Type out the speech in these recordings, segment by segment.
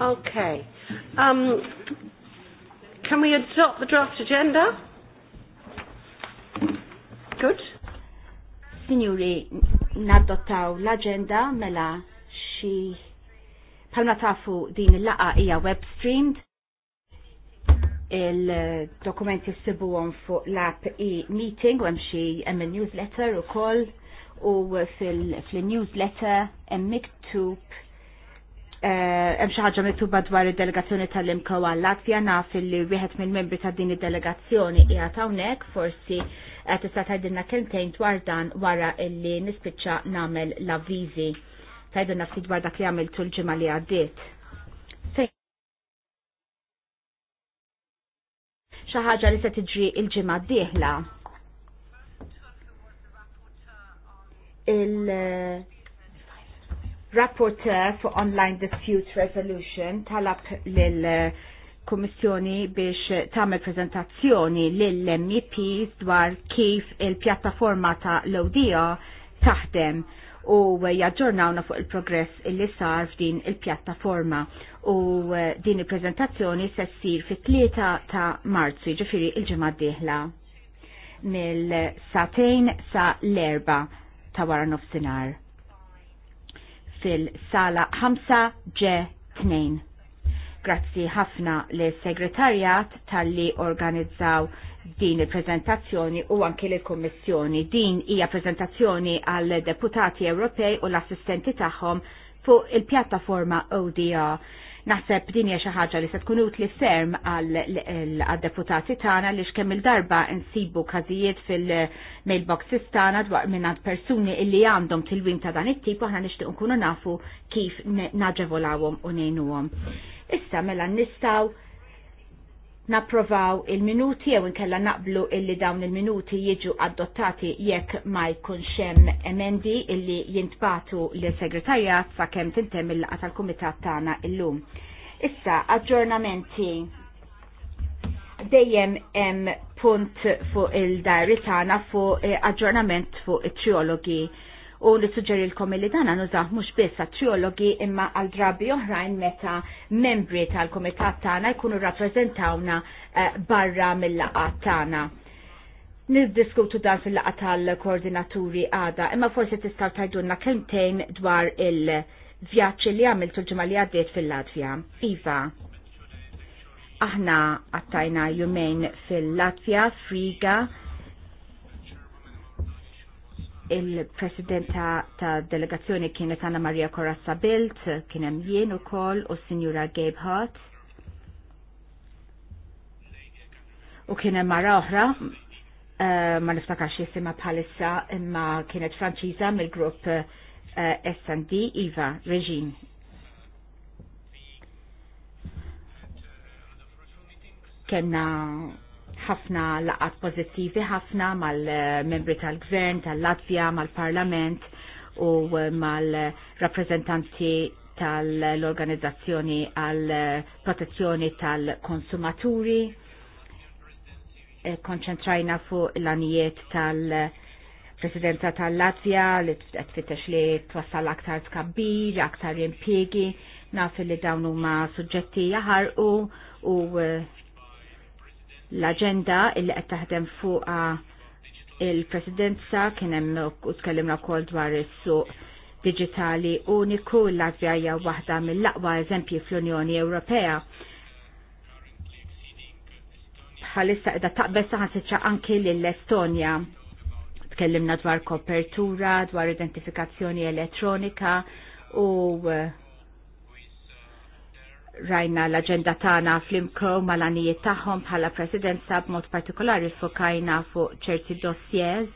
Okay. Um, can we adopt the draft agenda? Good. Signori, nadottaw l-agenda mela xi palma tafu din l laqa hija web streamed il dokument jissibu għom fuq l-app e-meeting għem għemxie emm newsletter u koll u fil-newsletter emm miktub Eh, hemm xi ħaġa mittuba dwar id-delegazzjoni tal-imka għal Latvja naf li wieħed mill-membri ta' din id-delegazzjoni qiegħed hawnhekk forsi qed tista' tgħidilna kemmtejn dwar dan wara li nispiċċa nagħmel l-avviżi. Tgħidilna ftit dwar dak li għamiltu l-ġimgħa li għaddiet. xi ħaġa li se tiġri l-ġimgħa d-dieħla. Rapporteur for Online Dispute Resolution talab lil eh, Kummissjoni biex tagħmel prezentazzjoni lill MEPs dwar kif il-pjattaforma ta' l-ODIA taħdem u jaġġornawna fuq il-progress li sar f'din il-pjattaforma u eh, din il-prezentazzjoni se ssir fit-3 ta' Marzu, ġifiri il-ġimgħa d-dieħla mill-satejn sa' l-erba ta' wara nofsinhar fil-sala 5 ġe 2. Grazzi ħafna li segretarjat tal-li organizzaw din il-prezentazzjoni u anki l-Kommissjoni. Din hija prezentazzjoni għal deputati Ewropej u l-assistenti tagħhom fuq il-pjattaforma ODR Naħseb din hija xi ħaġa li se tkun utli ferm għad-deputati tagħna li xkemm il-darba nsibu każijiet fil-mailboxes tagħna dwar mingħand persuni illi għandhom tilwim ta' dan it-tip aħna nixtieq nkunu nafu kif naġevolawhom u ngħinuhom. Issa mela nistgħu napprovaw il-minuti jew inkella naqblu illi dawn il-minuti jiġu adottati jekk ma jkunx hemm emendi illi jintbatu l segretarjat sakemm tintemm il laqgħa tal-kumitat tagħna illum. Issa aġġornamenti dejjem hemm punt fuq il-dajri tagħna fuq eh, aġġornament fuq it-triologi u nissuġġerilkom li dan nużaw mhux biss għat-triologi imma għal drabi oħrajn meta membri tal-kumitat tagħna jkunu rappreżentawna eh, barra mill-laqat tagħna. Niddiskutu dan fil-laqa tal-koordinaturi għada, imma forsi tistaw tajdunna kemtejn dwar il vjaċi li għamiltu l-ġimgħa li għaddiet fil-Latvja. Iva, aħna għattajna jumejn fil-Latvja, Friga, il-presidenta ta' delegazzjoni kienet Anna Maria Corazza Bilt, kienem jien u kol u signora Gabe Hart. U kienem mara oħra, uh, ma niftakarx jisima palissa, imma kienet franċiza mill-grupp uh, eh, S&D, Iva, Regine. Kenna ħafna laqat pozittivi ħafna mal-membri tal-gvern, tal-Latvja, mal-parlament u eh, mal-rappresentanti tal-organizzazzjoni għal protezzjoni tal-konsumaturi. Eh, konċentrajna fuq l-anijiet tal presidenza tal-Latvja li tfittex li twassal aktar tkabbir, aktar impiegi, naf li dawn huma suġġetti jaħarqu u eh, l-agenda illi qed taħdem fuq il-presidenza kien hemm u tkellimna wkoll dwar is-suq digitali uniku l-Latvja hija waħda mill-aqwa eżempji fl-Unjoni Ewropea. Bħalissa qiegħda taqbel saħan anki lill-Estonja. Tkellimna dwar kopertura, dwar identifikazzjoni elettronika u uh, rajna l-agenda tagħna fl-imko mal-anijiet tagħhom bħala presidenza b'mod partikolari fokajna fuq ċerti dossiers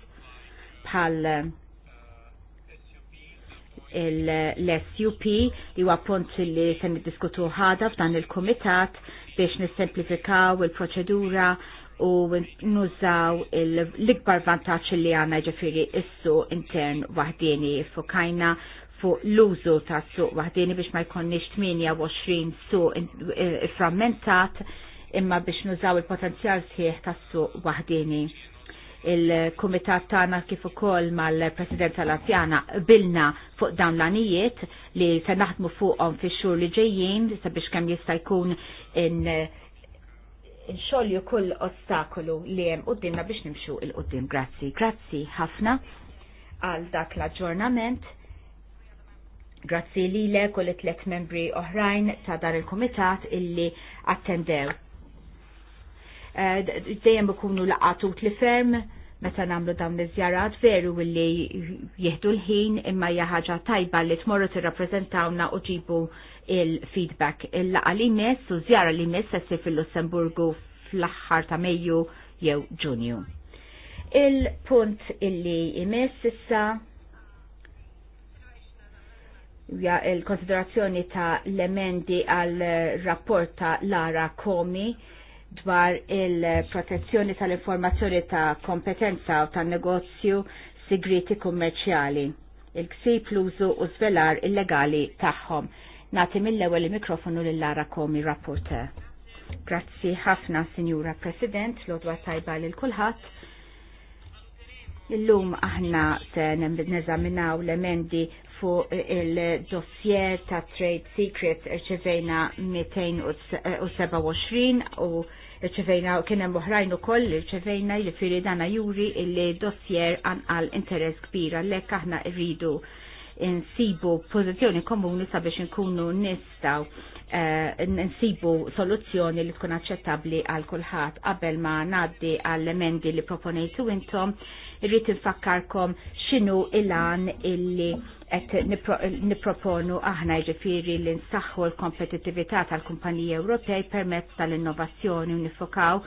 bħal eh, l-SUP li huwa punt li se niddiskutu ħada f'dan il-kumitat biex nissemplifikaw il-proċedura u nużaw l-ikbar vantaċ li għandna ġifieri issu intern waħdieni fokajna fuq l-użu ta' suq waħdini biex ma jkonniex 28 suq eh, frammentat imma biex nużaw il-potenzjal sħiħ ta' suq waħdini. Il-Kumitat tagħna kif ukoll mal-Presidenza Latvjana bilna fuq dawn l-anijiet li se naħdmu fuqhom fix-xhur li ġejjin sabiex kemm jista' jkun in inxolju kull ostakolu li hemm qudiemna biex nimxu il-qudiem. Grazzi, grazzi ħafna għal dak l-aġġornament Grazzi li l u tlet membri oħrajn ta' dan il-komitat illi attendew. Eh, Dejjem ikunu laqatut li ferm meta namlu dawn iż-żjarat veru illi jieħdu l-ħin imma hija ħaġa tajba li tmorru tirrappreżentawna u ġibu il-feedback. Il-laqa li mess u żjara li mess se ssir fil-Lussemburgu fl-aħħar ta' Mejju jew Ġunju. Il-punt illi imess issa il-konsiderazzjoni ta' l-emendi għal rapport ta' Lara Komi dwar il-protezzjoni tal-informazzjoni ta' kompetenza u ta' negozju sigriti kummerċjali, il-ksib l-użu u zvelar illegali tagħhom. Nati mill-ewwel il-mikrofonu lil Lara Komi rapporte. Grazzi ħafna, Sinjura President, l-odwa tajba lil kulħadd. Illum aħna se neżaminaw l-emendi fuq il-dossier ta' Trade Secret irċevejna 227 u irċevejna kien hemm oħrajn ukoll irċevejna jiġifieri dana juri il dossier għal interess kbira għalhekk aħna rridu insibu pożizzjoni komuni sabiex inkunu nistaw Eh, nsibu soluzzjoni li tkun aċċettabbli għal kulħadd qabel ma ngħaddi għall-emendi li proponejtu intom irrid infakkarkom x'inhu il-għan illi qed niproponu aħna jiġifieri li nsaħħu l-kompetittività tal-kumpaniji Ewropej permezz tal-innovazzjoni u nifokaw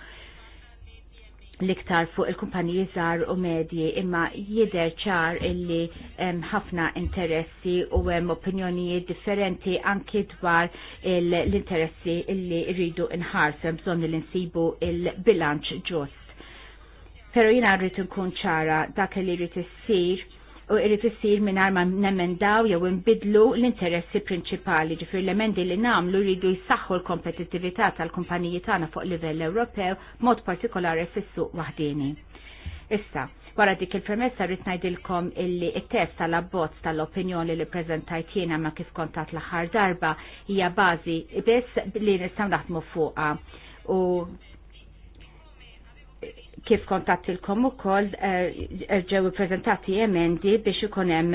liktar fuq il-kumpaniji żgħar u medji imma jidher ċar illi hemm ħafna interessi u hemm opinjonijiet differenti anki dwar l-interessi illi rridu nħarsu hemm bżonn li nsibu il-bilanċ ġust. Pero jiena rrid inkun ċara dak li rrid issir u irrit jissir mingħajr ma nemendaw jew inbidlu l-interessi prinċipali ġifir l-emendi li nagħmlu jridu jsaħħu l kompetitività tal-kumpaniji tagħna fuq livell Ewropew mod partikolari fis-suq waħdini. Issa, wara dik il-premessa rrid ngħidilkom illi t-test tal-abbozz tal-opinjoni li preżentajt jiena ma kif kontat l-aħħar darba hija bażi biss li nistgħu naħdmu fuqha u kif kontattilkom u kol eh, ġew prezentati emendi biex ikunem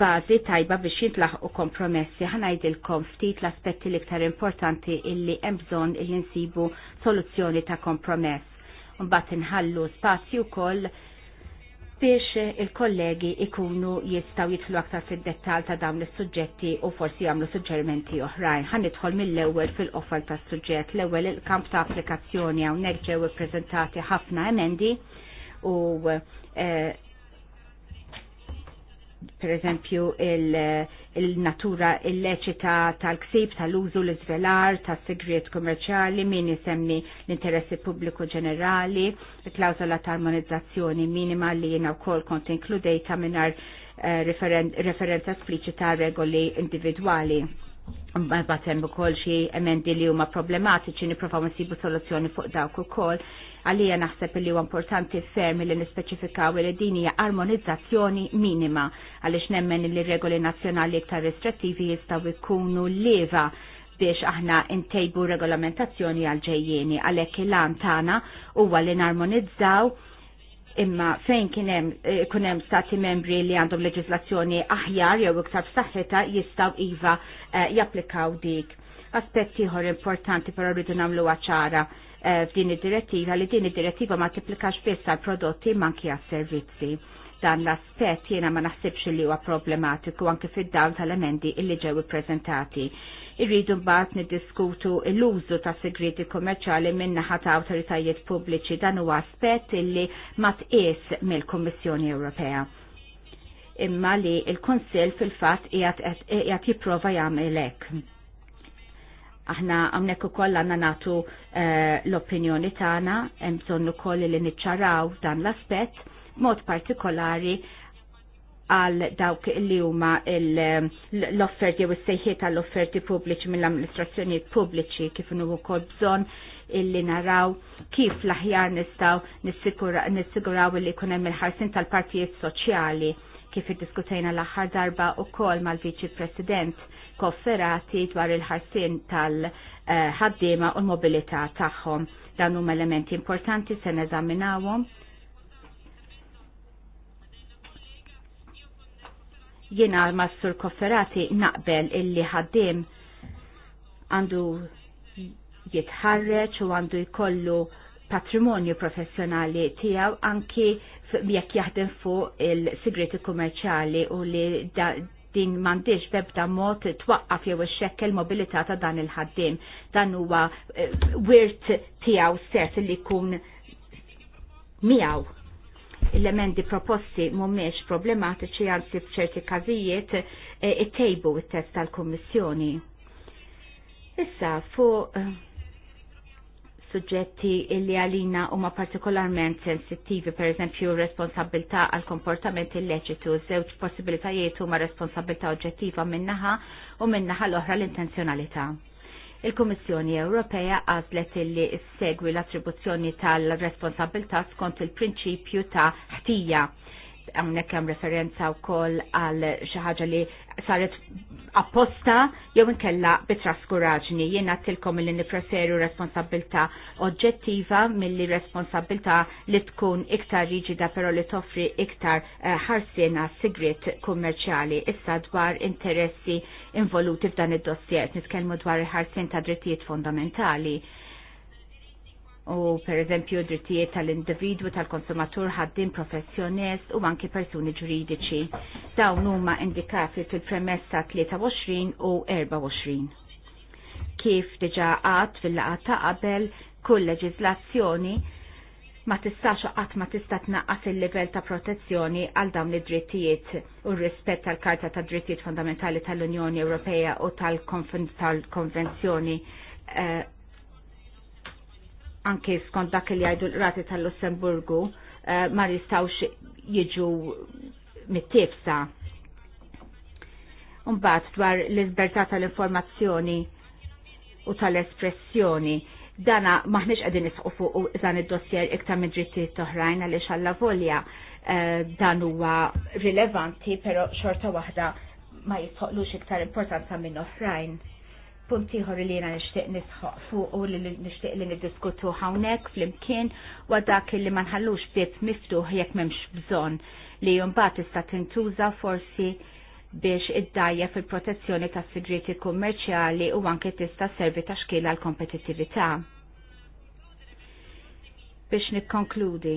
bazi tajba biex jintlaħ u kompromessi. Ħanajdilkom ftit l-aspetti liktar importanti illi emżon illi nsibu soluzzjoni ta' kompromess. Mbatt nħallu spazju kol biex il-kollegi ikunu jistaw jitlu aktar fil-dettal ta' dawn is-suġġetti u forsi jagħmlu suġġerimenti oħrajn. Għan nidħol mill-ewwel fil offer tas-suġġett. L-ewwel il-kamp ta' applikazzjoni hawnhekk ġew ippreżentati ħafna emendi u eh, per eżempju il-natura il illeċita tal-ksib, tal-użu l-izvelar, tal-segriet kommerċali, min jisemmi l-interessi pubbliku ġenerali, klawzola tal-armonizzazzjoni minima li jina u kol kont inkludejta minar uh, eh, referen referenza esplicita regoli individuali batem u kol xie emendi li huma problematiċi niprofaw nsibu soluzzjoni fuq dawk u kol għalija naħseb li huwa importanti fermi li nispeċifikaw li din hija armonizzazzjoni minima għaliex nemmen li regoli nazzjonali iktar restrittivi jistgħu jkunu leva biex aħna intejbu regolamentazzjoni għal ġejjieni għalhekk il-lan tagħna huwa li narmonizzaw imma fejn kienem eh, kunem stati membri li għandhom leġislazzjoni aħjar jew iktar f'saħħitha jistgħu iva eh, japplikaw dik. Aspetti ħor importanti però rridu nagħmlu ċara eh, f'din id-direttiva li din id-direttiva ma tipplikax biss għal prodotti manki għas servizzi. Dan l-aspett jiena ma naħsibx li huwa problematiku anke fid-dawl tal-emendi illi ġew ippreżentati irridu mbagħad niddiskutu l-użu ta' segreti kummerċjali min-naħa ta' awtoritajiet pubbliċi dan huwa aspett illi ma tqies mill-Kummissjoni Ewropea imma li l-Kunsill fil fatt qiegħed jipprova jagħmel hekk. Aħna għamnek u koll għanna natu eh, l-opinjoni tagħna, hemm bżonn ukoll li niċċaraw dan l-aspett, mod partikolari għal dawk li huma l-offerti u s-sejħiet għall offerti pubbliċi mill-amministrazzjonijiet pubbliċi kif nu wkoll bżonn illi naraw kif l-aħjar nistaw nissiguraw li jkun hemm il-ħarsin tal-partijiet soċjali kif iddiskutejna l-aħħar darba wkoll mal-Viċi President kofferati dwar il-ħarsin tal-ħaddiema u l-mobilità tagħhom. Dan huma elementi importanti se neżaminawhom Jiena mas sur kofferati naqbel illi ħaddim għandu jitħarreċ u għandu jkollu patrimonju professjonali tijaw anki jekk jaħdem fuq il-sigreti kummerċali u li da, din mandiġ bebda mod twaqqaf jew ix-xekkel mobilità ta' dan il-ħaddim. Dan huwa eh, wirt tiegħu stess li jkun miegħu l-emendi proposti mumiex problematiċi għansi f'ċerti kazijiet e, it-tejbu il test tal-Kommissjoni. Issa fu eh, suġġetti illi għalina huma partikolarment sensittivi, per eżempju responsabilità għal komportament illeċitu, żewġ possibilitajiet huma responsabilità oġġettiva minnaħa u minnaħa l-oħra l-intenzjonalità. Il-Kummissjoni Ewropea għażlet illi segwi l-attribuzzjoni tal-responsabilità skont il-prinċipju ta' ħtija. Għamnek hemm referenza wkoll għal xaħġa li saret apposta jew inkella bitraskuraġni. Jien tilkom li nipreferu responsabilta oġġettiva milli responsabilta li tkun iktar riġida pero li toffri iktar eh, ħarsiena uh, sigrit kummerċjali issa dwar interessi involuti f'dan id-dossier. Nitkellmu dwar il-ħarsien ta' drittijiet fondamentali u per eżempju drittijiet tal-individwu tal-konsumatur ħaddim professjonist u anki persuni ġuridiċi. Dawn huma indikati fil-premessa 23 u 24. Kif diġa għad fil-laqat ta' qabel kull leġizlazzjoni ma tistax qatt ma tista' tnaqqas il-livell ta' protezzjoni għal dawn id-drittijiet u r-rispett tal-Karta ta' Drittijiet Fundamentali tal-Unjoni Ewropea u tal-Konvenzjoni tal eh, konvenzjoni anke skont dak li jgħidu l-rati tal-Lussemburgu eh, ma jistawx jiġu mit-tifsa. Umbat dwar l-izbertà tal-informazzjoni u tal-espressjoni dana maħniċ għedin nisqu fuq dan id-dossier iktar minn drittijiet toħrajn għaliex għalla volja eh, dan huwa rilevanti, pero xorta waħda ma jisħoqlux iktar importanza minn oħrajn punt ieħor li jena nixtieq nisħoq fuq u li nixtieq li niddiskutu hawnhekk flimkien u dak li ma nħallux bib miftuħ jekk m'hemmx bżonn li mbagħad tista' tintuża forsi biex iddajja fil-protezzjoni ta' sigriti kummerċjali u anke tista' servi ta' xkil l kompetittività. Biex nikkonkludi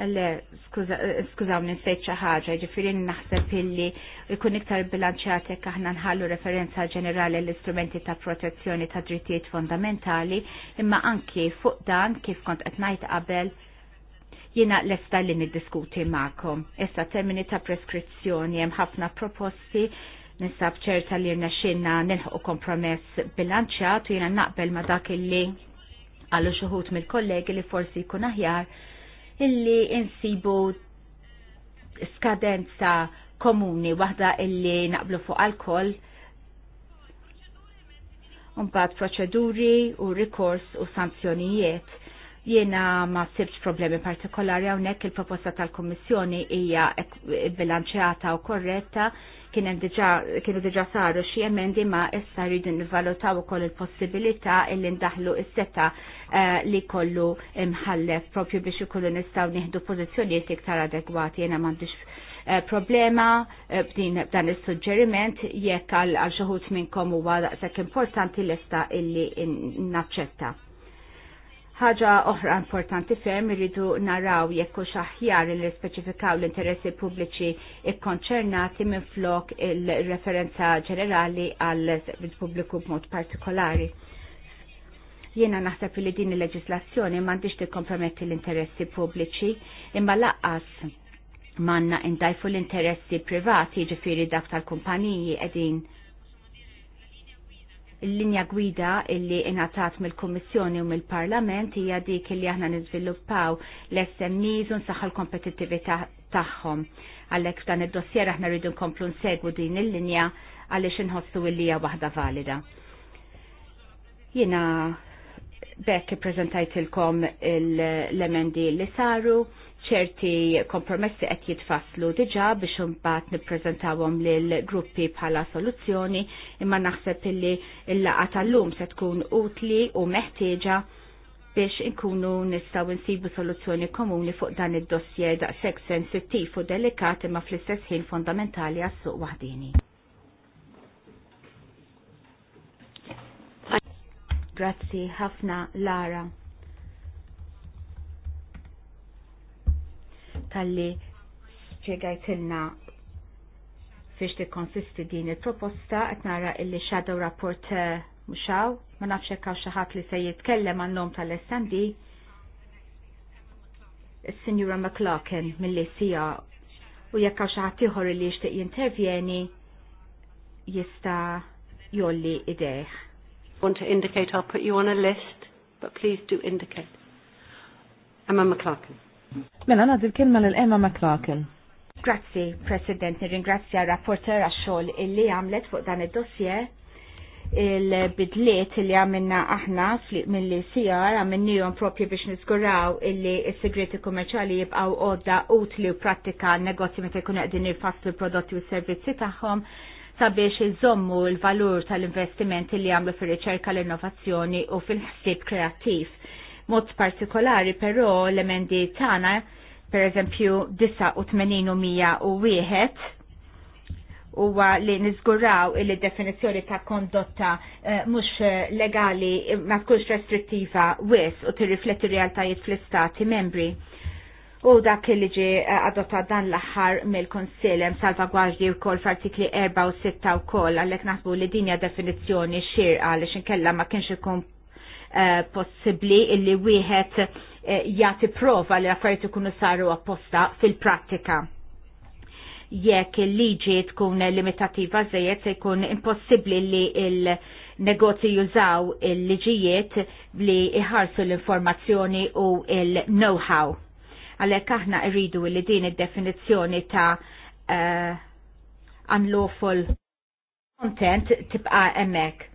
Le, skużawni nsejt xi ħaġa, ġifieri naħseb illi jkun iktar bilanċjat jekk aħna nħallu referenza ġenerali l-istrumenti ta' protezzjoni ta' drittijiet fondamentali, imma anki fuq dan kif kont qed ngħid qabel jiena lesta li niddiskuti magħkom. Issa termini ta' preskrizzjoni hemm ħafna proposti nisab ċerta li rnexxinna nilħu kompromess bilanċjat u jiena naqbel ma' dak illi għallu xuħut mill-kollegi li forsi jkun aħjar illi insibu skadenza komuni waħda illi naqblu fuq alkoll unbat proċeduri u rikors u sanzjonijiet. Jiena ma sibx problemi partikolari hawnhekk il-proposta tal-Kommissjoni hija bilanċjata u korretta kienu diġà saru xi emendi ma issa rridu nivvalutaw ukoll il-possibilità illi ndaħlu s seta eh, li kollu imħallef propju biex ikollu nistgħu nieħdu pożizzjonijiet iktar adegwati jiena mandiġ eh, problema eh, b'din dan il-suġġeriment jekk għal minn minnkom huwa daqshekk importanti l-esta illi naċċetta ħaġa oħra importanti ferm irridu naraw jekk hux aħjar li speċifikaw l-interessi pubbliċi ikkonċernati minn flok il-referenza ġenerali għal pubbliku b'mod partikolari. Jiena naħseb li din il-leġislazzjoni m'għandix tikkomprometti l-interessi pubbliċi imma laqqas manna indajfu l-interessi privati ġifiri dak tal-kumpaniji edin l-linja gwida illi inatat mill-Kommissjoni u mill-Parlament hija dik illi aħna niżviluppaw l-SMEs u nsaħħa l-kompetittività tagħhom. Għalhekk dan id-dossier aħna rridu nkomplu nsegwu din il-linja għaliex inħossu illi hija waħda valida. Jiena bekk ippreżentajtilkom l-emendi li saru ċerti kompromessi qed jitfasslu diġà biex imbagħad nippreżentawhom lil gruppi bħala soluzzjoni imma naħseb illi l-laqgħa tal-lum se tkun utli u meħtieġa biex inkunu nistgħu nsibu soluzzjoni komuni fuq dan id-dossier daqshekk sensittiv u delikat imma fl-istess ħin fondamentali għas-suq waħdini. Grazzi ħafna Lara. tal-li ċegajtilna fiex ti konsisti din il-proposta, qed nara illi shadow rapport muxaw, ma nafx għaw xaħat xi ħadd li se jitkellem għan-nom tal-SND. il-Signora McLaughlin mill-li sija u jekk għaw xi ħadd ieħor li jixtieq jintervjeni jista' jolli idejh. Want to indicate I'll put you on a list, but please do indicate. Emma McLaughlin. Mela nagħti l-kelma lil Emma McLaughlin. Grazzi, President, nirringrazzja rapporter għax-xogħol illi għamlet fuq dan id-dossier il-bidliet li għamilna aħna mill-li sijar għamilnijom propju biex nizguraw illi s-segreti kummerċali jibqaw għodda utli u pratika negozji meta jkunu għedin il-fastu prodotti u servizzi tagħhom sabiex iżommu l-valur tal-investimenti li għamlu fil-riċerka l-innovazzjoni u fil-ħsib kreattiv Mod partikolari però l-emendi tagħna per eżempju 89 u wieħed huwa li niżguraw il definizzjoni ta' kondotta eh, mhux eh, legali eh, ma tkunx restrittiva wis u tirrifletti realtajiet fl-istati membri. U dak li ġi eh, adotta dan l-aħħar mill-Konsil hemm salvagwaġġi wkoll f'artikli 4 u 6 wkoll għalhekk naħsbu li dinja definizzjoni xirqa għaliex inkella ma kienx ikun Eh, possibbli illi wieħed eh, jagħti prova li affarijiet ikunu saru apposta fil-prattika jekk il-liġi tkun limitativa żejjed se jkun impossibbli li il- negozji jużaw il-liġijiet li iħarsu l-informazzjoni u il-know-how. Għalhekk aħna rridu li din id-definizzjoni ta' uh, unlawful content tibqa emmek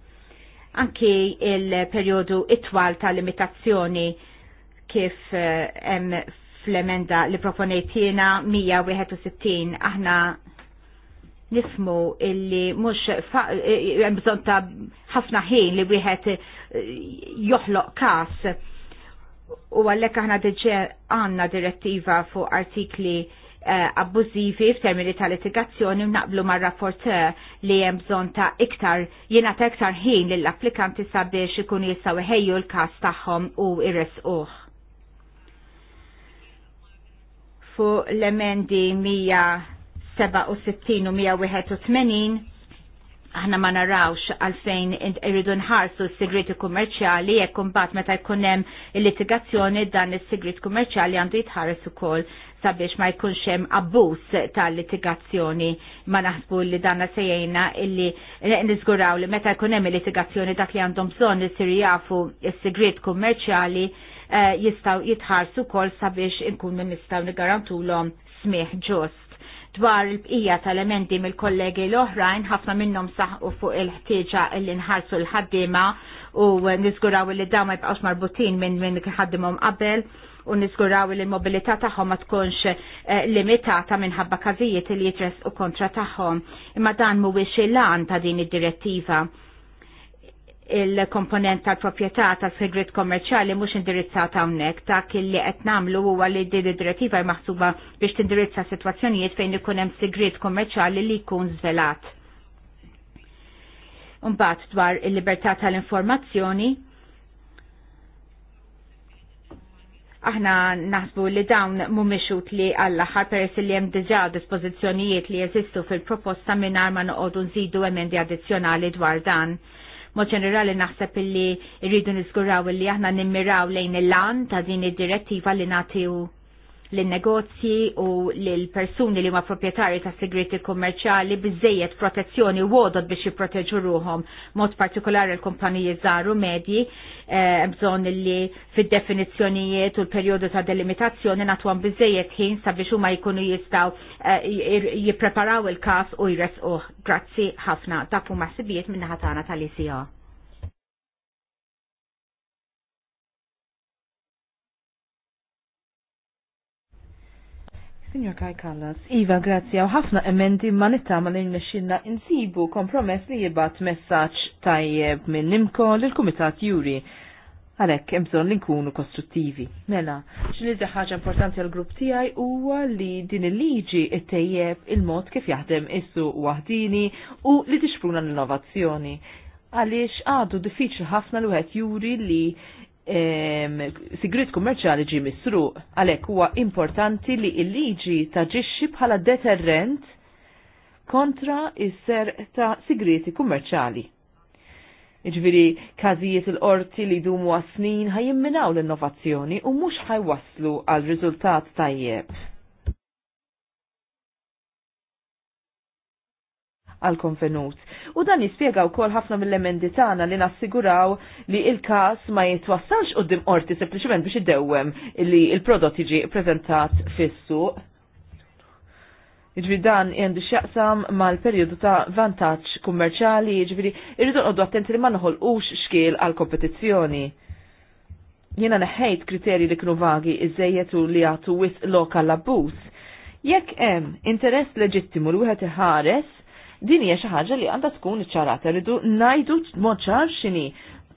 anki il-periodu itwal ta' limitazzjoni kif hemm eh, fl-emenda li proponejt jiena 161 aħna nismu illi mhux eh, hemm bżonn ta' ħafna ħin li wieħed eh, joħloq każ u għallek aħna deġe għanna direttiva fuq artikli Eh, abbużivi f'termini ta' litigazzjoni u naqblu ma' rapporteur li hemm bżonn ta' iktar jiena ta' iktar ħin lill applikanti sabiex ikun jistgħu iħejju l-każ tagħhom u jresquh. Fu l-emendi 167 u 181 aħna ma narawx għalfejn irridu nħarsu s-segreti kummerċjali jekk imbagħad meta jkun hemm il-litigazzjoni dan is-segret kummerċjali għandu jitħares ukoll sabiex ma jkunx hemm abbuż tal-litigazzjoni ma naħsbu li danna sejjejna illi niżguraw li meta jkun hemm il-litigazzjoni dak li għandhom bżonn isir jafu s-segret kummerċjali eh, jistgħu jitħarsu ukoll sabiex inkunu nistgħu nigarantulhom smieħ ġost dwar il-bqija tal-emendi mill-kollegi l-oħrajn, ħafna minnhom saħqu fuq il-ħtieġa li nħarsu l-ħaddiema u nizguraw li dawn ma jibqgħux marbutin minn minn ħaddimhom qabel u niżguraw li l-mobilità tagħhom ma tkunx eh, limitata minħabba każijiet li jitres u kontra tagħhom. Imma dan mhuwiex il-lan ta' din id-direttiva il-komponent tal-propieta tal-segret kommerċali mux indirizzata unnek ta' kelli qed namlu huwa li din id-direttiva maħsuba biex tindirizza situazzjonijiet fejn ikun hemm segret kommerċali li jkun żvelat. Mbagħad dwar il-libertà tal-informazzjoni aħna naħsbu li dawn mhumiex utli għall aħħar peress li hemm diġà dispożizzjonijiet li jeżistu fil-proposta mingħajr ma noqogħdu nżidu emendi addizzjonali dwar dan Mod ġenerali naħseb illi rridu niżguraw illi aħna nimmiraw lejn il-lan ta' din id-direttiva li nagħtiw l-negozji u l-persuni li ma proprietari ta' segreti kommerċali bizzejiet protezzjoni u għodot biex jiproteġu ruħom, mod partikolari l-kumpaniji zaru medji, eh, bżon li fid definizzjonijiet u l-periodu ta' delimitazzjoni natwan bizzejiet ħin sabiex u ma jkunu jistaw eh, jipreparaw il-kas u jresquh. Grazzi ħafna, dak u sibiet minna ħatana tal-ICA. Signor Kai Kallas, Iva, grazie, u ħafna emendi ma nittama li nxinna insibu kompromess li jibat messaċ tajjeb minn nimko l-Kumitat Juri għalek imżon li nkunu kostruttivi. Mela, xinizja ħagġa importanti għal grupp tiegħi huwa li din il-liġi it-tajjeb il-mod kif jaħdem issu waħdini u li tixpruna l-innovazzjoni. Għaliex għadu diffiċ ħafna l wieħed juri li sigrit kummerċali ġi misru, għalek huwa importanti li il-liġi taġixxi bħala deterrent kontra is-ser ta' sigriti kummerċali. Iġviri, kazijiet il-qorti li dumu għasnin ħajimminaw l-innovazzjoni u mux ħajwaslu għal riżultat tajjeb. għal-konvenut. U dan jispiega u kol ħafna mill-emendi tagħna li nassiguraw li il-kas ma jitwassalx dim qorti sempliċement biex id-dewem li il-prodott jiġi prezentat fis-suq. Iġviri dan jendu xaqsam mal-periodu ta' vantaċ kummerċali, iġviri irridu għoddu attenti li ma ux xkiel għal-kompetizjoni. Jena neħejt kriteri li kienu vagi iżejjet u li għatu wis lokal abbus. Jekk hemm interess leġittimu li wieħed iħares din hija xi ħaġa li għandha tkun iċċarata rridu ngħidu mod ċar x'inhi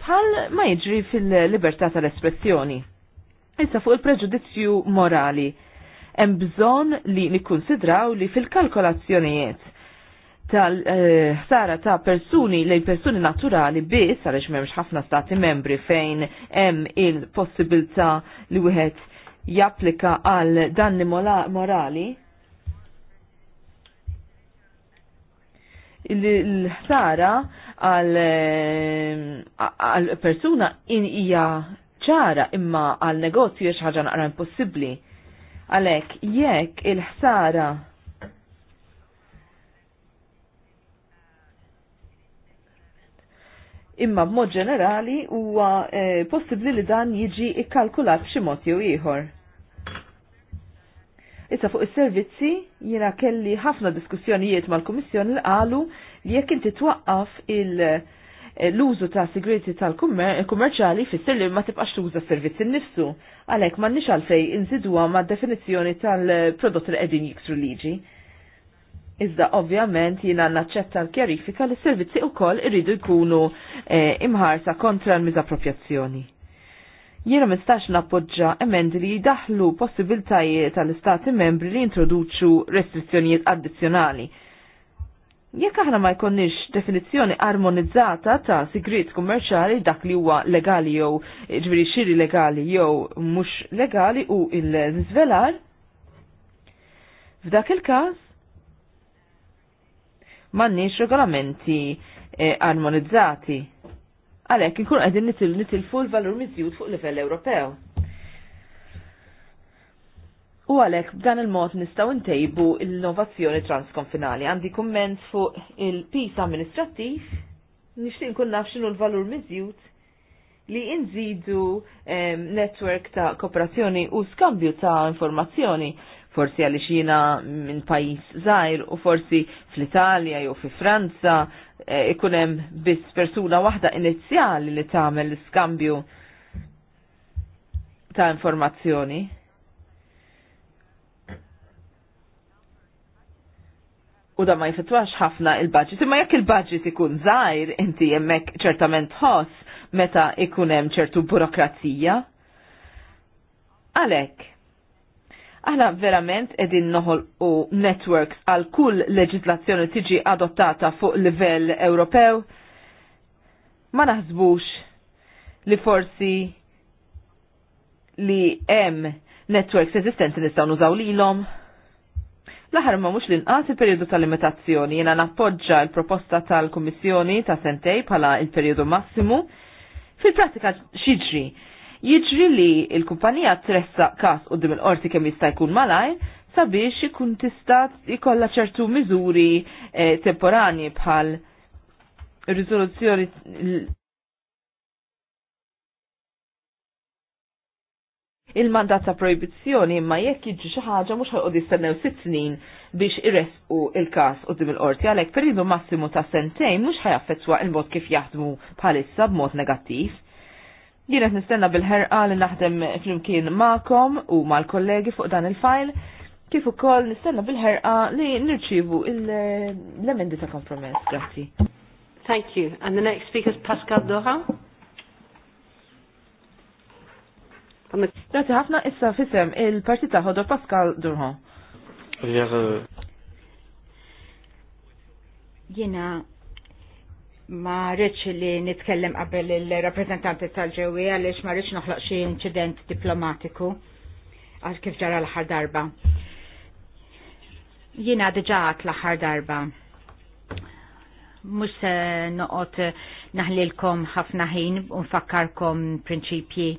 bħal ma jiġri fil-libertà tal-espressjoni. Issa fuq il-preġudizzju morali hemm bżonn li nikkunsidraw li fil-kalkolazzjonijiet tal-ħsara eh, ta' persuni lejn persuni naturali biss għaliex m'hemmx ħafna stati membri fejn hemm il-possibilità li wieħed japplika għal danni morali l-ħsara eh, għal persuna in hija ċara imma għal negozju jiex ħaġa naqra impossibbli. Għalhekk jekk il-ħsara imma b'mod ġenerali huwa eh, possibbli li dan jiġi ikkalkulat b'xi mod jew ieħor. Issa fuq is-servizzi jiena kelli ħafna diskussjonijiet mal-Kummissjoni li qalu li jekk inti twaqqaf l-użu ta' siguriti tal-kummerċali fisser li ma tibqax tuża s nifsu. Għalek Għalhekk m'għandniex għalfej inżidwa ma' definizzjoni tal-prodott li qegħdin jiksru liġi. Iżda ovvjament jiena naċċetta l-kjarifika li s-servizzi wkoll iridu jkunu eh, imħarsa kontra l-miżappropriazzjoni. Jiena mistax nappoġġa emendi li jidaħlu possibiltajiet tal-istati membri li introduċu restrizzjonijiet addizzjonali. Jekk aħna ma jkunniex definizzjoni armonizzata ta' sigrit kummerċali dak li huwa legali jew ġviri xiri legali jew mhux legali u il-żvelar, f'dak il-każ m'għandniex regolamenti eh, armonizzati għalhekk ikun qegħdin nitilfu nitil l-valur miżjud fuq livell Ewropew. U għalek b'dan il-mod nistaw intejbu l-innovazzjoni transkonfinali. Għandi komment fuq il-pis amministrativ, nishtin kun naf xinu l-valur mizjud li inżidu um, network ta' kooperazzjoni u skambju ta' informazzjoni forsi għalli xina minn pajis zaħir u forsi fl-Italja jew fi Franza Eh, ikunem biss persuna waħda inizjali li tagħmel l-iskambju ta' informazzjoni. u da ma jifetwax ħafna il-budget. Imma jekk il-budget ikun zaħir, inti jemmek ċertament ħoss meta ikunem ċertu burokrazija. Għalek, Aħna verament edin noħol u networks għal kull leġislazzjoni tiġi adottata fuq livell Ewropew. Ma naħsbux li forsi li hemm networks eżistenti nistgħu nużaw lilhom. L-aħħar ma mhux l-inqas il-perjodu tal-limitazzjoni jiena nappoġġa l-proposta tal-Kummissjoni ta' sentej bħala il-perjodu massimu. Fil-pratika xiġri? jiġri li il-kumpanija tressa kas u dim il-qorti kemm jista' jkun malajr sabiex ikun tista' jkollha ċertu miżuri eh, temporani bħal riżoluzzjoni il-mandat ta' proibizzjoni imma jekk jiġi xi ħaġa mhux ħolqod jistennew sitt snin biex iresqu il-każ qudiem il-qorti għalhekk periodu massimu ta' sentejn mhux ħajaffettwa l-mod kif jaħdmu bħalissa b'mod negattiv. Jienet nistenna bil-ħerqa li naħdem flimkien ma'kom u mal-kollegi fuq dan il-fajl, kif ukoll nistenna bil-ħerqa li nirċivu l-emendi ta' kompromess. Grazzi. Thank you. And the next speaker is Pascal Doha. Grazie ħafna issa fisem il-partita ħodor Pascal Durhan. Euh, Jena ma rridx li nitkellem qabel il-rappreżentanti tal-ġewi għaliex ma rridx noħloq xi inċident diplomatiku għal kif ġara l-aħħar darba. Jiena diġà għat l-aħħar darba. Mhux se noqgħod naħlilkom ħafna ħin u nfakkarkom prinċipji,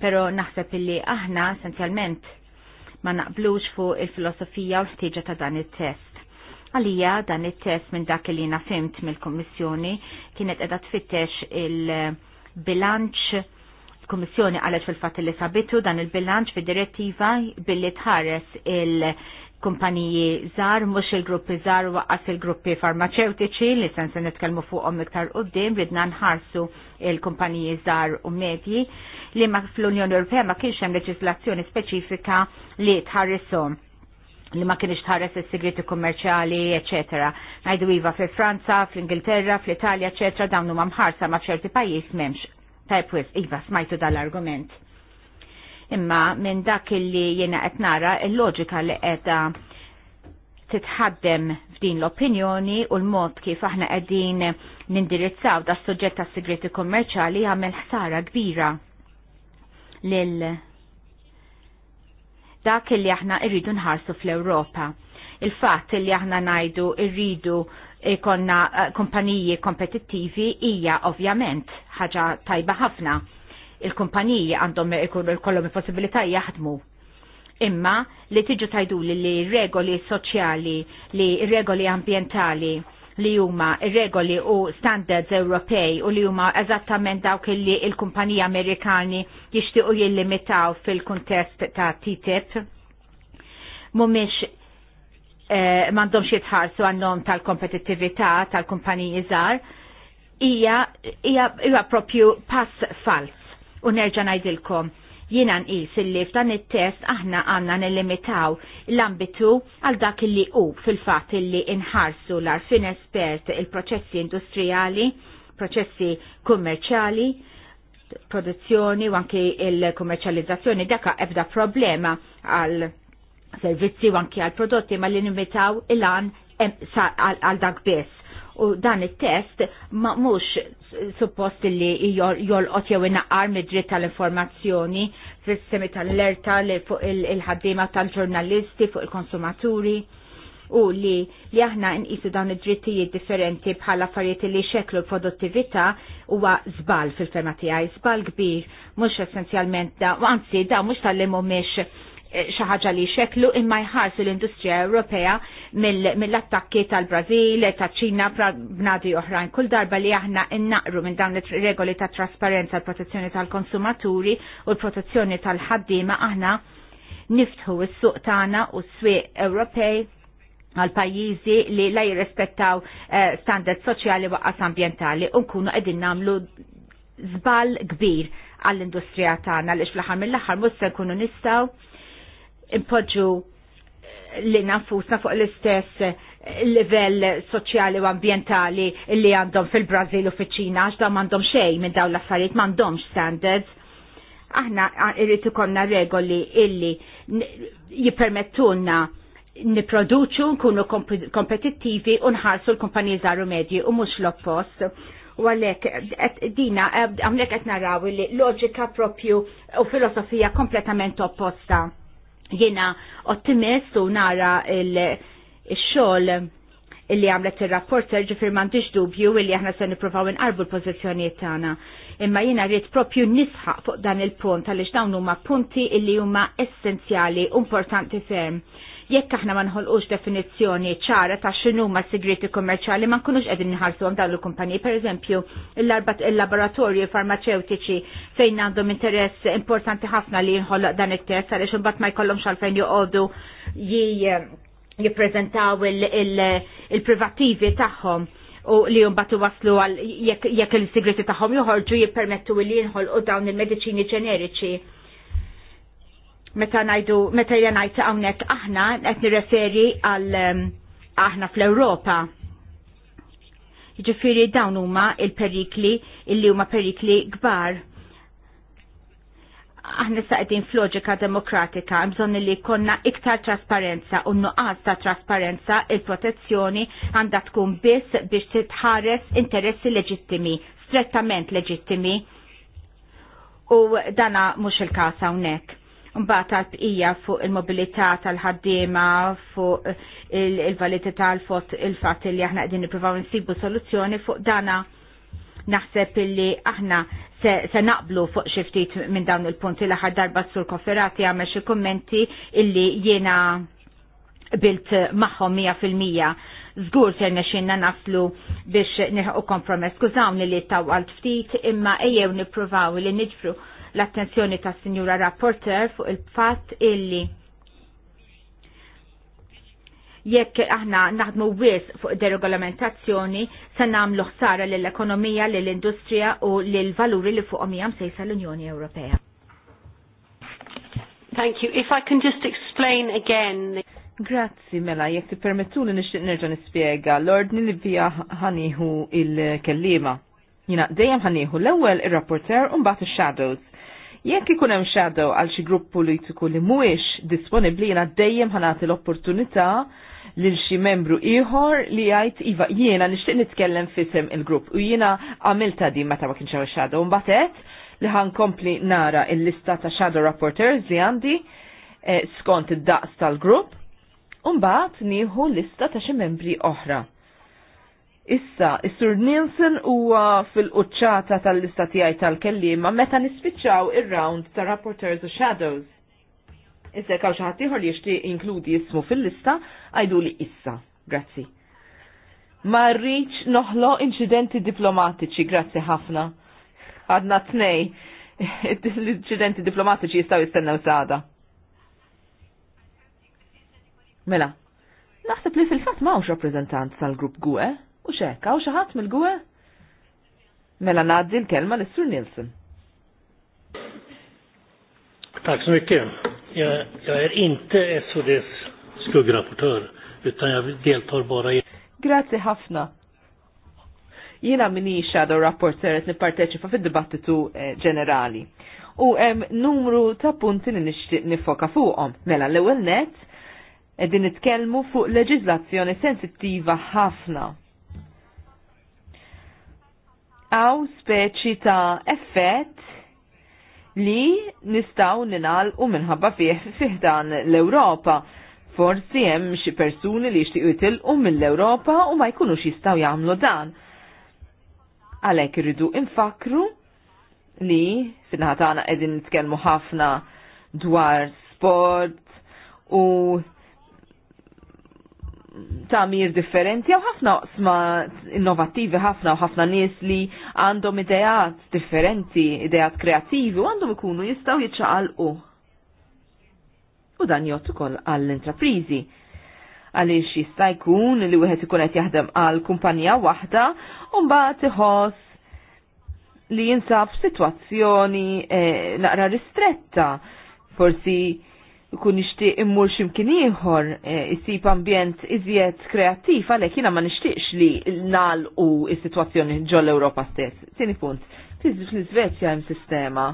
però naħseb illi aħna essenzjalment ma naqblux fuq il-filosofija u l-ħtieġa ta' dan it-test Għalija dan it-test minn dak li nafimt mill-Kommissjoni kienet edha tfittex il-bilanċ il-Kommissjoni għalet fil-fat li sabitu dan il-bilanċ fi direttiva billi tħares il- kumpaniji zar, mux il-gruppi zar waqqas il-gruppi farmaceutiċi li sen se nitkellmu fuqhom iktar qudiem ridna nħarsu il-kumpaniji zar u medji li ma fl-Unjoni Ewropea ma kienx hemm leġislazzjoni speċifika li tħarrishom li ma kienx tħares is-sigriti kummerċjali, eċetera. Ngħidu iva fi Franza, fl-Ingilterra, fl-Italja, eċetera, dawn huma mħarsa ma f'ċerti pajjiż m'hemmx. Tajp wis, iva smajtu dal-argument. Imma minn dak illi jiena qed nara il-loġika li qiegħda titħaddem f'din l-opinjoni u l-mod kif aħna qegħdin nindirizzaw da' suġġett tas sigreti kummerċjali għamel ħsara kbira lil dak li aħna irridu nħarsu fl-Ewropa. Il-fatt li aħna najdu irridu ikonna eh, kumpaniji kompetittivi hija ovvjament ħaġa tajba ħafna. Il-kumpaniji għandhom ikollhom il-possibilità jaħdmu imma li tiġu tajdu li li regoli soċjali, li regoli ambientali li huma regoli u standards Ewropej u li huma eżattament dawk li il-kumpaniji Amerikani jixtiequ jillimitaw fil-kuntest ta' TTIP. Mhumiex eh, m'għandhomx jitħarsu għannom tal-kompetittività tal-kumpaniji żgħar hija hija propju pass fals u nerġa' ngħidilkom Jiena nqis il f'dan it-test aħna għandna nillimitaw l-ambitu għal dak li hu fil-fatt illi inħarsu l-arfin espert il-proċessi industrijali, proċessi kummerċali, produzzjoni u anki il kummerċalizzazzjoni daka ebda problema għal servizzi u anki għal prodotti ma li nimitaw il-għan għal dak biss u dan it-test ma mhux suppost li jolqot jew inaqar mid-dritt tal-informazzjoni fis-semi tal-lerta li fuq il-ħaddiema tal-ġurnalisti fuq il-konsumaturi u li li aħna nqisu dawn id-drittijiet differenti bħala affarijiet li xeklu l-produttività huwa zbal fil-ferma tiegħi, żbal kbir, mhux essenzjalment da, u anzi da mhux tal-li mhumiex xaħġa ħaġa li xeklu imma jħarsu l-industrija Ewropea mill-attakki mill attakki tal taċ-Ċina, bnadi oħrajn. Kull darba li aħna innaqru minn dawn regoli ta' trasparenza, l-protezzjoni tal-konsumaturi u l-protezzjoni tal-ħaddiema aħna niftħu s-suq tagħna u s-swieq Ewropej għal pajjiżi li la jirrespettaw eh, standard soċjali waqqas ambjentali u nkunu qegħdin nagħmlu żball kbir għall-industrija tagħna għaliex fl-aħħar mill-aħħar mhux se nkunu nistgħu impoġġu li nafusna fuq l-istess livell soċjali u ambientali li għandhom fil-Brazil u fil-ċina, għax dawn m'għandhom xejn minn dawn l-affarijiet m'għandhomx standards. Aħna irrid ikollna regoli illi jippermettunna niproduċu, nkunu kompetittivi u nħarsu l-kumpaniji żaru medji u mhux l-oppost. U għalek, dina, għamlek għet li loġika propju u filosofija kompletament opposta Jena ottimist u nara il-xol illi għamlet il-rapporter ġifir mandiġ dubju illi aħna se niprofaw inqarbu l-pozizjonijiet tagħna. Imma jiena rrid propju nisħaq fuq dan il-punt għaliex dawn huma punti illi huma essenzjali, importanti ferm jekk aħna ma nħolqux definizzjoni ċara ta' x'inhuma ma' segreti kummerċjali ma nkunux qegħdin nħarsuhom dawn il-kumpaniji. Pereżempju, il-laboratorji farmaceutiċi fejn għandhom interess importanti ħafna li jinħoloq dan it-test għaliex imbagħad ma jkollhomx għalfejn joqogħdu jippreżentaw il-privattivi tagħhom u li jumbatu waslu għal jekk il-sigreti taħħom juħorġu jippermettu li jinħol u dawn il-medicini ġeneriċi meta ngħidu meta jena ngħid hawnhekk aħna qed nirreferi għal aħna fl-Ewropa. Jiġifieri dawn huma il-perikli illi huma perikli kbar. Aħna saqdin f'loġika demokratika bżonn li konna iktar trasparenza u nuqqas ta' trasparenza il-protezzjoni għandha tkun biss biex titħares interessi leġittimi, strettament leġittimi, u dana mhux il-każ hawnhekk mbagħad tal-bqija fuq il-mobilità tal-ħaddiema fuq il-validità l-fot il-fatt li aħna qegħdin nippruvaw nsibu soluzzjoni fuq dana naħseb illi aħna se naqblu fuq xi ftit minn dawn il-punti l-aħħar darba sur konferati għamel xi kummenti illi jiena bilt magħhom 100%. fil-mija zgur se nexinna naslu biex nħu kompromess. Kużawni li tawqalt ftit imma ejjew nipruvaw li nġfru l-attenzjoni ta' Sinjura Rapporter fuq il-fatt illi jekk aħna naħdmu wis fuq deregolamentazzjoni se nagħmlu ħsara lill-ekonomija, lill-industrija u lill-valuri li fuqhom hija msejsa l-Unjoni Ewropea. Thank you. If I can just explain again. Grazzi, mela, jek ti permettu li nixtieq nerġa' nispjega l-ordni li bija ħaniħu il-kellima. Jina dejjem ħaniħu l-ewwel ir-rapporter u mbagħad il shadows Jekk ikun hemm xadow għal xi grupp politiku li mhuwiex disponibbli jiena dejjem ħanati l-opportunità lil xi membru ieħor li jgħid iva jiena nixtieq nitkellem fisem il-grupp u jiena għamilta din meta ma kienx hemm shadow mbagħad li ħankompli nara l lista ta' shadow rapporteurs li għandi eh, skont id-daqs tal-grupp mbagħad nieħu lista ta' xi membri oħra. Issa, Sir sur Nielsen huwa fil-quċċata tal-lista tiegħi tal-kellima meta nispiċċaw ir-round ta' Rapporteurs u Shadows. Issa kaw xi ieħor li jixtieq inkludi jismu fil-lista għajdu li issa. Grazzi. Ma rridx noħlo inċidenti diplomatiċi, grazzi ħafna. Għadna t-nej, l-inċidenti diplomatiċi jistgħu jistennew sada. Mela, naħseb li fil-fatt mawx rappresentant tal-grupp GUE, U xekka, u xaħat mill-gwe? Mela naddi l-kelma l-Sur Nilsson. Tack så mycket. Jag, jag är inte SODs skuggrapportör, utan jag deltar bara i... Grazie ħafna. Jina minni xadu rapporter et nipparteċipa fil-dibattitu eh, ġenerali. U hemm numru ta' punti li nixtieq nifoka fuqhom. Mela l-ewwel net qegħdin nitkellmu fuq leġiżlazzjoni sensittiva ħafna għaw speċi ta' effett li nistaw ninal u minħabba fih fiħdan l-Europa. Forsi hemm xi persuni li jixtiequ jitilqu mill-Ewropa u ma jkunux jistgħu jagħmlu dan. Għalhekk irridu infakru li fin ħatana qegħdin nitkellmu ħafna dwar sport u Ta'mir differenti u ħafna sma innovativi ħafna u ħafna nies li għandhom idejat differenti, idejat kreativi u għandhom ikunu jistaw jitxaqalqu. U dan jgħot ukoll għall-intraprizi għaliex jista' jkun li wieħed ikun qed jaħdem għal kumpanija waħda u mbagħad iħoss li jinsab situazzjoni eh, naqra ristretta. Forsi kun nixtieq immur ximkin ieħor eh, isib ambjent iżjed kreattiv għalhekk jiena ma nixtieqx li nagħlqu is-sitwazzjoni ġol Ewropa stess. Tini punt, li iżvezja hemm sistema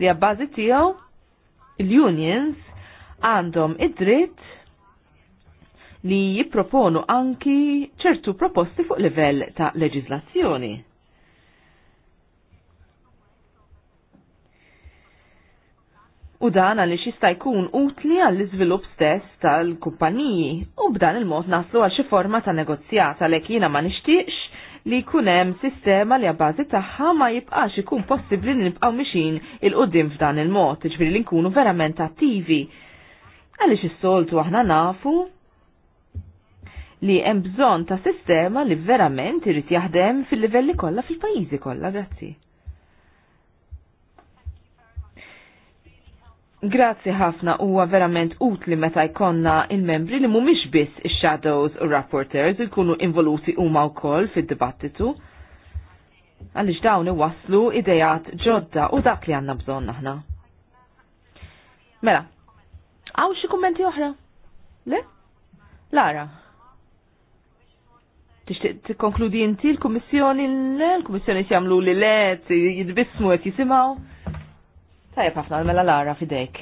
li għabbazi tiegħu l-unions għandhom id-dritt li jipproponu anki ċertu proposti fuq livell ta' leġizlazzjoni. u dan għaliex jista' jkun utli għall-iżvilupp stess tal-kumpaniji u b'dan il-mod naslu għal xi forma ta' negozjat għalhekk jiena ma nixtieqx li jkun hemm sistema li għabbażi tagħha ma jibqax ikun possibbli li nibqgħu mixin il-qudiem f'dan il-mod, ġifieri li nkunu verament attivi. Għaliex is-soltu aħna nafu li hemm bżonn ta' sistema li verament irid jaħdem fil-livelli kollha fil-pajjiżi kollha, grazzi. Grazzi ħafna huwa verament utli meta jkonna il-membri li mhumiex biss ix-shadows u rapporteurs ikunu involuti huma wkoll fid-dibattitu. Għaliex dawn iwasslu idejat ġodda u dak li għandna bżonn aħna. Mela, għaw xi kummenti oħra? Le? Lara. Tixtieq tikkonkludi inti l-Kummissjoni l-Kummissjoni jagħmlu li le jitbissmu qed jisimgħu? Tajab ħafna, mela Lara fidejk.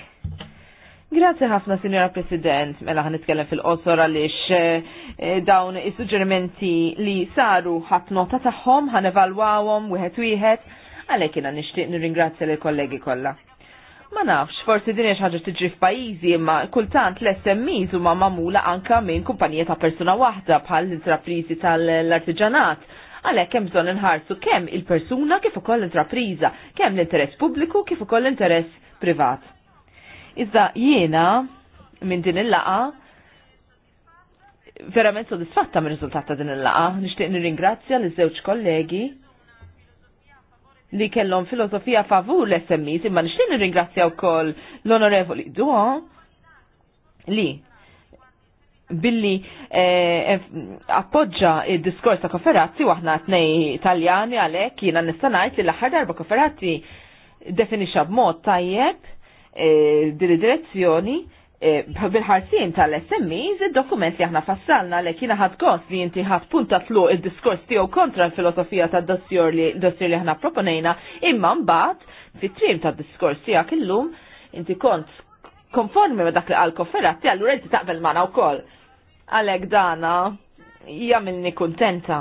Grazie ħafna, Signora President, mela ħan nitkellem fil-qosor għaliex eh, eh, dawn is-suġġerimenti li saru ħadd nota tagħhom, ħan evalwawhom wieħed wieħed, għalhekk jiena nixtieq nirringrazzja lill kollegi kollha. Ma nafx, forsi din ħaġa tiġri f'pajjiżi imma kultant l u huma magħmula anka minn kumpanija ta' persuna waħda bħal l-intraprizi tal-artiġanat għalhekk kemm bżonn inħarsu kemm il-persuna kif ukoll l-intrapriża, kemm l-interess pubbliku kif ukoll l-interess privat. Iżda jiena minn din il-laqa verament soddisfatta minn riżultat ta' din il-laqa. Nixtieq nirringrazzja l żewġ kollegi li kellhom filosofija favur l smis imma nixtieq nirringrazzja wkoll l-Onorevoli Duo li billi eh, appoġġa il-diskors ta' Koferazzi waħna tnej Taljani għalhekk jiena nista' ngħid li l-aħħar darba Koferazzi definixa b'mod tajjeb eh, din id-direzzjoni eh, bil-ħarsin tal smi id-dokument li aħna fassalna li kiena ħad kost li jinti ħad punta tluq il-diskors tiegħu kontra l-filosofija tad dossier li li aħna proponejna imma mbagħad fit-trim tad-diskors tiegħek illum inti kont konformi ma dak li għal kofferati, allura inti taqbel mana u Għalek dana jgħamilni kontenta.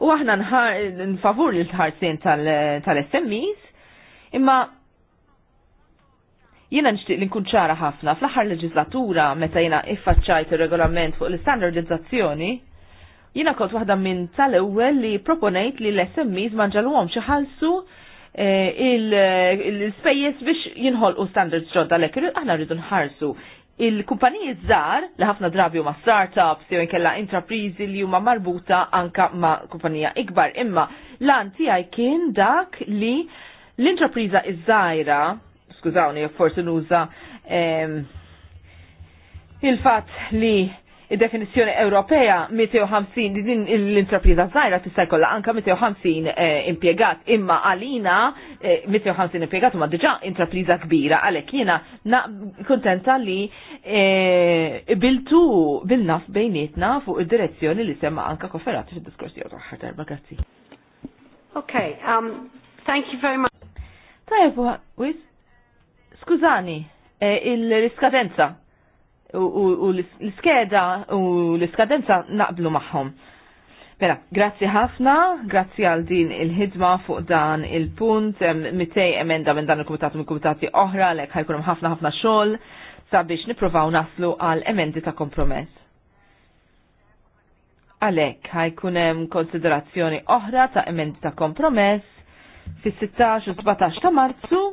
U aħna nfavur l-ħarsin tal-SMEs, imma jiena nixtieq li nkun ċara ħafna fl-aħħar leġislatura meta jiena iffaċċajt ir-regolament fuq l-standardizzazzjoni, jiena kont waħda minn tal-ewwel li proponejt li l-SMEs ma nġalhomx iħallsu eh, il-spejjeż biex jinħolqu standards ġodda l-ekri aħna rridu nħarsu il-kumpaniji żgħar li ħafna drabi huma startups jew inkella intrapriżi li huma marbuta anka ma' kumpanija ikbar. Imma lan tiegħi kien dak li l-intrapriża iż-żgħira, skużawni jekk forsi nuża il-fatt li id-definizjoni Ewropea 150 din l-intrapriża żgħira tista' jkollha anke 150 eh, impjegat imma għalina 150 eh, impjegat huma diġà intrapriża kbira għalhekk jiena kuntenta li eh, biltu bil-naf bejnietna fuq id-direzzjoni li semma anke kofferati fid diskorsi jew tagħha darba grazzi. Okay, um, thank you very much. Tajab, wis, skużani, il-riskadenza u l-iskeda u l-iskadenza naqblu magħhom. Mela, grazzi ħafna, grazzi għal din il-ħidma fuq dan il-punt, mitej emenda minn dan il komitatu minn komitati oħra, lek ħajkunum ħafna ħafna xol, sabiex niprofaw naslu għal emendi ta' kompromess. Għalek ħajkunem konsiderazzjoni oħra ta' emendi ta' kompromess fis-16 u 17 ta' marzu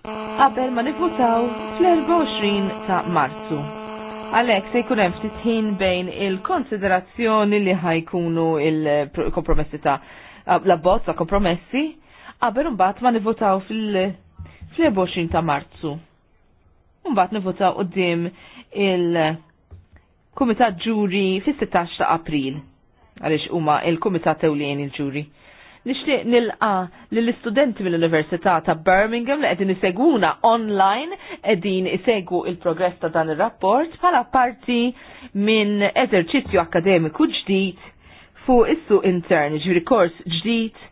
qabel ma nifutaw fl-24 ta' Marzu. Għalek se jkun hemm ftit ħin bejn il-konsiderazzjoni li ħajkunu il-kompromessi ta' la bozz ta' kompromessi qabel mbagħad ma nivvutaw fil-24 ta' Marzu. Mbagħad nivvutaw qudiem il-Kumitat Ġuri fis-16 ta' April għaliex huma il-Kumitat Ewlien il-Ġuri. il kumitat ewlien il ġuri il il ġuri nixtieq nilqa l istudenti mill-Università ta' Birmingham li qegħdin isegwuna online qegħdin isegwu il-progress ta' dan ir-rapport bħala parti minn eżerċizzju akademiku ġdid fuq is-suq intern, ġifieri kors ġdid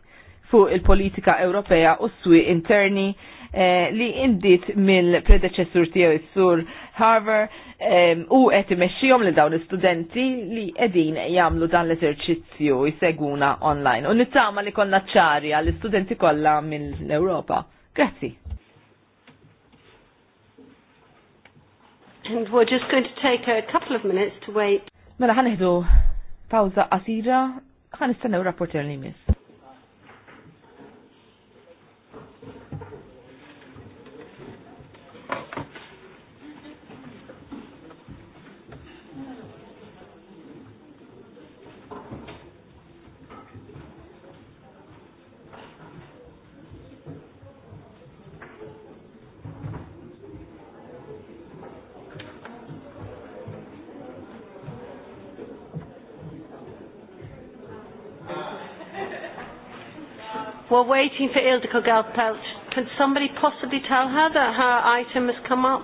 fuq il-politika Ewropea u s-suq interni eh, li indit mill-predeċessur tiegħu is-sur Harvard um, u qed imexxihom li dawn l-istudenti li qegħdin jagħmlu dan l-eżerċizzju jseguna online. U nittama li konna ċari għall-istudenti kollha mill-Ewropa. Grazzi. And we're just going to take a couple of minutes to wait. Mela ħaneħdu pawza qasira, ħanistennew rapporter li miss. We're waiting for Ildiko Galpelt. Can somebody possibly tell her that her item has come up?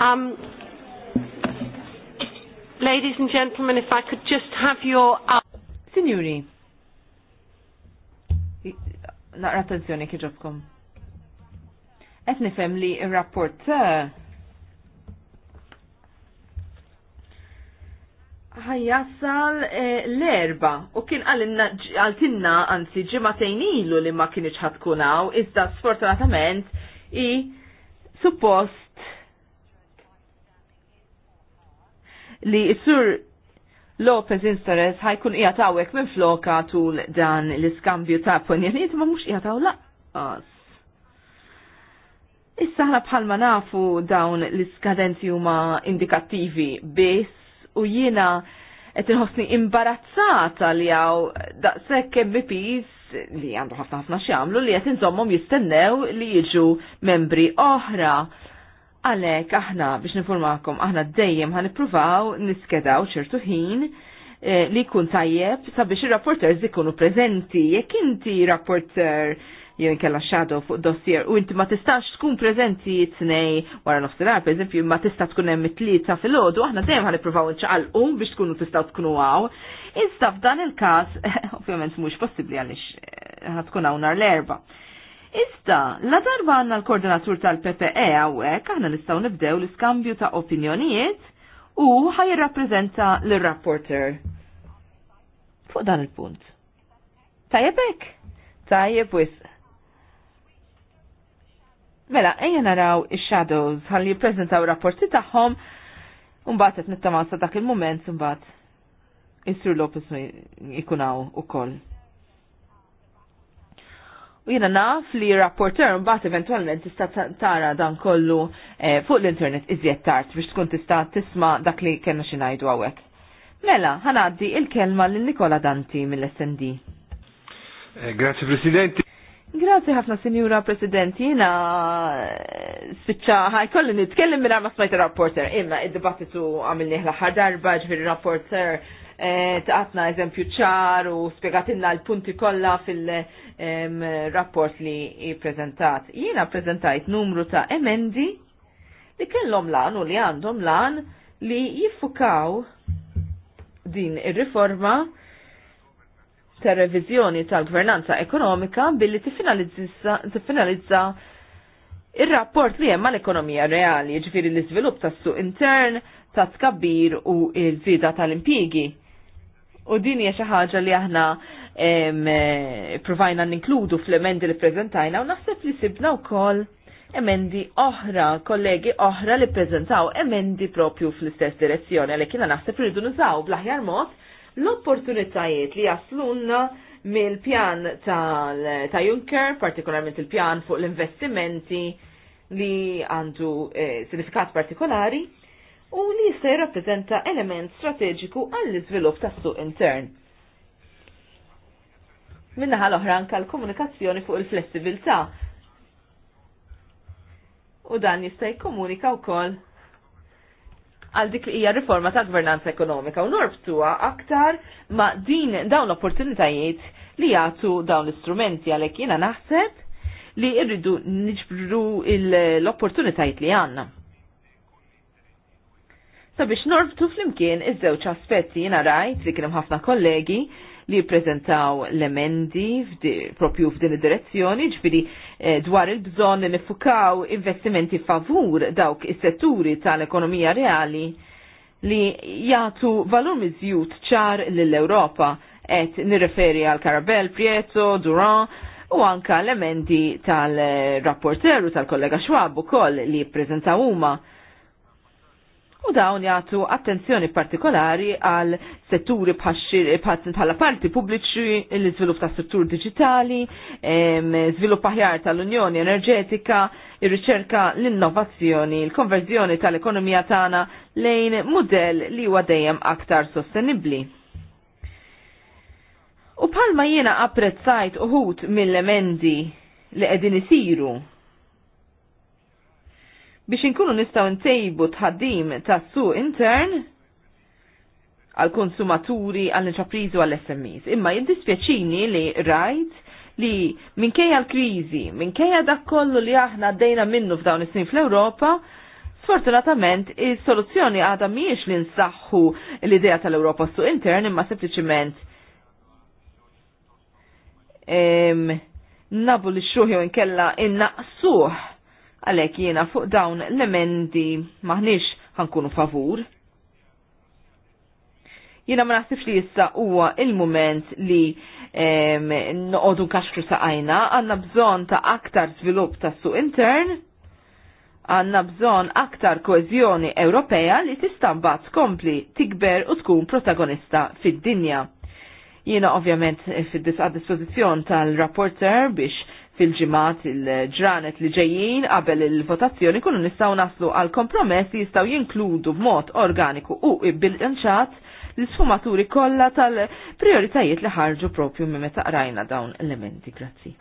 Um, ladies and gentlemen, if I could just have your... Uh, Signori, naqra attenzjoni kħiġobkom. Et nifem li il-rapport ħajjassal eh, l-erba u kien għal-tinna għansi ġimatejn ilu li ma kienieċ ħatkunaw, iżda sfortunatament i suppost li s-sur Lopez Instores ħajkun jgħatawek minn floka tul dan l-iskambju ta' ponjeniet ma mux jgħataw laqqas. Issa ħna bħalma nafu dawn l-iskadenzi huma indikattivi biss u jiena qed inħossni imbarazzata li hawn daqshekk MPs li għandu ħafna ħafna xjamlu li qed inżommhom jistennew li jiġu membri oħra Għalek, aħna biex nifurmakom, aħna dejjem għan nipruvaw niskedaw ċertu ħin eh, li kun tajjeb sabiex il-rapporters ikunu prezenti. Jekk inti rapporter jew kella xadu fuq dossier u inti ma tistax tkun prezenti t tnej wara nofsinhar, eżempju, ma tista' tkun hemm it-tlieta fil-għodu, aħna dejjem ħan nċaqal um biex tkunu tistaw tkunu għaw. Iżda f'dan il-każ, ovvjament mhux possibbli għaliex eh, ħatkun hawn nhar l-erba' Ista, la darba għanna l-koordinatur tal-PPE għawek, aħna nistaw nibdew l-iskambju ta' opinjonijiet u ħaj rappresenta l-rapporter. Fuq dan il-punt. Tajjebek? Tajjeb wisq. Mela, ejja naraw il-shadows għal jiprezentaw rapporti taħħom un-batet nittamaw sa dak il-moment un-bat. l-opis ikunaw u koll. U jena naf li rapporter mbagħad eventwalment tista' tara dan kollu eh, fuq l-internet iżjed tard biex tkun tista' tisma' dak li kellna xi ngħidu Mela, ħanaddi il-kelma lil Nikola Danti mill-SND. Eh, grazie Presidenti. Grazie ħafna Sinjura Presidenti, jina eh, spiċċa ħajkolli nitkellim minn ma smajt il-rapporter, imma id-dibattitu għamilni l ħadar, darba fil rapporter Eh, taqatna eżempju ċar u spiegatilna l-punti kollha fil-rapport li prezentat. Jiena prezentajt numru ta' emendi li kellhom lan u li għandhom lan li jiffukaw din ir-riforma ta' revizjoni tal-gvernanza ekonomika billi tiffinalizza il rapport li hemm mal-ekonomija reali, ġifieri l-iżvilupp tas-suq intern, ta' tkabbir u l-żieda tal-impjigi. U din hija xi ħaġa li aħna eh, provajna ninkludu fl-emendi li ppreżentajna, u naħseb li sibna wkoll emendi oħra, kollegi oħra li ppreżentaw emendi propju fl-istess direzzjoni, għalhekk jiena naħseb rridu nużaw bl-aħjar mod l-opportunitajiet li jaslunna mill-pjan ta' Juncker, partikolarment il-pjan fuq l-investimenti li għandu eh, sinifikat partikolari u li jista' jirrappreżenta element strateġiku għall-iżvilupp tas-suq intern. Minnaħa l-oħra anka l-komunikazzjoni fuq il-flessibilità. U dan jista' jikkomunika wkoll għal dik li hija riforma ta' gvernanza ekonomika u norbtuha aktar ma' din dawn l-opportunitajiet li jagħtu dawn l-istrumenti għalhekk jiena naħseb li rridu niġbru l-opportunitajiet li għandna sabiex norbtu flimkien iż-żewġ aspetti jina rajt li kienem ħafna kollegi li prezentaw l-emendi propju f'din id-direzzjoni, ġifiri eh, dwar il-bżon li nifukaw investimenti favur dawk is-setturi tal-ekonomija reali li jagħtu valur miżjud ċar lill-Ewropa et nirreferi għal Karabel, Prieto, Duran u anka l-emendi tal-rapporteru tal-kollega Schwab ukoll li jippreżentaw huma u dawn jagħtu attenzjoni partikolari għal setturi bħala parti pubbliċi, l-iżvilupp ta' struttur digitali, zvilup aħjar tal-Unjoni Enerġetika, ir-riċerka, l-innovazzjoni, l-konverżjoni tal-ekonomija tagħna lejn mudell li huwa dejjem aktar sostenibbli. U palma jiena apprezzajt uħut mill-emendi li qegħdin isiru biex inkunu nistaw ntejbu tħaddim ta' su intern għal konsumaturi, għal u għal SMEs. Imma jiddispjaċini li rajt li minkejja l-krizi, minkejja dak kollu li aħna għaddejna minnu f'dawn is-snin fl-Ewropa, sfortunatament is-soluzzjoni għadha mhijiex li nsaħħu l-idea tal-Ewropa su intern imma sempliċiment nabu li xuħi u nkella innaqsuħ Għalek jiena fuq dawn l-emendi maħniex ħankunu favur. Jiena ma naħsibx li issa huwa il-moment li noqogħdu kaxkru saqajna, għandna bżonn ta' aktar żvilupp tas-suq intern, għandna bżonn aktar koeżjoni Ewropea li tista' mbagħad tkompli tikber u tkun protagonista fid-dinja. Jiena ovvjament fid disqa dispożizzjon tal-rapporter biex fil-ġimat il-ġranet li ġejjin qabel il-votazzjoni kunu nistaw naslu għal kompromess li jistaw jinkludu b'mod organiku u bil-inċat l-sfumaturi kollha tal-prioritajiet li ħarġu propju minn meta qrajna dawn elementi. Grazzi.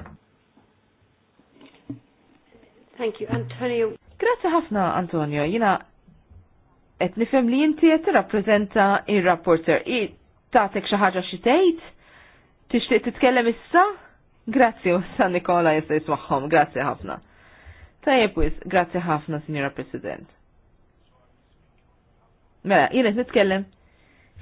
Thank you, Antonio. Grazzi ħafna, Antonio. Jina qed nifhem li inti qed tirrappreżenta il rapporter I tagħtek xi ħaġa xi tgħid? Tixtieq titkellem issa? Grazzi San Nikola jista jismaħħom, grazzi ħafna. Tajjeb wis, grazzi ħafna, Signora President. Mela, jienet nitkellem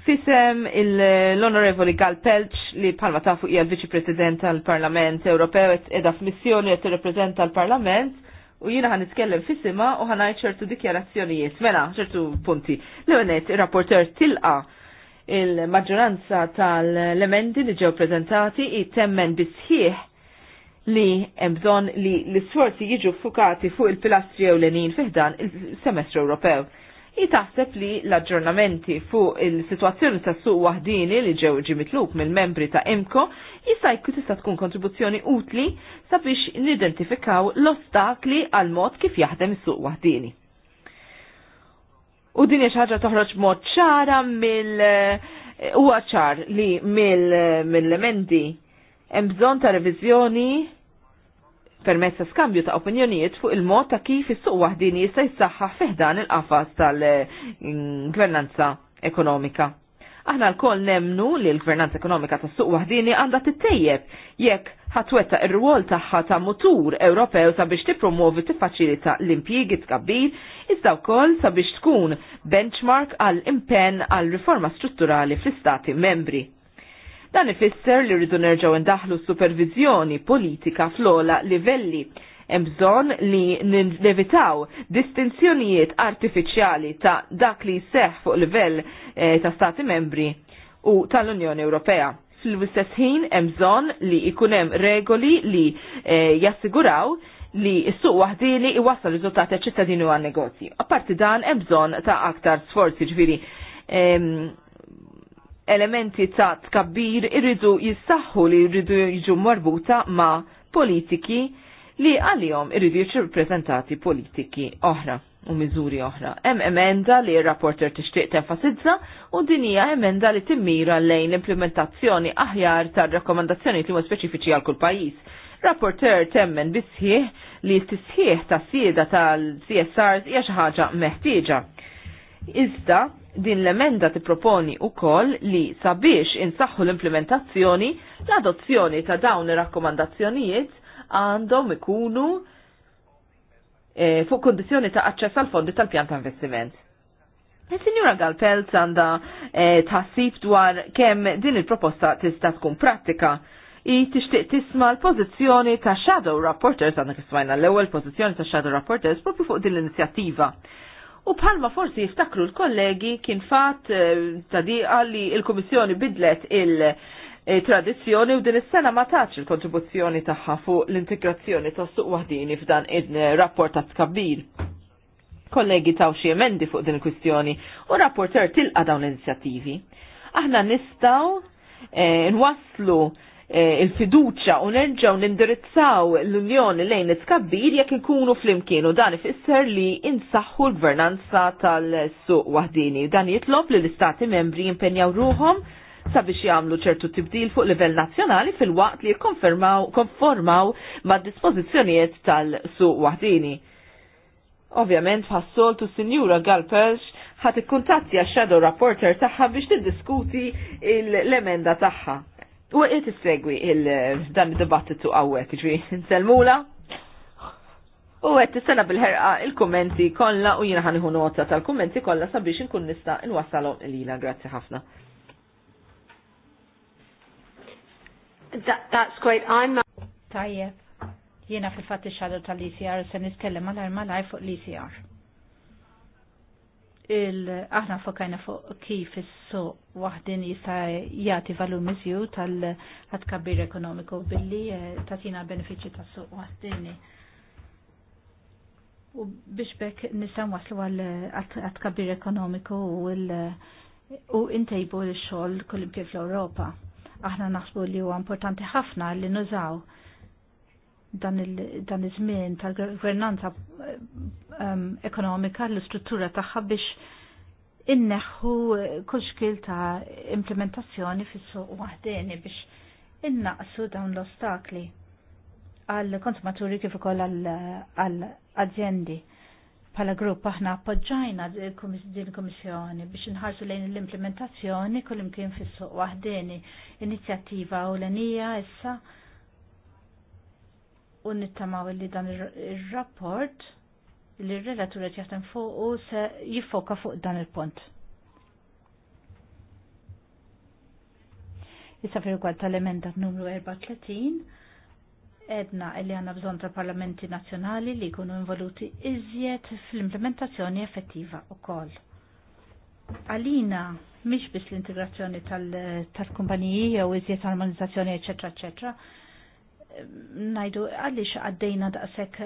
fisem l-Onorevoli Gal Pelċ li palma ta' fuq viċi President tal-Parlament Ewropew edha f'missjoni qed tirrepreżenta l-Parlament u jiena għan nitkellem fisima u ħanaj ċertu dikjarazzjonijiet. Mela, ċertu punti. L-għonet, il-rapporter tilqa il-maġġoranza tal-elementi li ġew prezentati jitemmen bisħieħ li hemm bżonn li l-isforzi jiġu fukati fuq il-pilastri ewlenin fiħdan il-semestru Ewropew. Jitaħseb li l-aġġornamenti fuq il-situazzjoni ta' suq waħdini li ġew ġimitluk mill-membri ta' IMCO jista' tista' tkun kontribuzzjoni utli sabiex nidentifikaw l-ostakli għal mod kif jaħdem is-suq waħdini. U din hija ħaġa toħroġ mod ċara mill eh, huwa ċar li eh, mill-elementi hemm bżonn ta' reviżjoni permezz ta' skambju ta' opinjonijiet fuq il-mod ta' kif is-suq waħdin jista' jissaħħaħ fiħdan il-qafas tal-gvernanza ekonomika. Aħna l-koll nemnu li l-gvernanza ekonomika tas suq waħdini għandha tittejjeb jekk ħatwetta ir-rwol tagħha ta' mutur Ewropew sabiex tippromovi tiffaċilita l-impjiegi tkabbir, iżda wkoll sabiex tkun benchmark għal impenn għal riforma strutturali fl-istati membri. Dan ifisser li rridu nerġgħu ndaħlu supervizjoni politika fl-ola livelli hemm bżonn li nevitaw distinzjonijiet artifiċjali ta' dak li jseħħ fuq livell eh, ta' stati membri u tal-Unjoni Ewropea fil istess ħin hemm bżonn li jkun hemm regoli li eh, jassiguraw li s-suq li iwassal riżultati ċittadini u għan-negozji. Apparti dan hemm ta' aktar sforzi ġifieri elementi ta' tkabbir irridu jissaħħu li jridu jiġu marbuta ma' politiki li għalihom irridu jiġu prezentati politiki oħra u miżuri oħra. Hemm emenda li r-rapporter tixtieq tenfasizza u din hija emenda li timmira lejn l-implementazzjoni aħjar tar-rakkomandazzjoni li huma speċifiċi għal kull pajjiż. Rapporter temmen bisħieħ li t-tisħieħ ta' sieda tal-CSRs hija xi ħaġa meħtieġa. Iżda din l-emenda tipproponi wkoll li sabiex insaħħu l-implementazzjoni l-adozzjoni ta' dawn ir-rakkomandazzjonijiet għandhom ikunu Eh, fuq kondizjoni ta' aċċess għal fondi tal-pjan ta' investiment. Il-Sinjura eh, Galpelt għanda eh, tħassib dwar kemm din il-proposta tista' tkun pratika i tixtieq tisma' l-pożizzjoni ta' Shadow Rapporters għandna kismajna l-ewwel pożizzjoni ta' Shadow Rapporters propju fuq din l-inizjattiva. U bħalma forsi jiftakru l-kollegi kien fatt ta' diqa li l komissjoni bidlet il- tradizzjoni u din is-sena ma tax il-kontribuzzjoni tagħha fuq l-integrazzjoni tas suq waħdini f'dan ir rapport ta' tkabbir. Kollegi taw xi emendi fuq din il-kwistjoni u rapporter tilqa dawn l-inizjattivi. Aħna nistgħu eh, nwasslu eh, il-fiduċa u nerġgħu nindirizzaw l-Unjoni lejn it-tkabbir jekk ikunu flimkien u dan ifisser li insaħħu l-gvernanza tal-suq waħdini. Dan jitlob li l-istati membri jimpenjaw ruhom sabiex jagħmlu ċertu tibdil fuq livell nazzjonali fil-waqt li jikkonfermaw konformaw mad dispożizzjonijiet tal-suq waħdini. Ovvjament fas-soltu Sinjura Galpelx ħat ikkuntattja shadow rapporter tagħha biex tiddiskuti l-emenda tagħha. U qed issegwi dan id-dibattitu qawwek, ġri, nselmula? U t-sena bil-ħerqa il-kummenti kollha u jiena ħaniħu nota tal-kummenti kollha sabiex inkun nista' il-lina, grazzi ħafna. That, that's great. I'm Tajjeb. Jiena fil-fatt ix-xadu tal-ICR se nitkellem mal malaj fuq l-ICR. aħna fokajna fuq kif is-suq waħdin jista' jagħti valu miżju tal-tkabbir ekonomiku billi eh, tagħtina benefiċċji tas-suq waħdini. U biex bekk nisa waslu għal-tkabbir ekonomiku u intejbu l-xogħol kull imkien fl europa aħna naħsbu li huwa importanti ħafna li nużaw dan iż-żmien tal-gvernanza um, ekonomika l-istruttura tagħha biex inneħħu kull xkil ta' implementazzjoni fis-suq waħdeni biex innaqsu dawn l-ostakli għall konsumaturi kif ukoll għall azzjendi Pala grupp aħna appoġġajna din kummissjoni biex nħarsu lejn l-implementazzjoni kull imkien fis-suq waħdini inizjattiva ewlenija issa u nittamaw li dan ir-rapport li r-relatur qed jaħdem fuq u se jiffoka fuq dan il-punt. Issa fil tal-emenda numru 34 edna li għanna bżon ta' parlamenti nazjonali li jkunu involuti iżjed fl-implementazzjoni effettiva u koll. Għalina, miex biss l-integrazzjoni tal-kumpaniji tal jew iżjed armonizzazzjoni, eccetera, eccetera, najdu għalix għaddejna sekk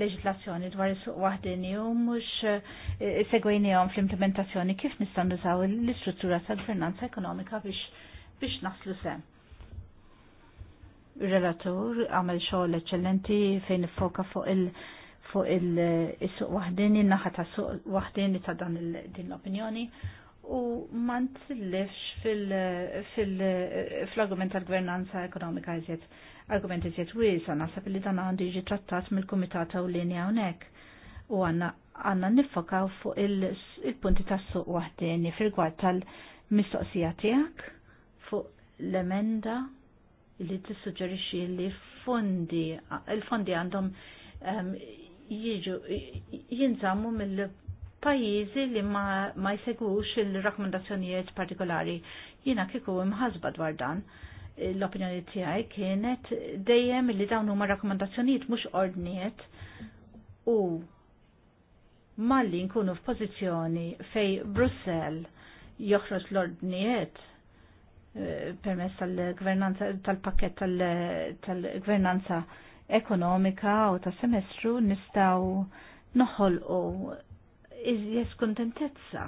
leġislazzjoni dwar is-suq waħdini u mux e, segwejnijom fl-implementazzjoni kif nistan nizaw l-istruttura tal-gvernanza ekonomika biex, biex naslu sem relatur għamel xogħol eċċellenti fejn foka fuq il- fuq il-suq waħdini, naħa ta' suq waħdini ta' dan din l-opinjoni u t-lifx fil-argument fil-argument tal-gvernanza ekonomika jżiet argument jżiet wiesa naħseb li dan għandu jiġi trattat mill kumitata u linja hawnhekk u għanna għanna nifoka fuq il-punti tas suq waħdini fil-gwad tal-mistoqsija tiegħek fuq l-emenda li tissuġġerixxi li fondi il-fondi għandhom ehm, jiġu jinżammu mill-pajjiżi li ma, ma jsegwux il-rakkomandazzjonijiet partikolari. Jiena kieku imħasba dwar dan l-opinjoni tiegħi kienet dejjem li dawn huma rakkomandazzjonijiet mhux ordnijiet u malli nkunu f'pożizzjoni fej Brussell joħroġ l-ordnijiet permess tal-gvernanza tal-pakket tal-gvernanza ekonomika u tas semestru nistaw noħol u iżjes kontentezza.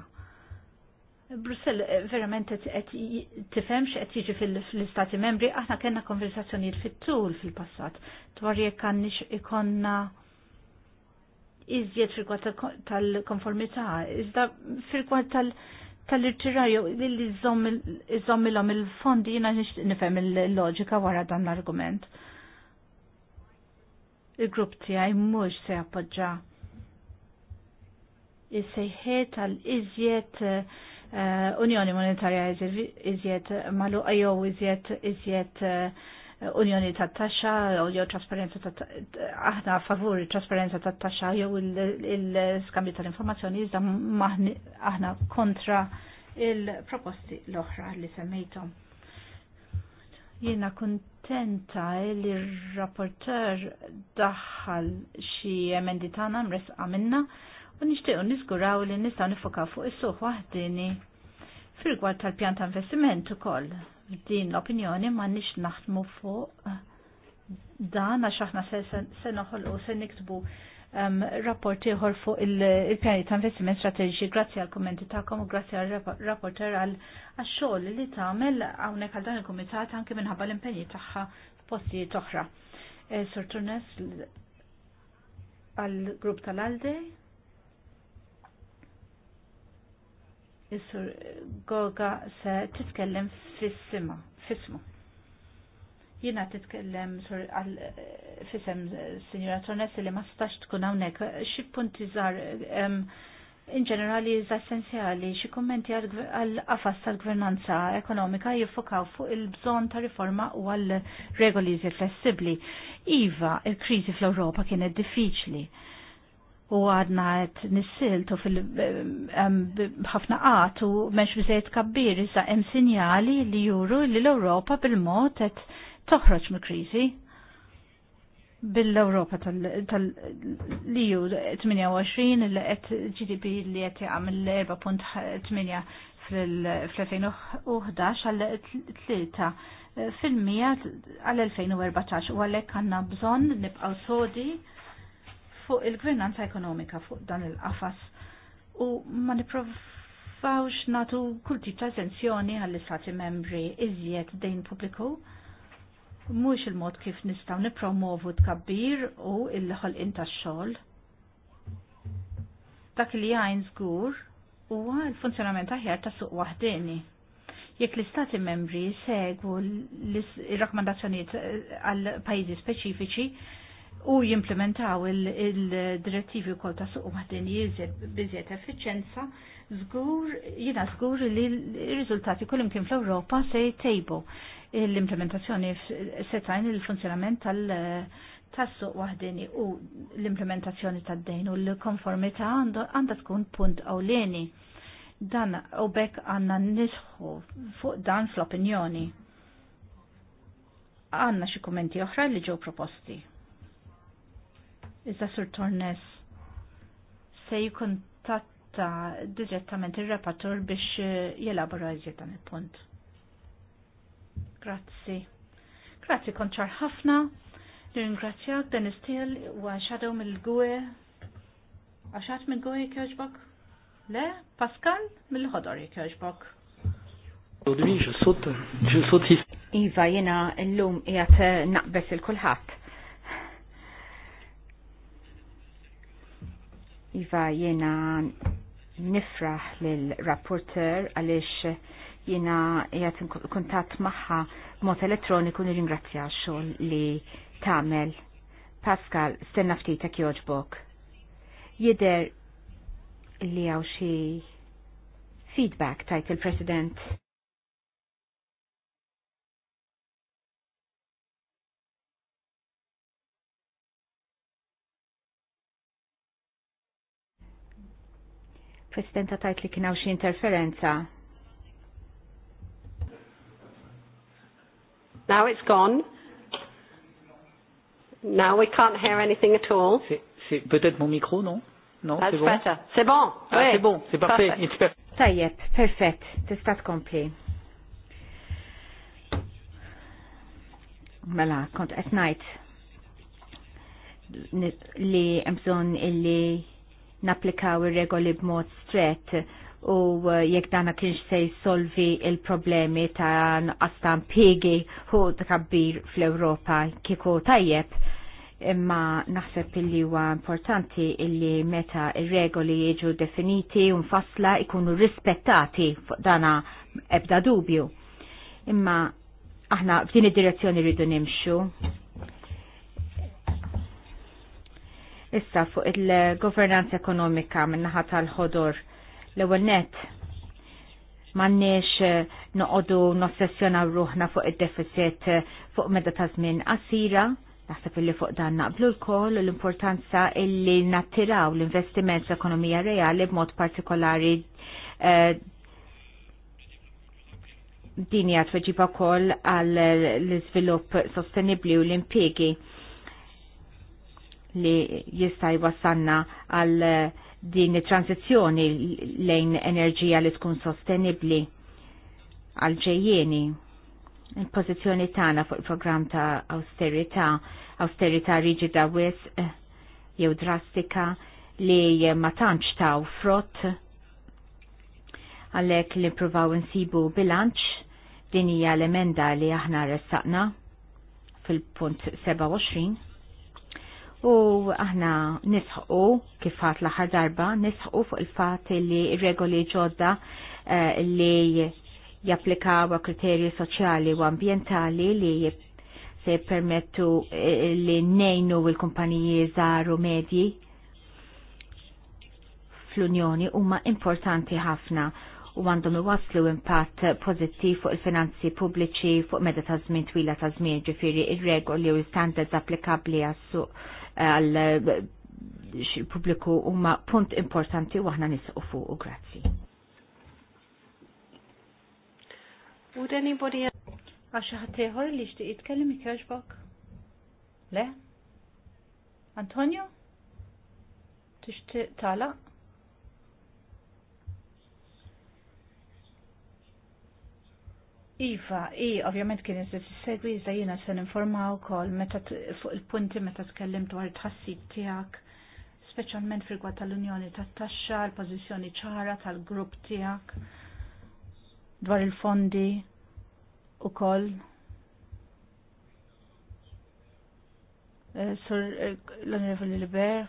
Brussel eh, verament tifhem x'qed jiġi fil-Istati Membri, aħna kellna konversazzjonijiet fit-tul fil-passat dwar jekk għandniex ikonna iżjed fil-kwad tal-konformità, iżda fil-kwad tal-, -tal tal-irtirajo li zommilom il-fondi jina nifem il-loġika wara dan l-argument. Il-grupp għaj mux se appoġġa. Is-sejħet għal izjiet eh, Unjoni Monetarja iżjed malu għajow iżjed iżjed eh, unjoni ta' taxxa u jew trasparenza ta' aħna favur trasparenza ta' taxxa jew il-skambju tal-informazzjoni iżda aħna kontra il-proposti l-oħra li semmejtom. Jiena kuntenta li r-rapporter daħħal xi emendi tagħna mresqa minna u nixtiequ niżguraw li nistgħu nifokaw fuq is-suq waħdini fil-gwar tal-pjan ta' investiment ukoll din l-opinjoni ma nix naħdmu fuq eh, dan għax aħna se noħolqu se niktbu um, rapport ieħor fuq il-pjani ta' investiment strateġiċi. Grazzi għal kommenti tagħkom u grazzi għal rapporter għal xogħol li tagħmel hawnhekk għal dan il-kumitat anke minħabba l-impenji tagħha f'postijiet oħra. Eh, Sur Tunes, għal grupp tal-Alde. Is-sur Goga se titkellem fis-sima, fismu. Jina titkellem sur għal fisem Sinjura Tornes li ma stax tkun hawnhekk. Xi punti żgħar in ġenerali essenzjali xi kummenti għal qafas tal-gvernanza ekonomika jiffokaw fuq il-bżonn ta' riforma u għal regoli flessibbli. Iva, il-kriżi fl-Ewropa kienet diffiċli u għadna għed nissiltu fil-ħafna għat u meċ bizzejt kabbir issa hemm sinjali li juru li l-Europa bil-mod qed toħroġ mill kriżi bil-Europa tal ju 28 li qed GDP li qed jagħmel 4.8 fl-2011 għal 3 fil-mija għal 2014 u għalhekk għandna bżonn nibqgħu sodi fuq il-gvernanza ekonomika fuq dan il-qafas u ma niprofawx natu kull tip ta' esenzjoni għall-istati membri iżjed dejn pubbliku mhux il-mod kif nistgħu nippromovu tkabbir u l-ħolqien tax-xogħol. Dak li għajn żgur huwa l-funzjonament aħjar ta' suq wahdini. jekk l-istati membri segwu l-rakkomandazzjonijiet eh, għal pajjiżi speċifiċi, u jimplementaw il-direttivi il kol ta' suq maħdin bizziet effiċenza, zgur, jina zgur li il-rizultati kullim kien fl-Europa se jtejbu l-implementazzjoni setajn il-funzjonament tal- tas wahdini u l-implementazzjoni tad-dejn u l-konformità għandha tkun punt awleni. Dan u bekk għanna nisħu fuq dan fl-opinjoni. Għanna xi kummenti oħra li ġew proposti. Iżda Sur Tornes se jikuntatta direttament il-repatur biex eh, jelabora iżjed dan il-punt. Grazzi. Grazzi konċar ħafna. Ringrazzjak dan istil u għaxħadu e. mill-gwe. għaxat mill-gwe kjoġbok? Le? Pascal? Mill-ħodor kjoġbok? Iva jena l-lum jgħat naqbess il-kulħat Iva jena nifraħ l-rapporter għalix jena jgħat kontat maħħa mod elettroniku nir-ingrazzja xol li tamel. Pascal, stenna ftitek joġbok. Jider li għaw xie feedback tajt il-President. Presidenta tajt li kienaw xie interferenza. Now it's gone. Now we can't hear anything at all. C'est peut-être mon micro, non? Non, c'est bon. C'est bon. Ah, oui. C'est bon, c'est parfait. parfait. Tajjeb, perfett, tista' tkompli. Mela, kont at night, li emzon illi napplikaw ir-regoli b'mod strett u uh, jekk dana kienx se jsolvi il-problemi ta' nqastan pigi u tkabbir fl-Ewropa kieku tajjeb imma naħseb illi huwa importanti illi meta ir-regoli jiġu definiti u nfassla jkunu rispettati fuq dana ebda dubju. Imma aħna f'din id-direzzjoni rridu nimxu Issa fuq il-governanza ekonomika minnaħa tal ħodur l-ewwel net m'għandniex eh, noqogħdu nossessjonaw ruħna fuq id-deficit eh, fuq meta ta' żmien qasira, naħseb illi fuq dan naqblu l-koll u l-importanza illi nattiraw l-investiment fl-ekonomija reali b'mod partikolari eh, dinja tweġiba wkoll għall l-iżvilupp sostenibbli u l impiegi li jista' jwassanna għal eh, din it lejn enerġija li tkun sostenibbli għal ġejjieni. Il-pożizzjoni tagħna fuq il-programm ta' austerità, austerità riġida wis eh, jew drastika li ma tantx ta' frott għalhekk li pruvaw insibu bilanċ din hija l-emenda li aħna ressaqna fil-punt 27 U aħna nisħu, kif l-aħħar darba, nisħu fuq il-fat li regoli ġodda eh, li japplikaw kriterji soċjali u ambientali li se permettu eh, li nejnu il-kumpaniji zaru medji fl-Unjoni huma importanti ħafna u għandhom iwasslu impatt pozittiv fuq il-finanzi pubbliċi fuq meta ta' żmien twila ta' żmien ġifieri ir-regoli u l standards applikabbli għas-suq għal eh, xil-publiku huma punt importanti u aħna nisqu fuq grazzi. Would anybody għaxa ħatteħor li xtiq jitkellem ikjaġbok? Le? Antonio? Tixtieq tala? Iva, i, ovvjament kien iżda t-segwi iżda jina sen informaw kol fuq il-punti meta t-kellim dwar tħassib tijak, specialment frigwa tal-Unjoni tat-taxxa, l-pozizjoni ċara tal-grupp tijak, dwar il-fondi u kol. Eh, sur eh, l-Onorevoli Liber.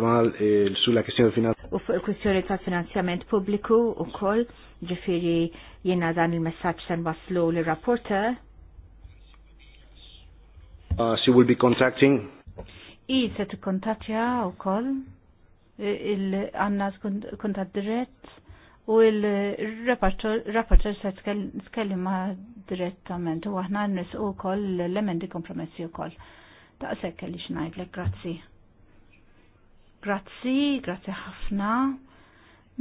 Mal, eh, sulla questione u fuq il-kwistjoni ta' finanzjament pubbliku u koll, ġifiri jena dan il-messagġ sen waslu l rapporta Uh, she will be contacting. I se t-kontatja u koll, il-għanna kontat dirett u il-rapporter se t-kellima direttament u għahna n-nis u koll l-emendi kompromessi u koll. Ta' sekkel li xnajdlek, grazzi. Grazzi, grazzi ħafna.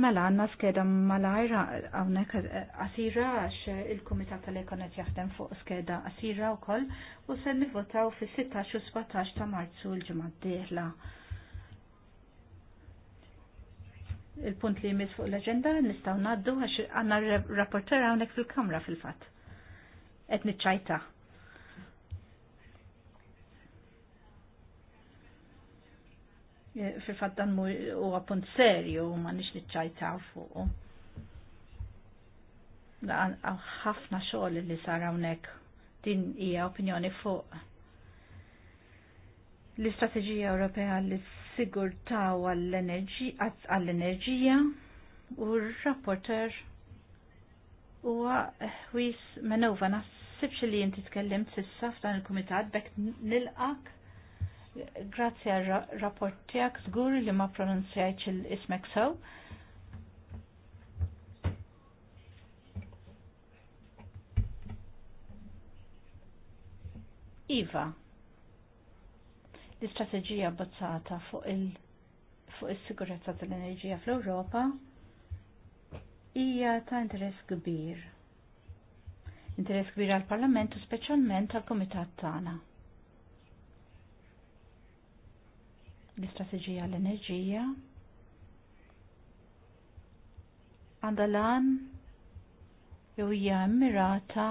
Mela, għanna skeda malajra għawnek għasira eh, għax il-Komitat tal-Ekonet jaħdem fuq skeda għasira u koll u sen nivotaw fi 16 u 17 ta' marzu l-ġemad diħla. Il-punt li jmiss fuq l-agenda nistaw naddu għax għanna rapporter għawnek fil-kamra fil-fat. Etni ċajta. fil-fat dan u appunt serju ma nix nitċajtaw fuq. ħafna xogħol li sar hawnhekk din hija opinjoni fuq l-istrateġija Ewropea l sigurtaw għall-enerġija u r-rapporter huwa wis menova naħsibx li inti tkellimt sissa f'dan il-kumitat bekk nilqak Grazzi għal rapport tijak, zgur li ma pronunzjajċ l-ismek sew. Iva, l-istrateġija bazzata fuq il- fuq is-sigurezza tal-enerġija fl-Ewropa hija ta' interess kbir. Interess kbir għall-Parlament u speċjalment għall kumitat tagħna. l-istrateġija l-enerġija għandha lan jew hija mirata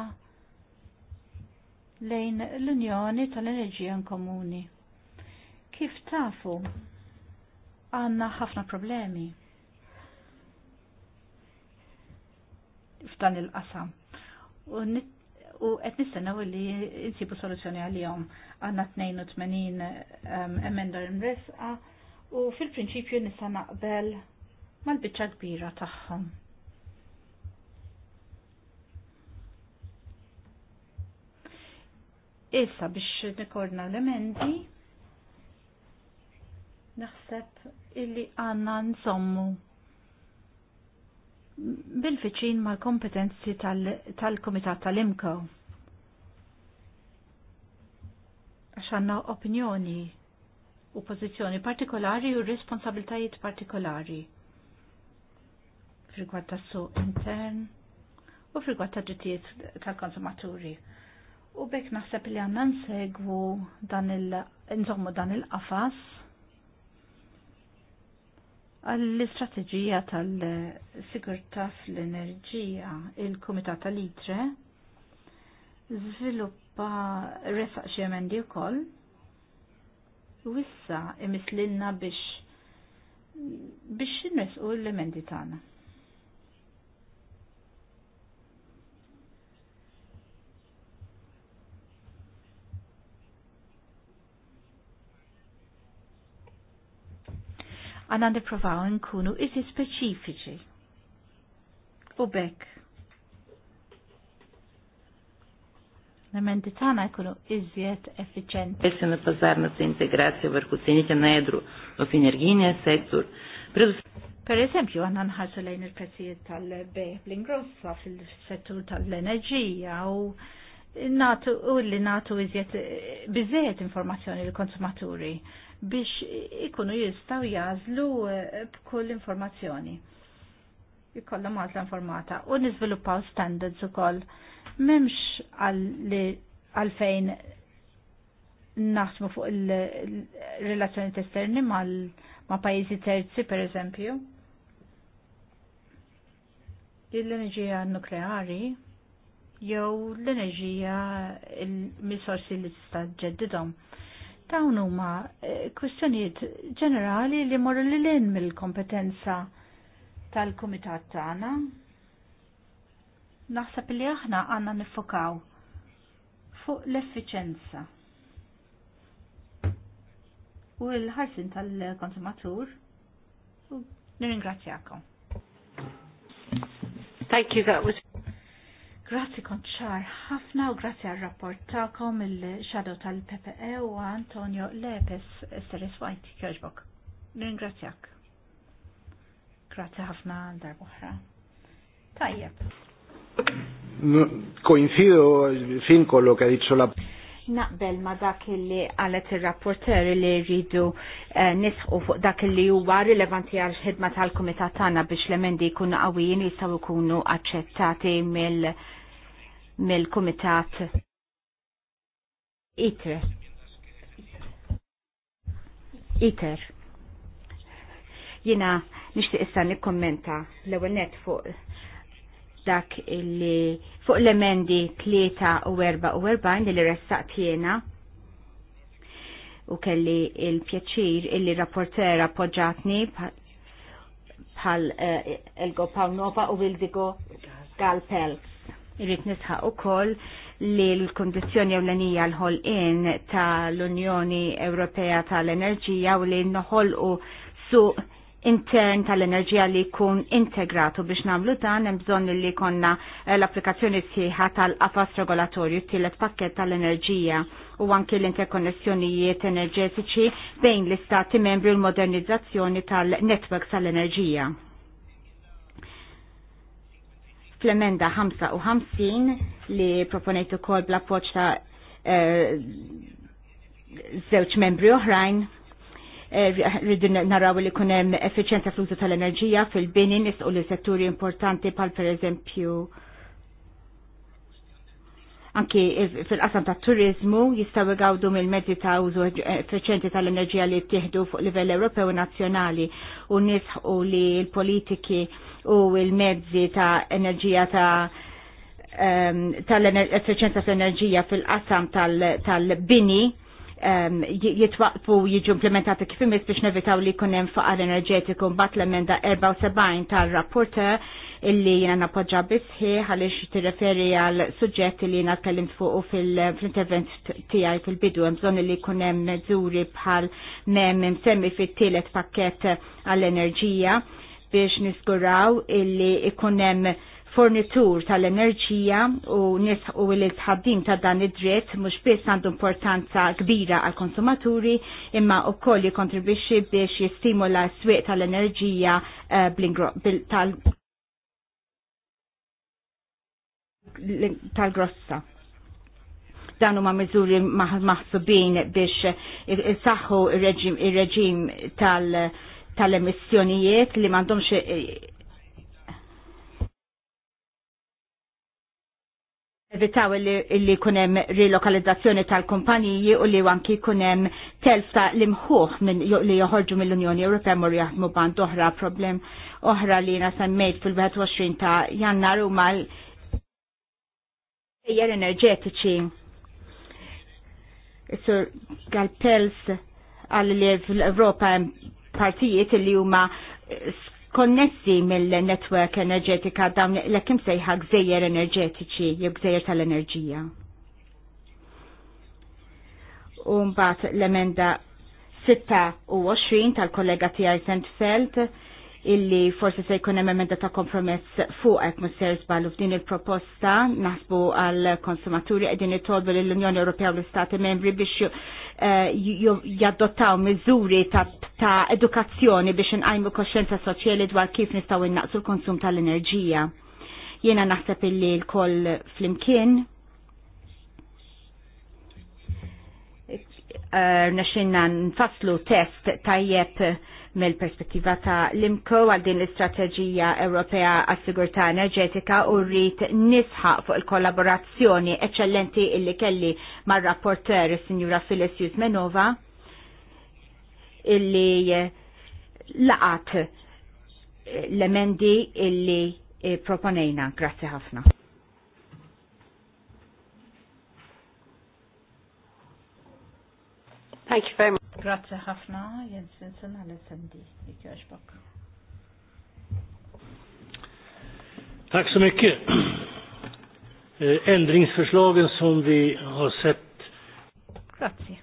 lejn l-Unjoni tal-Enerġija Komuni. Kif tafu għandna ħafna problemi f'dan il-qasam u nit u qed nistennew li insibu soluzzjoni għalihom. Għandna 82 emenda mresqa u fil-prinċipju nista' naqbel mal-biċċa kbira tagħhom. Issa biex nikordna l-emendi naħseb illi għanna nżommu bil-fiċin mal kompetenzi tal-Komitat tal tal-Imko. Għaxanna opinjoni u pozizjoni partikolari u responsabiltajiet partikolari. Frigwad ta' su intern u frigwad ta' ġittijiet tal-konsumaturi. U bekk naħseb li għanna nsegwu dan il-qafas għall-istrateġija tal-sigurtà fl-enerġija il-Kumitat tal-Itre żviluppa resaq xi emendi wkoll wissa issa imislilna biex biex nresqu l-emendi tagħna. għanna niprofaw nkunu iżi speċifiċi. U bekk. L-emendi tagħna jkunu iżjed effiċenti. Се на пазарната интеграция върху цените на едро в енергийния сектор. Per eżempju, għanna nħarsu lejn il-prezzijiet tal-bej l-ingrossa fil-settur tal-enerġija u natu u li natu iżjed bizzejet informazzjoni l-konsumaturi biex ikunu jistaw jazlu eh, b'kull informazzjoni. Jikollhom għazla informata u niżviluppaw standards ukoll. M'hemmx għalfejn naħsmu fuq il-relazzjoni esterni ma' pajjiżi terzi per eżempju. l enerġija nukleari jew l-enerġija il-misorsi li tista' ġeddidhom Dawn huma eh, kwistjonijiet ġenerali li morru li lin mill-kompetenza tal-kumitat tagħna. Naħseb li aħna għandna nifokaw fuq l-effiċenza u l-ħarsin tal-konsumatur. Nirringrazzjakom. Thank you, that was Grazzi konċar ħafna u grazzi għal rapport ta'kom il-xadow tal-PPE u Antonio Lepes Seres White Kjoġbok. Ringrazzjak. Grazzi ħafna għal darbohra. Tajjeb. Coincido, eh, fin, con lo che ha dicho la naqbel ma dak li għalet il-rapporter li rridu eh, nisħu fuq dak li huwa rilevanti għal ħidma tal-kumitat tagħna biex l-emendi jkunu qawwijin jistgħu jkunu aċċettati mill-kumitat ITER. ITER. Jina nixtieq issa nikkommenta l-ewwel net fuq dak illi fuq l-emendi 3 u 4 u 4 li ressaq jena u kelli il-pjaċir illi rapportera appoġġatni bħal eh, Elgo Pawnova u Wildigo Galpel. Irrit nisħa u koll li l-kondizjoni ewlenija l-ħolqin tal-Unjoni Ewropea tal-Enerġija u li noħolqu suq intern tal-enerġija li jkun integratu biex namlu dan hemm bżonn li konna eh, l-applikazzjoni sħiħa tal-qafas regolatorju tielet pakket tal-enerġija u anki l-interkonnessjonijiet enerġetiċi bejn l-istati membri u l-modernizzazzjoni tal-netwerks tal-enerġija. Fl-emenda 55 li proponejt ukoll bl-appoġġ ta' eh, żewġ membri oħrajn rridin naraw li kunem effiċenza fl-użu tal-enerġija fil-bini nisqu li setturi importanti pal per eżempju anki fil-qasam ta' turizmu jistaw għawdu mill-mezzi ta' użu effiċenti tal-enerġija li tieħdu fuq livell Ewropew u nazzjonali u nisħu li l-politiki u l-mezzi ta' enerġija ta' tal-efficienza tal-enerġija fil-qasam tal-bini jitwaqfu jiġu implementati kif imis biex nevitaw li kunem faqar enerġetiku mbagħad l-emenda 74 tar rapporta illi jina napoġa bisħi għalix tirreferi għal suġġett li jina tkellimt fuqu fil-intervent tijaj fil-bidu għamżon li kunem mezzuri bħal mem semmi fit-tielet pakket għall-enerġija biex nisguraw illi ikunem hemm fornitur tal-enerġija u u l-tħaddim ta' dan id-dritt mhux biss għandu importanza kbira għal konsumaturi imma wkoll jikontribwixxi biex jistimula s-swieq tal-enerġija eh, tal-grossa. Dan huma miżuri maħsubin biex isaħħu ir-reġim tal-emissjonijiet li m'għandhomx evitaw li kunem rilokalizzazzjoni tal-kumpaniji u li anki kunem telf ta' l-imħuħ li joħorġu mill-Unjoni Ewropea mor jaħdmu band oħra problem oħra li nasemmejt semmejt fil-21 ta' jannar u mal sejjer enerġetiċi. Sur Galpels għal li fl-Europa partijiet li huma konnessi mill-netwerk enerġetika dawn l kim sejħa gżejjer enerġetiċi, jew gżejjer tal-enerġija. U mbagħad l-emenda 26 tal-kollega tiegħi Sentfeld illi forse se jkun hemm emenda ta' kompromess fuq hekk Mr. żballu f'din il-proposta naħsbu għal konsumaturi qegħdin itolbu lill unjoni Ewropea u l-Istati Membri biex eh, jaddottaw miżuri ta' edukazzjoni biex inqajmu koxxenza soċjali dwar kif nistgħu innaqsu l-konsum tal-enerġija. Jiena naħseb illi l-koll flimkien eh, nexxinna nfasslu test tajjeb mill-perspettiva ta' l-imko għal din l-istrateġija Ewropea għas-sigurtà enerġetika u rrit nisħaq fuq il-kollaborazzjoni eccellenti illi kelli mar-rapporter signora Filis Jusmenova illi eh, laqat eh, l-emendi illi eh, proponejna. Grazie ħafna. Thank you very much. Grazie ħafna, Jens Vinson għal-SMD, jikjoġbok. Tak så mycket. Eh, ändringsförslagen som vi har sett. Grazie.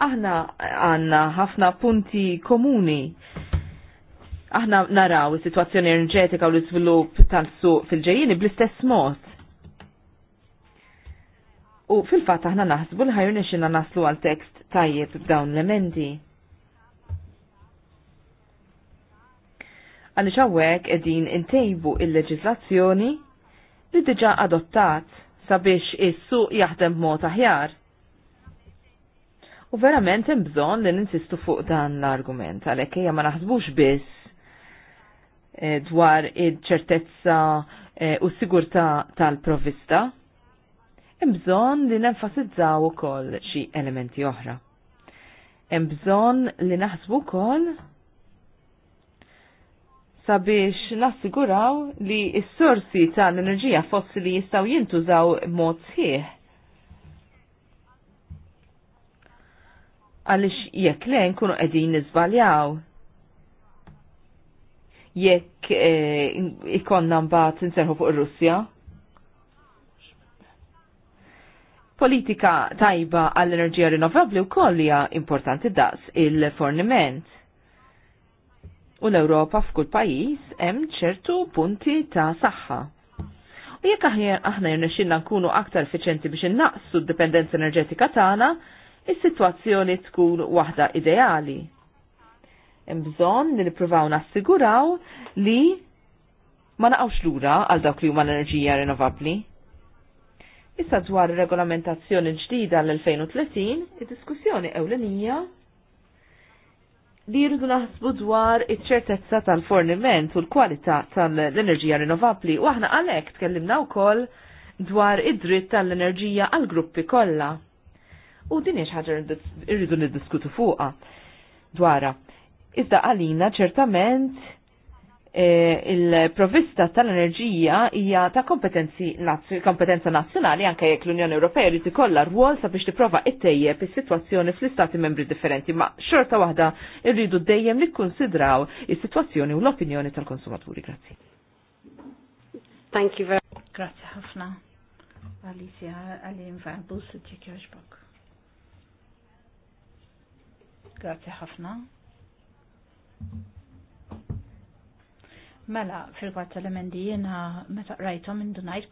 Aħna għanna ħafna punti komuni aħna naraw is-sitwazzjoni enerġetika u l-iżvilupp tal-suq fil-ġejjini bl-istess mod. U fil-fatt aħna naħsbu li ħajun ixina naslu għal tekst tajjeb b'dawn l-emendi. Għalli xawwek edin intejbu il-leġizlazzjoni li diġa adottat sabiex is-suq jaħdem mod aħjar. U verament hemm bżonn li ninsistu fuq dan l-argument għalhekk hija ma naħsbux biss eh, dwar iċ-ċertezza eh, u s-sigurtà tal-provista imbżon li nenfasizzaw ukoll xi elementi oħra. Hemm bżonn li naħsbu wkoll sabiex nassiguraw li s-sorsi ta' l-enerġija fossili jistaw jintużaw mod sħiħ. Għalix jekk le nkunu qegħdin niżbaljaw. Jekk eh, ikonna mbagħad inserħu fuq ir-Russja, politika tajba għall-enerġija rinnovabli u kollija importanti daqs il-forniment. U l-Europa f'kull pajis hemm ċertu punti ta' saħħa. U jekk aħna jirnexxinna nkunu aktar effiċenti biex innaqsu d-dipendenza enerġetika tagħna, is-sitwazzjoni tkun waħda ideali. Hemm bżonn li nippruvaw nassiguraw li ma naqgħux lura għal dawk li huma l-enerġija rinnovabbli Issa dwar regolamentazzjoni ġdida l-2030, id-diskussjoni ewlenija li jridu naħsbu dwar iċ-ċertezza tal-forniment u l-kwalità tal-enerġija rinnovabbli u aħna għalhekk tkellimna wkoll dwar id-dritt tal-enerġija għal gruppi kollha. U din hija ħaġa irridu niddiskutu fuqha dwarha. Iżda għalina ċertament Eh, il-provista tal-enerġija hija ta' kompetenzi kompetenza nazzjonali anke jekk l-Unjoni Ewropea jrid ikollha rwol sabiex tipprova ittejjeb is-sitwazzjoni fl-istati membri differenti, ma xorta waħda rridu dejjem nikkunsidraw is-sitwazzjoni u l-opinjoni tal-konsumaturi. Grazzi. Thank you very much. Grazzi ħafna. Alicia, għalli nfarbus ġekjoġbok. Grazzi ħafna. Mela, fil-kwad tal-emendi jena meta rajtom indunajt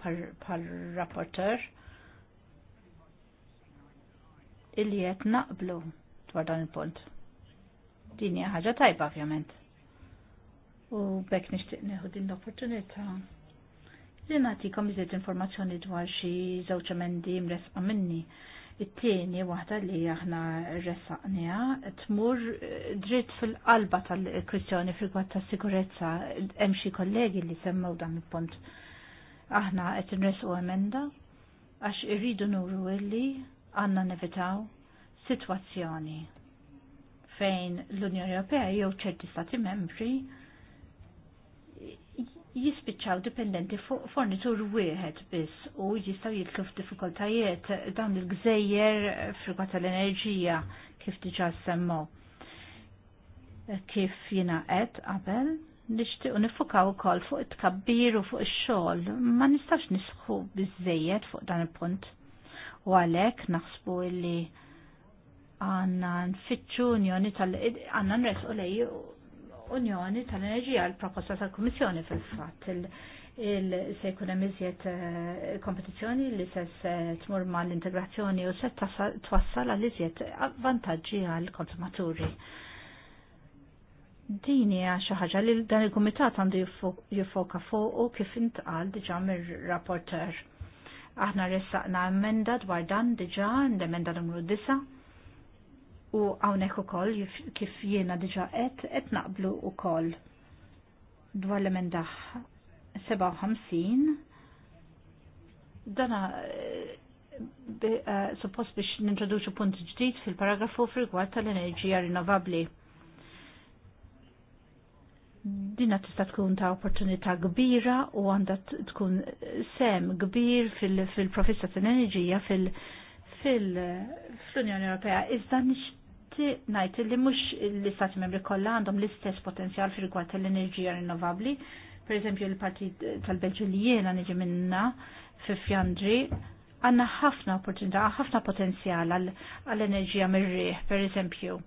pal-rapporter illi jett naqblu dwar dan il-punt. Din hija ħaġa tajba ovvjament. U bekk nixtieq neħu din l-opportunità Jena tikom iżjed informazzjoni dwar xi żewġ emendi mresqa minni it-tieni waħda li aħna ressaqnija tmur eh, dritt fil-qalba tal-kwistjoni fil gwatt ta' sigurezza hemm xi kollegi li semmew dan il-punt. Aħna qed inresqu emenda għax irridu nuru illi għandna nevitaw sitwazzjoni fejn l-Unjoni Ewropea jew ċerti stati membri jispiċċaw dipendenti fuq fornitur wieħed biss u jistgħu jitlu f'diffikultajiet dawn il-gżejjer frigwa tal-enerġija kif diġà semmo. Kif jiena qed qabel nixtieq u nifukaw ukoll fuq it-tkabbir u fuq ix-xogħol ma nistax nisħu biżejjed fuq dan il-punt. U għalhekk naħsbu illi għanna nfittxu unjoni tal-għanna nresqu lej Unjoni tal-Enerġija l-proposta tal-Kummissjoni fil-fatt se jkun hemm iżjed eh, kompetizzjoni li se tmur mal-integrazzjoni u se twassal għal iżjed vantaġġi għall konsumaturi Din hija xi ħaġa li dan il kumitat għandu jifoka fuq u kif intqal diġa mir-rapporter. Aħna ressaqna emenda dwar dan diġà l-emenda numru 9 u għawnek u koll kif jiena diġa et, et naqblu u koll dwar l-emenda 57 dana uh, suppost biex nintroduċu punt ġdid fil-paragrafu fil-gwad tal-enerġija rinnovabli. Dina tista' tkun ta' opportunità kbira u għandha tkun sem kbir fil-professa fil tal-enerġija fil-, fil fl-Unjoni Ewropea iżda nixtieq najt li mhux l-istati membri kollha għandhom l-istess potenzjal fi rigward tal-enerġija rinnovabbli. Pereżempju l partit tal-Belġu li jiena niġi minna fi Fjandri għandna ħafna opportunità, ħafna potenzjal għall-enerġija mir-riħ, pereżempju.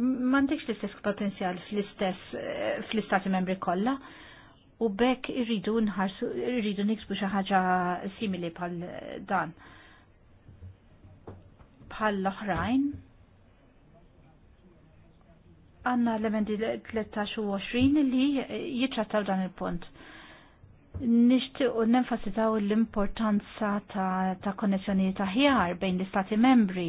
M'għandekx l-istess potenzjal fl-istess eh, fl-istati membri kollha u bekk irridu nħarsu, irridu niksbu xi ħaġa simili bħal dan. Bħal l-oħrajn. Għanna elementi 13 20 li jitrattaw dan il-punt. u nenfasitaw l-importanza ta', ta konnessjoni ta' ħjar bejn l-istati membri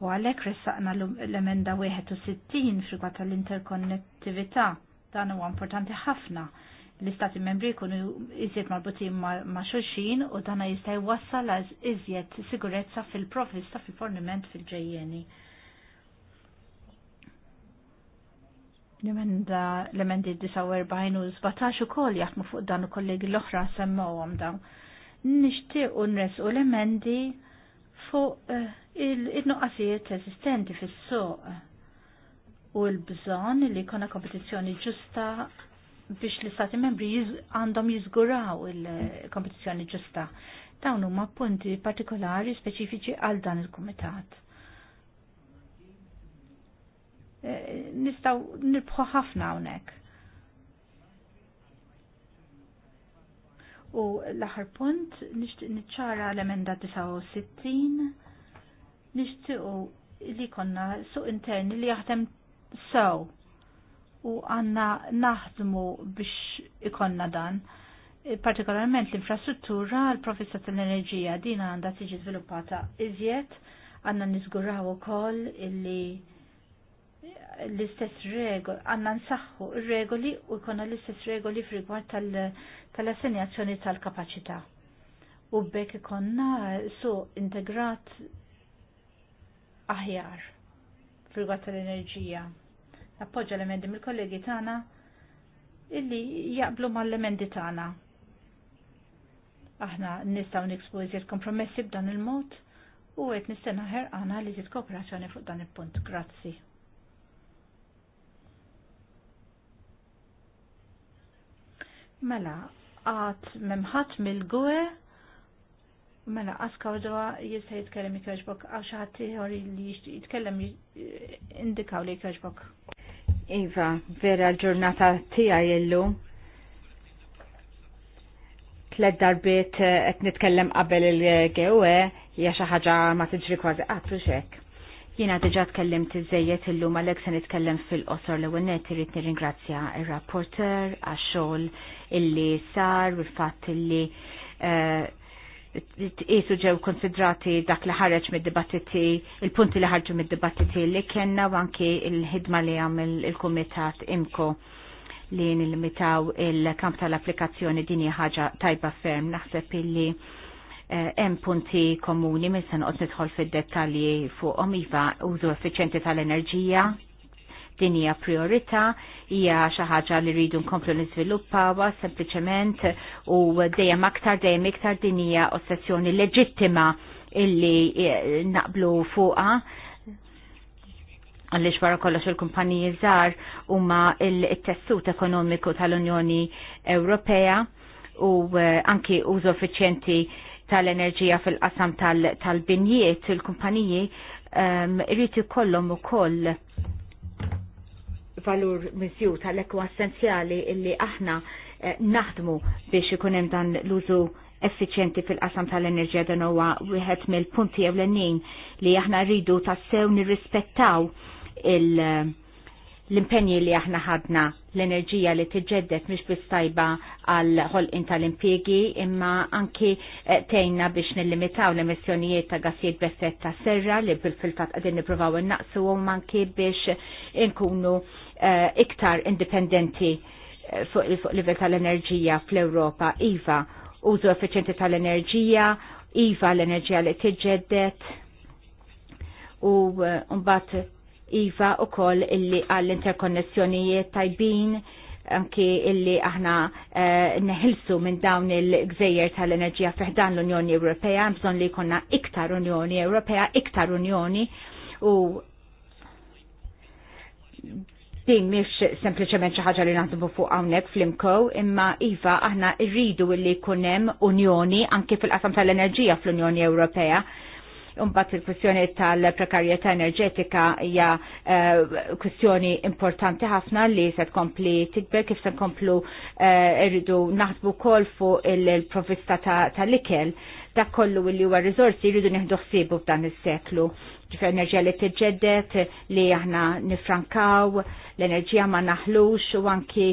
u għalek ressaqna l-emenda 61 frigwa tal-interkonnettività. Dan huwa importanti ħafna l-istati membri jkunu iżjed marbutin ma' xulxin u dana jista' jwassal għaz iżjed sigurezza fil ta' fil-forniment fil-ġejjeni. L-emenda l-emendi 49 u 17 ukoll jaħdmu fuq dan u kollegi l-oħra semmawhom dawn. Nishti unres u l-emendi fuq eh, il-nuqqasijiet eżistenti fis-suq u l-bżonn li jkollna kompetizzjoni ġusta biex l-istati membri għandhom jizguraw il-kompetizjoni ġusta. Dawn huma punti partikolari speċifiċi għal dan il-kumitat. Eh, nistaw nirbħu ħafna hawnhekk. U l-aħħar punt nixtieq niċċara l-emenda 69 nixtiequ li konna suq interni li jaħdem sew. So u għanna naħdmu biex ikonna dan. E, Partikolarment l-infrastruttura, l-professa tal-enerġija din għandha tiġi sviluppata iżjed, għanna nizguraw ukoll illi l-istess regoli, għanna nsaxħu regoli u jkonna l-istess regoli frigward tal-assenjazzjoni tal kapacita U bekk ikonna su integrat aħjar frigward tal-enerġija appoġġa l-emendi mill-kollegi tagħna illi jaqblu mal-emendi tagħna. Aħna nistgħu niksbu iżjed kompromessi b'dan il-mod u qed nistenna ħerqana li żid kooperazzjoni fuq dan il-punt. Grazzi. Mela, għat memħat mill-gwe mela aska għadwa jista jitkellem jikreġbok għax ħadd ieħor li jitkellem indikaw li jikreġbok. Iva, vera l-ġurnata tija illum. Tlet darbit eh, qed nitkellem qabel il-gewe hija xi ħaġa ma tiġri kważi qatt hekk. Jiena diġà tkellimt iżejjed illum għalhekk se nitkellem fil-qosor l ewwel irrit irid nirringrazzja r-rapporter għax-xogħol illi sar u fatt illi eh, jisu ġew konsidrati dak li ħarġ mid-dibattiti, il-punti li ħarġu mid-dibattiti li kena anki il-ħidma li għam il-komitat imko li nilimitaw il-kamp tal-applikazzjoni dini ħaġa tajba ferm. Naħseb illi eh, hemm punti komuni minn se noqgħod nidħol fid-dettalji fuqhom iva użu effiċjenti tal-enerġija, din hija priorità, hija xi ħaġa li rridu nkomplu niżviluppawha sempliċement u dejjem aktar dejjem iktar din hija ossessjoni leġittima illi e, naqblu fuqha għalli xbara kollox il-kumpaniji żgħar huma il-tessut ekonomiku tal-Unjoni Ewropea u e, anki użu effiċjenti tal-enerġija fil-qasam tal-binjiet, il-kumpaniji irrit ikollhom ukoll valur misju tal-ekwa essenzjali illi aħna eh, naħdmu biex ikun hemm dan l-użu effiċjenti fil-qasam tal-enerġija dan huwa wieħed mill-punti ewlenin li aħna rridu tassew nirrispettaw eh, l-impenji li aħna ħadna l-enerġija li tiġġeddet mhix biss tajba għal ħolqin tal-impjegi imma anki eh, tejna biex nillimitaw l-emissjonijiet ta' gassijiet b'effett ta' serra li bil-filtat qegħdin nippruvaw innaqsuhom anki biex inkunu Eh, iktar indipendenti eh, fuq il livell tal-enerġija fl-Ewropa, IVA, użu effiċenti tal-enerġija, IVA l-enerġija li tiġġeddet u mbagħad eh, IVA ukoll illi għall-interkonnessjonijiet tajbin anki illi aħna uh, neħilsu minn dawn il-gżejjer tal-enerġija fiħdan l-Unjoni Ewropea, bżon li konna iktar Unjoni Ewropea, iktar Unjoni u din mhix sempliċement xi ħaġa li naħdmu fuq hawnhekk fl-imko, imma iva aħna rridu li jkun hemm unjoni anke fil-qasam tal-enerġija fl-Unjoni Ewropea. Umbat il-kwestjoni tal-prekarjetà enerġetika hija eh, kwestjoni importanti ħafna li se tkompli tikber kif se nkomplu eh, rridu naħsbu wkoll fuq il-provista tal-ikel dak kollu li huwa riżorsi jridu nieħdu ħsiebu f'dan is-seklu ġifer enerġija li tiġġedet li aħna nifrankaw, l-enerġija ma naħlux u anki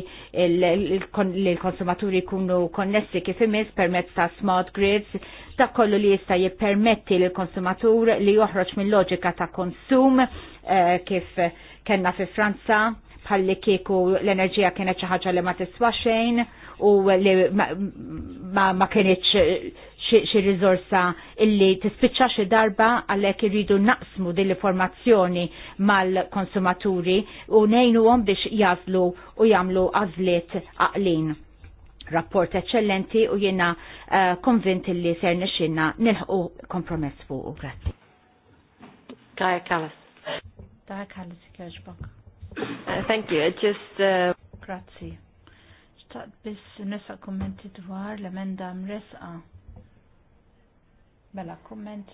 li l-konsumaturi kunu konnessi kif imiss permezz ta' smart grids, ta' kollu li jista' jippermetti l konsumatur li joħroġ minn loġika ta' konsum eh, kif kenna fi Franza bħalli kieku l-enerġija kienet xi ħaġa li ma tiswa xejn u li ma, ma, ma kienieċ xi rizorsa illi tispiċċa xi darba għalhekk iridu naqsmu din l-informazzjoni mal-konsumaturi u ngħinuhom biex jażlu u jagħmlu għażliet aqlin. Rapport eccellenti u jiena uh, eh, li ser nixinna nilħu kompromess fuq. Grazzi. Kaja Kallas. Kaja Kallas jogħġbok. Uh, thank you. Just uh... Grazzi. Xtaqt biss nisa kommenti dwar l-emenda mresqa Mela, komment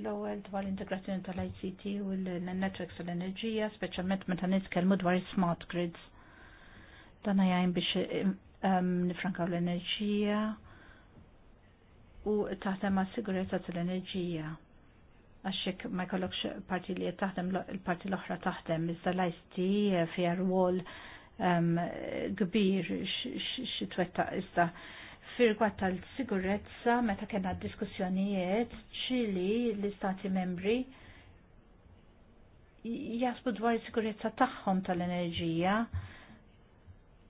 l-ewwel dwar l-integrazzjoni tal-ICT u l-networks tal-enerġija, speċjalment meta nitkellmu dwar smart grids. Dan jgħin biex nifrankaw l-enerġija u taħdem għas sigurezza tal-enerġija. Għaxek ma jkollokx parti li taħdem il-parti l-oħra taħdem, iżda l-ICT eh, fija rwol kbir xi twettaq iżda Firgwat tal-sigurezza, meta kena diskussjonijiet, ċili l-istati membri jasbu dwar sigurezza tagħhom tal-enerġija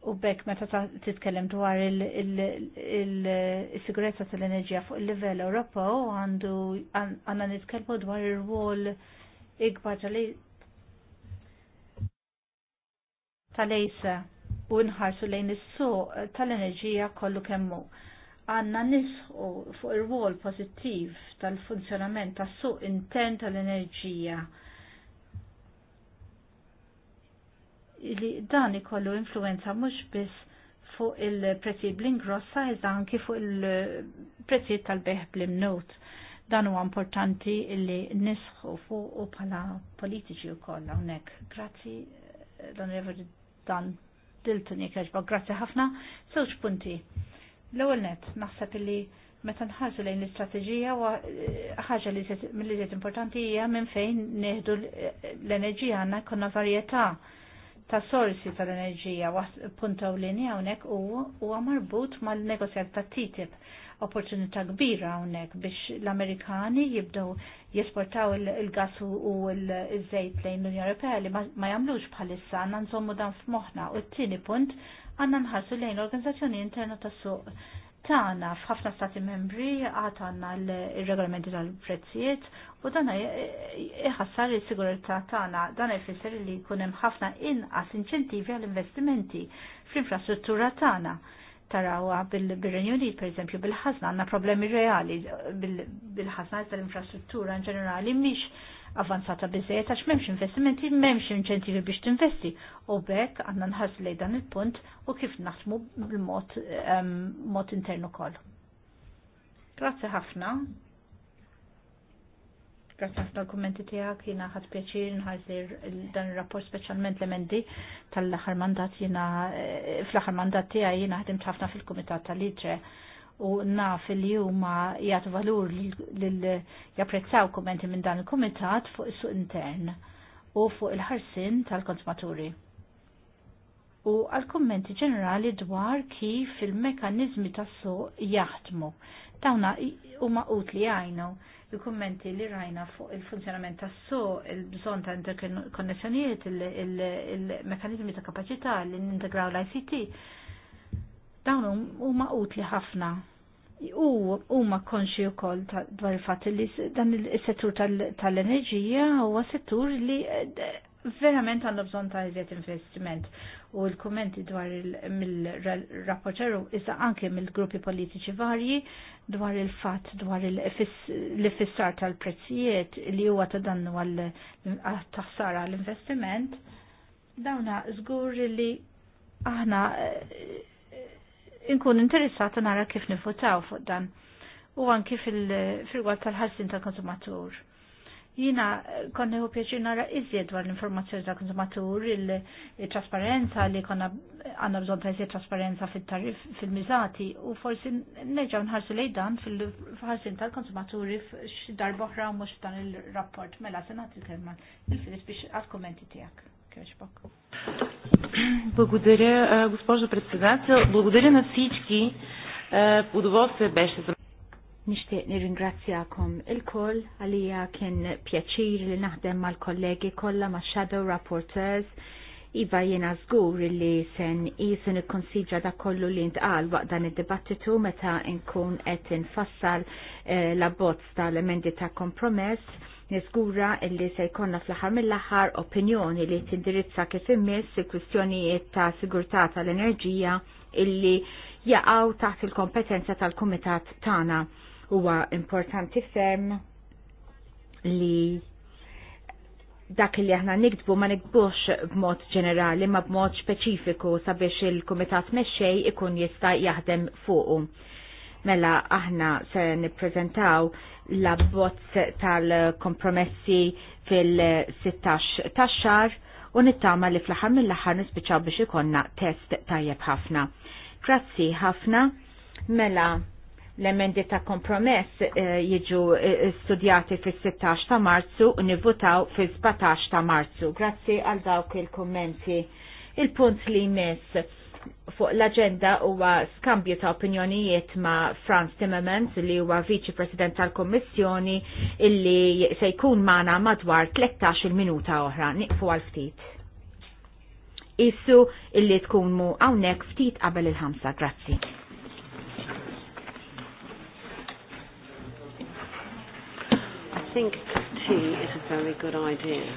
u bekk meta titkellem dwar il-sigurezza tal-enerġija fuq il-livell Ewropew għandu għandna nitkellmu dwar ir-rwol ikbar tal ejsa u nħarsu lejn is-suq tal-enerġija kollu kemmu. Għanna nisħu fuq ir-wol pozittiv tal-funzjonament tas-suq intern tal-enerġija. Li dan ikollu influenza mhux biss fuq il-prezzi bl-ingrossa iżda anki fuq il-prezzi tal-beħ bl-imnut. Dan huwa importanti li nisħu fuq u bħala politiċi u kollha hawnhekk. Grazzi, l-Onorevoli Dan dil-tuni kħeġba, grazzi ħafna, sewċ punti. L-ewel net, naħseb li meta nħarsu lejn l-istrateġija eh, ħaġa li mill-li importanti hija minn fejn neħdu l-enerġija għandna konna varjetà ta' sorsi tal-enerġija punta u linja hawnhekk huwa marbut mal-negozjat ta' TTIP opportunità kbira hawnhekk biex l-Amerikani jibdew jesportaw il-gas u l-żejt lejn l-Unjoni Ewropea li ma jagħmlux bħalissa għandna nżommu dan f'moħħna u t-tieni punt għandna nħarsu lejn l-organizzazzjoni interna tas-suq tagħna f'ħafna stati membri għad għandna l-regolamenti tal-prezzijiet u dan iħassar is sigurità tagħna dan ifisser li jkun hemm ħafna inqas inċentivi għall-investimenti fl-infrastruttura tagħna tarawa bil-Renjuni, per eżempju, bil-ħazna, għanna problemi reali bil-ħazna tal-infrastruttura in ġenerali miex avanzata bizzejet għax memx investimenti, memx inċentivi biex tinvesti. U bekk għanna nħaz lejn dan il-punt u kif naħdmu bil-mod ehm, mod internu kol. Grazie ħafna, Grazie għafna l-kommenti tijak, jina ħat pjaċir nħazir dan il-rapport specialment l-emendi tal-axar mandat jina, eh, fl-axar mandat tijak jina ħadim ħafna fil-komitat tal-liġe u naf li huma jgħat valur li japprezzaw kommenti minn dan il-komitat fuq is-suq intern u fuq il-ħarsin tal-konsumaturi. U għal-kommenti ġenerali dwar kif il-mekanizmi tas-suq jaħdmu. Tawna huma utli għajnu il-kummenti li rajna fuq il-funzjonament tas so il-bżon ta' interkonnessjonijiet, il-mekanizmi ta' kapacità li nintegraw l-ICT, dawn huma utli ħafna. U huma konxi wkoll dwar il-fatt li dan is settur tal-enerġija huwa settur li eh, verament għandu bżon ta' iżjed investiment u l-kommenti dwar il rapporteru issa anke mill-gruppi politiċi varji dwar il-fat dwar l-fissar tal-prezzijiet li huwa ta' dannu għal taħsara l-investiment dawna żgur li aħna eh, inkun interessata nara kif nifutaw fuq dan u anke fil għal tal-ħassin tal-konsumatur Jina eh, konna hu pjaċir nara iżjed dwar l-informazzjoni ta' konsumatur, il-trasparenza li konna għanna bżon ta' izjed trasparenza fil-tarif, fil-mizati u forsi neġa' nħarsu lejdan fil-ħarsin tal-konsumaturi f'dar boħra u mux dan il-rapport. Mela, senat il kelman il-Filis biex għal-kommenti tijak. Благодаря, э, госпожо председател. Благодаря на всички. Э, удоволствие беше за Nishtiq nirringrazzjakom il-koll għalija kien pjaċir li naħdem mal-kollegi kollha ma' shadow rapporteurs. Iva jena zgur li sen jisen konsidja da kollu li ntqal waqt dan id-dibattitu meta nkun qed infassal eh, l-abbozz tal-emendi ta' kompromess. Niżgura illi se jkollna fl-aħħar mill-aħħar opinjoni li tindirizza kif immiss il-kwistjonijiet ta' sigurtà tal-enerġija illi jaqgħu taħt il-kompetenza tal-kumitat tagħna huwa importanti ferm li dak li aħna nikdbu ma nikbux b'mod ġenerali ma b'mod speċifiku sabiex il-Kumitat Mexxej ikun jista' jaħdem fuqu. Mela aħna se nippreżentaw l-abbozz tal-kompromessi fil-16 tax xar u nittama li fl-aħħar mill-aħħar nispiċaw biex ikonna test tajjeb ħafna. Grazzi ħafna. Mela l-emendi ta' kompromess eh, jiġu eh, studjati fil-16 ta' marzu u nivutaw fil-17 ta' marzu. Grazzi għal dawk il-kommenti. Il-punt li jmiss fuq l-agenda huwa skambju ta' opinjonijiet ma' Franz Timmermans li huwa viċi president tal-Kommissjoni illi se jkun mana madwar 13 minuta oħra niqfu għal ftit. Issu illi tkun mu hawnhekk ftit qabel il-ħamsa. Grazzi. think tea is a very good idea.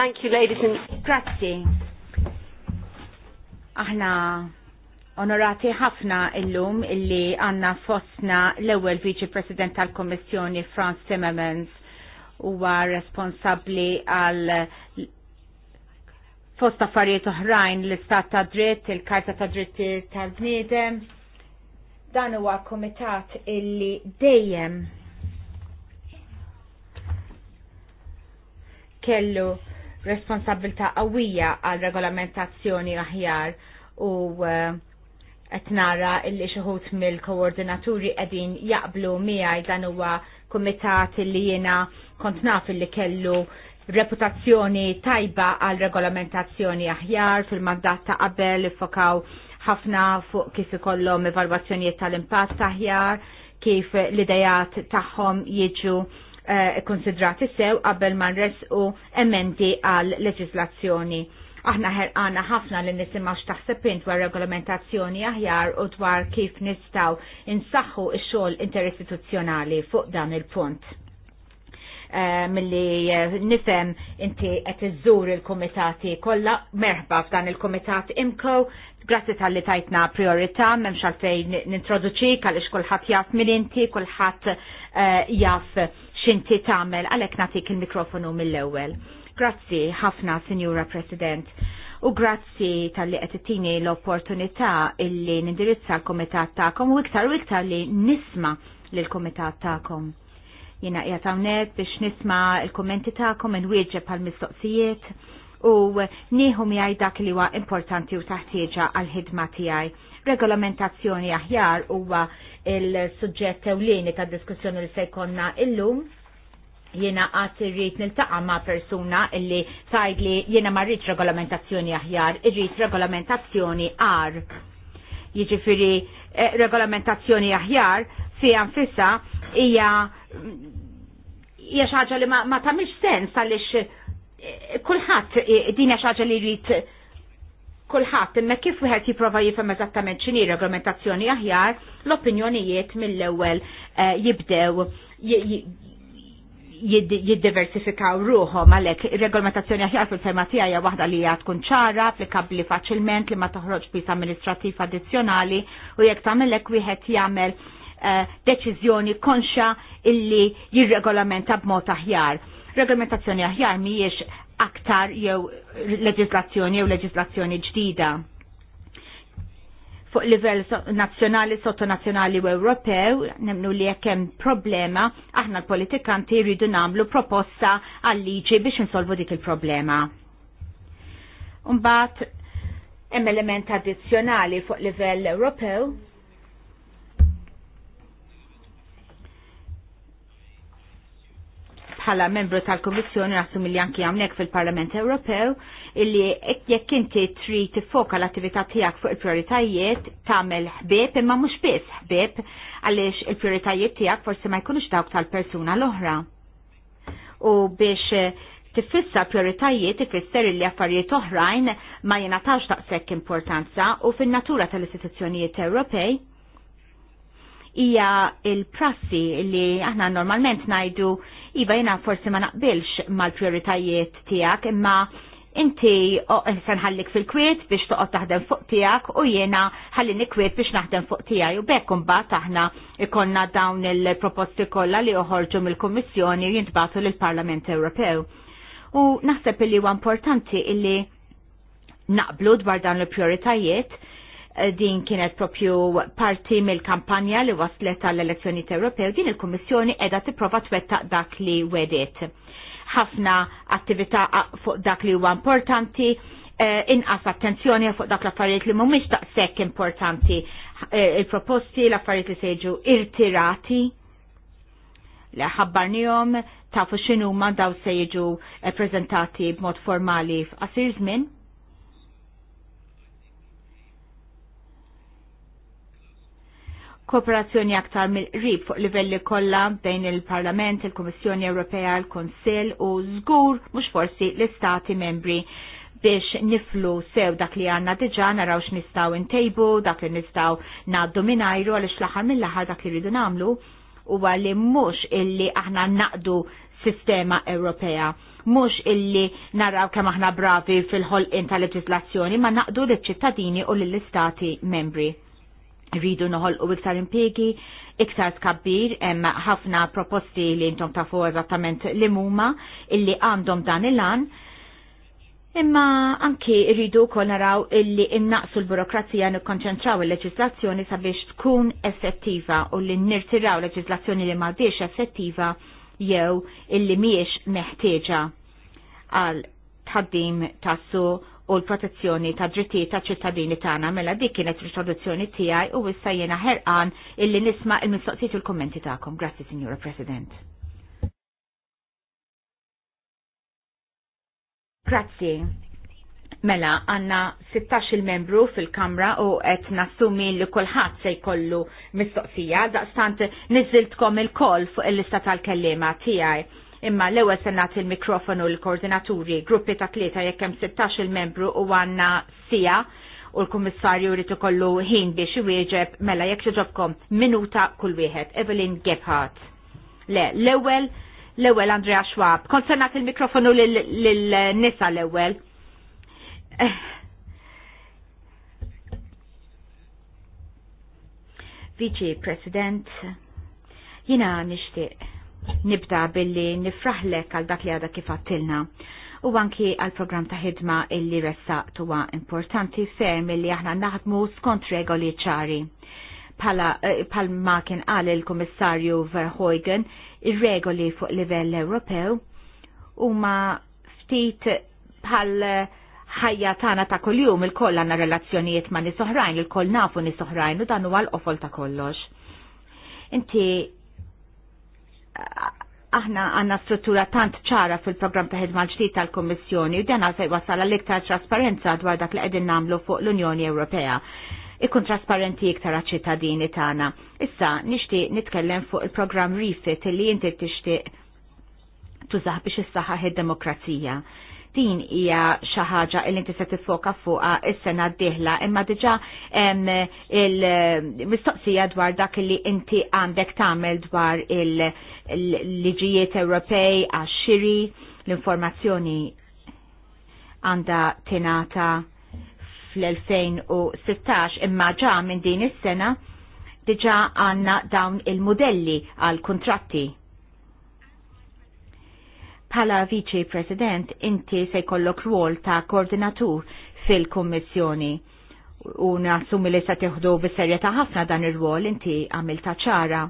Thank you, ladies and... Grazie. Aħna onorati ħafna illum illi għanna fostna l-ewel Vice President tal-Kommissjoni Franz Timmermans huwa responsabli għal fost affarijiet oħrajn l-istat ta' dritt, il-karta ta' dritti tal-bniedem. Dan huwa komitat illi dejjem kellu responsabilta qawwija għal regolamentazzjoni aħjar u eh, qed nara illi xi mill-koordinaturi qegħdin jaqblu miegħi dan huwa kumitat li jiena kont naf illi kellu reputazzjoni tajba għal regolamentazzjoni aħjar fil-mandat ta' qabel ifokaw ħafna fuq kif ikollhom evalwazzjonijiet tal-impatt aħjar kif l-idejat tagħhom jiġu Eh, konsidrati sew qabel ma nresqu emendi għal leġislazzjoni. Aħna ħerqana ħafna li nisimaw x'taħseb int dwar regolamentazzjoni aħjar u dwar kif nistgħu insaħħu ix xogħol interistituzzjonali fuq dan il-punt. Eh, milli mill-li eh, nifem inti qed iżżur il-komitati kollha merħba f'dan il-komitat imko, grazzi tal-li tajtna priorità, memx għalfejn nintroduċi għaliex kulħadd jaf min inti, kulħadd uh, jaf xinti tamel għalek natik il-mikrofonu mill-ewel. Grazzi ħafna, Signora President, u grazzi tal-li għetettini l-opportunità illi nindirizza l-komitat ta'kom u iktar u iktar li nisma l-komitat ta'kom. Jena jgħatawnek biex nisma l-kommenti ta'kom n-wieġeb għal-mistoqsijiet u nieħu miegħi dak li huwa importanti u taħtieġa għal ħidma tiegħi. Regolamentazzjoni aħjar huwa il-sujġett ewlieni ta' diskussjoni li se jkollna illum jiena għat irrit niltaqa ma' persuna illi tajd li jiena ma' rrit regolamentazzjoni aħjar, irrit regolamentazzjoni għar. Jiġifiri eh, regolamentazzjoni aħjar fi anfissa hija hija xaġa li ma, ma tamix sens għaliex eh, kulħadd eh, din hija xaġa li rrit kulħadd imma kif wieħed jipprova jifhem eżattament x'inhi regolamentazzjoni aħjar, l-opinjonijiet mill-ewwel eh, jibdew jiddiversifikaw ruhom għalhekk ir-regolamentazzjoni aħjar fil-ferma tiegħi waħda li hija tkun ċara, applikabbli faċilment li ma toħroġ biss amministrattiv addizzjonali u jekk tagħmel hekk wieħed jagħmel eh, deċiżjoni konxa illi jirregolamenta b'mod aħjar. Regolamentazzjoni aħjar mhijiex aktar jew leġislazzjoni jew leġislazzjoni ġdida fuq livell nazzjonali, sottonazzjonali u Ewropew, nemnu li jekk hemm problema, aħna l-politikanti jridu nagħmlu proposta għal-liġi biex insolvu dik il-problema. Umbat, hemm element addizzjonali fuq livell Ewropew, bħala membru tal-Konvenzjoni naħsum li anki għamnek fil-Parlament Ewropew illi jekk inti trid tifoka l-attività tiegħek fuq il-prioritajiet tagħmel ħbieb imma mhux biss ħbieb għaliex il-prioritajiet tiegħek forsi ma jkunux dawk tal-persuna l-oħra. U biex eh, tifissa prioritajiet ifisser li affarijiet oħrajn ma jingħatax taqsek importanza u fin-natura tal-istituzzjonijiet Ewropej hija il-prassi li aħna normalment najdu Iva jena forsi ma naqbilx mal-prioritajiet tijak imma inti sanħallik fil-kwiet biex toqgħod taħdem fuq tiegħek u jiena ħallini kwiet biex naħdem fuq tiegħi u bekk imbagħad aħna ikonna dawn il-proposti kollha li joħorġu mill-Kummissjoni u jintbagħtu lill-Parlament Ewropew. U naħseb li huwa importanti illi naqblu dwar dawn il-prioritajiet din kienet propju parti mill-kampanja li waslet għall-elezzjoni Ewropew din il-Kummissjoni edha tipprova twettaq dak li wedet. Ħafna attività fuq dak li huwa importanti, eh, inqas attenzjoni fuq dak l-affarijiet li mhumiex daqshekk importanti. Eh, il-proposti, l-affarijiet li seġu irtirati, li ħabbarnihom tafu x'inhuma daw se jiġu eh, prezentati b'mod formali f'qasir żmien kooperazzjoni aktar mill-qrib fuq livelli kollha bejn il-Parlament, il-Kummissjoni Ewropea, il-Konsill u żgur mhux forsi l-Istati membri biex niflu sew dak li għanna diġa narawx nistaw intejbu, dak li nistgħu naddu minajru għaliex l-aħħar mill-aħħar dak li rridu nagħmlu huwa li mhux illi aħna naqdu sistema Ewropea. Mhux illi naraw kemm aħna bravi fil-ħolqien tal-leġislazzjoni ma naqdu liċ-ċittadini u lill-istati membri rridu noħolqu iktar impiegi, iktar tkabbir, hemm ħafna proposti li intom tafu eżattament li muma illi għandhom dan il lan Imma anki rridu kol naraw illi innaqsu l-burokrazija nikkonċentraw il-leġislazzjoni sabiex tkun effettiva u li nirtiraw leġislazzjoni li m'għadix effettiva jew illi miex meħtieġa għal tħaddim tassu u l-protezzjoni ta' drittijiet ta' ċittadini tagħna mela dik kienet risoluzzjoni tiegħi u issa jiena ħerqan illi nisma' il-mistoqsijiet u l-kummenti tagħkom. Grazzi, Signora President. Grazzi. Mela, għanna 16 il-membru fil-kamra u qed nassumi li kulħadd se jkollu mistoqsija, daqstant niżiltkom il-koll fuq il-lista tal-kellima tiegħi imma l-ewwel se nagħti il-mikrofonu l-koordinaturi, gruppi ta' tlieta jekk hemm 16 il-membru u għanna sija u l-Kummissarju rrid ikollu ħin biex iwieġeb mela jekk ġobkom minuta kull wieħed. Evelyn Gebhardt. Le, l-ewwel l-ewwel Andrea Schwab. Kont se nagħti il-mikrofonu lill nisa l-ewwel. Viċi President, jina nishtiq Nibda billi nifraħlek għal dak li għada kif għattilna u anki għal program ta' ħidma illi ressa tuwa importanti ferm illi aħna naħdmu skont regoli ċari. Eh, pal ma kien qal il-Komissarju Verhoegen, ir-regoli fuq livell Ewropew huma ftit pal ħajja tagħna ta' kuljum il-koll għanna relazzjonijiet ma' nisoħrajn, il-koll nafu nisoħrajn u dan huwa l-qofol ta' kollox. Inti aħna għanna struttura tant ċara fil-program ta' ħidma ġdid tal-Kommissjoni u dan se wasal l iktar trasparenza dwar dak li qegħdin nagħmlu fuq l-Unjoni Ewropea. Ikun trasparenti iktar għaċ-ċittadini tagħna. Issa nixtieq nitkellem fuq il-programm Refit li inti tixtieq tużaħ biex issaħħaħ id-demokrazija din hija xi ħaġa li inti se tiffoka fuqha is-sena d-dieħla imma diġà il-mistoqsija dwar dak li inti għandek tagħmel dwar il-liġijiet Ewropej għax-xiri l-informazzjoni għandha tingħata fl-2016 imma ġa minn din is-sena diġà għandna dawn il-modelli għal kontratti Pala Vice President, inti se jkollok ruol ta' koordinatur fil-Kommissjoni u nasumi li sa' teħdu b-serja ta' ħafna dan ir ruol inti għamil ta' ċara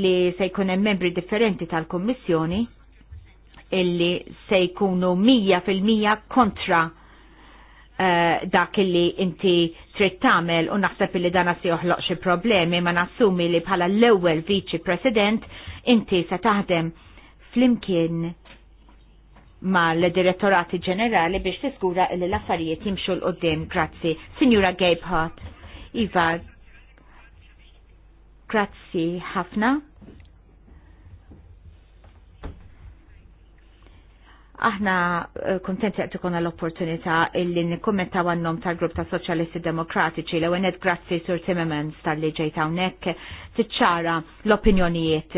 li se jkun hemm membri differenti tal-Kommissjoni illi se jkunu 100% kontra Eh, dak illi inti trid tagħmel u naħseb li dan se joħloq xi problemi ma nassumi li bħala l-ewwel viċi president inti se taħdem flimkien mal-direttorati ġenerali biex tiskura li l-affarijiet jimxu l-qoddim. Grazzi. Signora Gabehart. Iva, grazzi ħafna Aħna eh, kontenti għet ikon l-opportunità illi nikkommentaw għannom tal-grupp ta' Soċjalisti Demokratiċi l għenet grazzi Sur Timmermans tal-li ġejta unnek tiċċara l-opinjonijiet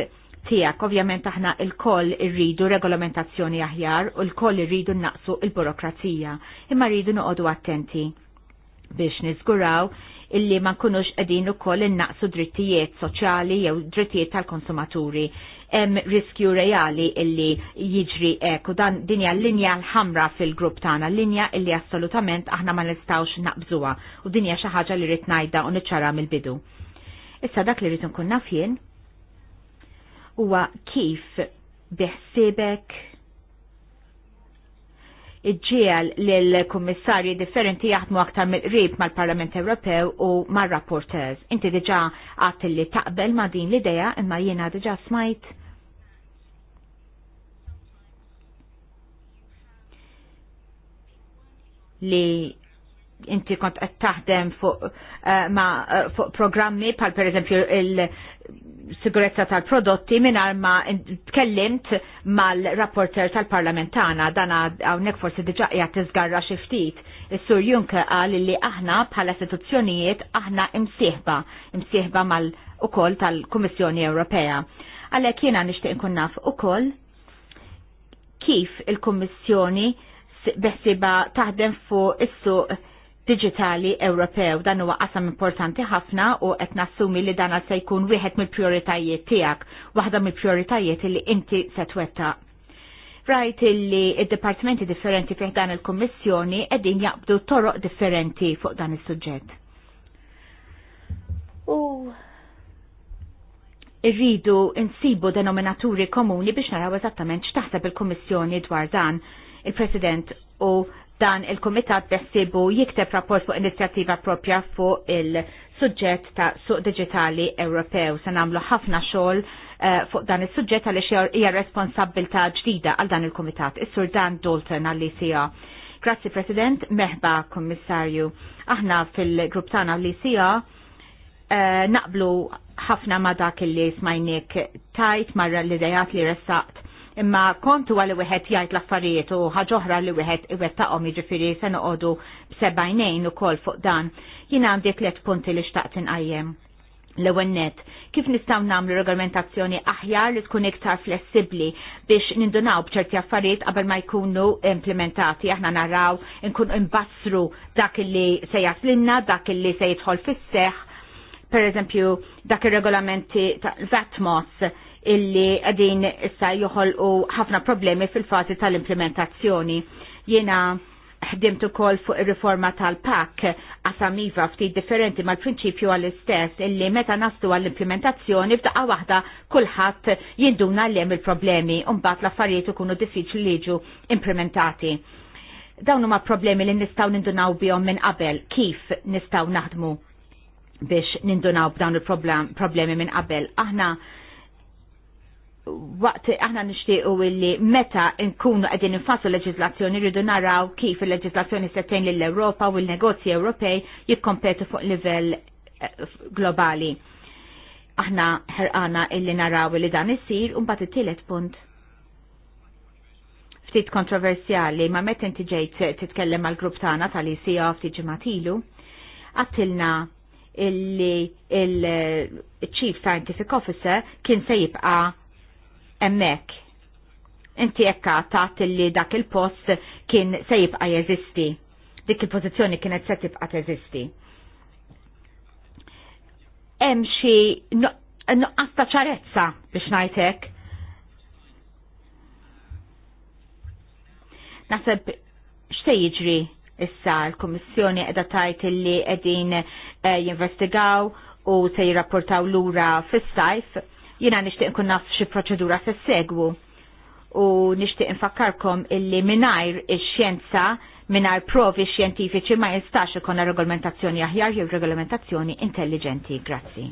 tijak. Ovvjament aħna il-koll irridu regolamentazzjoni aħjar u l-koll irridu naqsu il-burokrazija. Imma rridu noqodu attenti biex nizguraw illi ma nkunux qegħdin ukoll innaqsu drittijiet soċjali jew drittijiet tal-konsumaturi hemm riskju reali illi jiġri ek u dan dinja linja l-ħamra fil-grupp tagħna, linja illi assolutament aħna ma nistgħux naqbżuha u dinja xi ħaġa li rrid ngħidha u niċċara mill-bidu. Issa dak li rrid nkun naf jien huwa kif biħsiebek iġġiel l kummissarji differenti jaħdmu aktar mill-qrib mal-Parlament Ewropew u mar-rapporters. Inti diġa għat li taqbel ma' din l-ideja imma jiena diġa smajt li inti kont qed taħdem fuq eh, ma' eh, fuq programmi pal pereżempju il-sigurezza tal-prodotti mingħajr ma tkellimt mal-rapporter tal-parlamentana dan hawnhekk forsi diġà qiegħed tiżgarra xi ftit. Is-Sur Juncker qal li aħna bħala istituzzjonijiet aħna imsieħba, imsieħba mal ukoll tal-Kummissjoni Ewropea. Għalhekk jiena nixtieq nkun naf ukoll kif il-Kummissjoni beħsiba taħdem fuq is-suq digitali Ewropew. Dan huwa qasam importanti ħafna u qed nassumi li dan se jkun wieħed mill-prijoritajiet tiegħek, waħda mill-prijoritajiet li inti se twettaq. Rajt illi id-dipartimenti differenti fih dan il-Kommissjoni qegħdin jaqbdu toroq differenti fuq dan is-suġġett. U irridu insibu denominaturi komuni biex naraw eżattament x'taħseb il-Kummissjoni dwar dan il-President u dan il-Komitat besibu jikteb rapport fuq inizjattiva propja fuq il-sujġett ta' suq digitali Ewropew. Se namlu ħafna xogħol eh, fuq dan il-sujġett għal hija responsabilità ġdida għal dan il-Komitat. Is-Sur Dan Dalton għall-ICA. Grazzi President, meħba Kommissarju. Aħna fil-grupp tagħna l-ICA eh, naqblu ħafna ma dak li smajnik tajt marra l-idejat li ressaqt imma kontu għalli wieħed jgħid l-affarijiet u ħaġoħra li wieħed iwettaqhom jiġifieri se noqogħdu b'sebgħinejn ukoll fuq dan. Jien għandi tliet punti li xtaqt inqajjem. L-ewwel net, kif nistgħu nagħmlu regolamentazzjoni aħjar li tkun iktar flessibbli biex nindunaw b'ċerti affarijiet qabel ma jkunu implementati aħna naraw nkunu imbassru dak li se jaslinna, dak li se jidħol fis-seħħ per eżempju dak ir-regolamenti ta' Vatmos illi għadin issa joħolqu ħafna problemi fil-fazi tal-implementazzjoni. Jena ħdimt ukoll fuq ir-riforma tal-PAK għasamiva ftit differenti mal-prinċipju għall-istess illi meta nastu għall-implementazzjoni f'daqqa waħda kulħadd jinduna l hemm il-problemi u mbagħad l-affarijiet ikunu diffiċli li jiġu implementati. Dawn huma problemi li nistgħu nindunaw bihom minn qabel kif nistgħu naħdmu biex nindunaw b'dawn il-problemi minn qabel. Aħna waqt aħna nixtiequ illi meta nkunu qegħdin infassu leġiżlazzjoni rridu naraw kif il-leġiżlazzjoni settejn lill europa u l-negozji Ewropej jikkompetu fuq livell eh, globali. Aħna ħerqana illi naraw li dan isir u mbagħad it-tielet punt. Ftit kontroversjali ma meta inti ġejt titkellem għal grupp tagħna tal ico ftit ġimatilu, għattilna illi il-Chief Scientific Officer kien se jibqa' emmek. Inti ekka taħt li dak il-post kien se jibqa jeżisti. Dik il-pozizjoni kienet se tibqa teżisti. Hemm xi nuqqas ta' ċarezza biex ngħidlek. Naħseb x'se jiġri issa l-Kummissjoni qiegħda tajt illi qegħdin eh, jinvestigaw u se jirrapportaw lura fis-sajf Jina nishtiq nkun naf xi proċedura se segwu u nishtiq infakkarkom illi minajr ix-xjenza mingħajr provi xjentifiċi ma jistax ikonna regolamentazzjoni aħjar jew regolamentazzjoni intelligenti. Grazzi.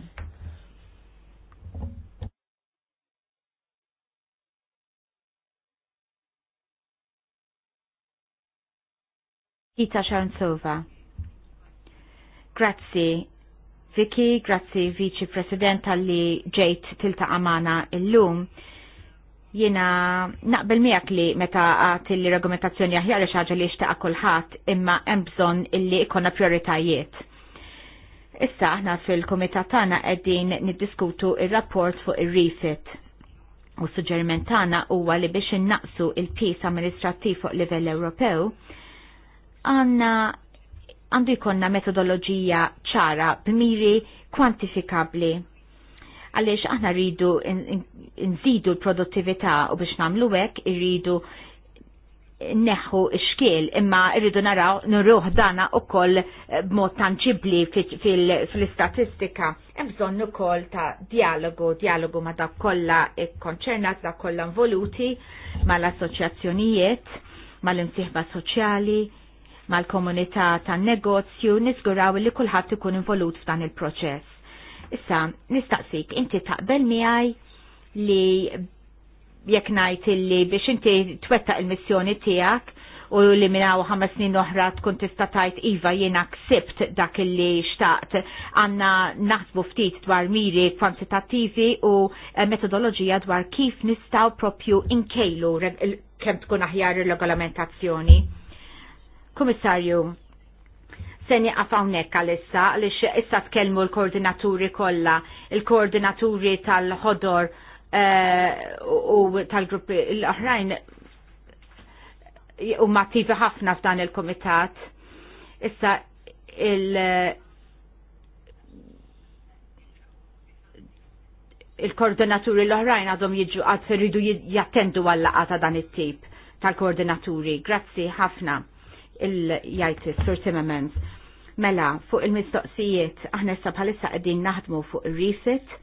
Ita Sharnsova. Grazzi, Viki, grazzi Vici President tal-li ġejt tilta il-lum. Jena naqbel miegħek li meta għat li regumentazzjoni aħjar xaġa li xtaqa kulħadd imma hemm bżonn illi ikonna prioritajiet. Issa aħna fil-kumitat tagħna qegħdin niddiskutu ir-rapport fuq ir-refit. U suġġeriment tagħna huwa li biex innaqsu il-pis amministrattiv fuq livell Ewropew, għandna għandu jkonna metodoloġija ċara b'miri kwantifikabli. Għaliex aħna rridu nżidu l-produttività u biex namlu hekk irridu neħu xkiel imma irridu naraw nruħ dana u koll b'mod tanċibli fil-istatistika. Hemm bżonn ukoll ta' dialogu, dialogu ma' da' kollha konċernat da' kolla involuti mal-assoċjazzjonijiet, mal-imsieħba soċjali, mal-komunità tan-negozju niżguraw li kulħadd ikun involut f'dan il-proċess. Issa, nistaqsik, inti taqbel miegħi li jekk ngħid illi biex inti twettaq il-missjoni tiegħek u li minnaw ħames snin oħra tkun tista' tajt iva jiena ksibt dak li xtaqt għandna naħsbu ftit dwar miri kwantitattivi u eh, metodoloġija dwar kif nistgħu propju inkejlu kemm tkun aħjar ir-regolamentazzjoni. Komissarju, seni għafawnekka l issa li issa tkellmu l-koordinaturi kolla, il-koordinaturi tal-ħodor eh, u tal-gruppi l-oħrajn u mattivi ħafna f'dan il-komitat. Issa il- il-koordinaturi l-oħrajn għadhom jiġu għad ferridu jattendu għall-laqa ta' dan it-tip tal-koordinaturi. Grazzi ħafna il-jajtis, Sur Timmermans. Mela, fuq il-mistoqsijiet, aħna issa bħalissa qegħdin naħdmu fuq il reset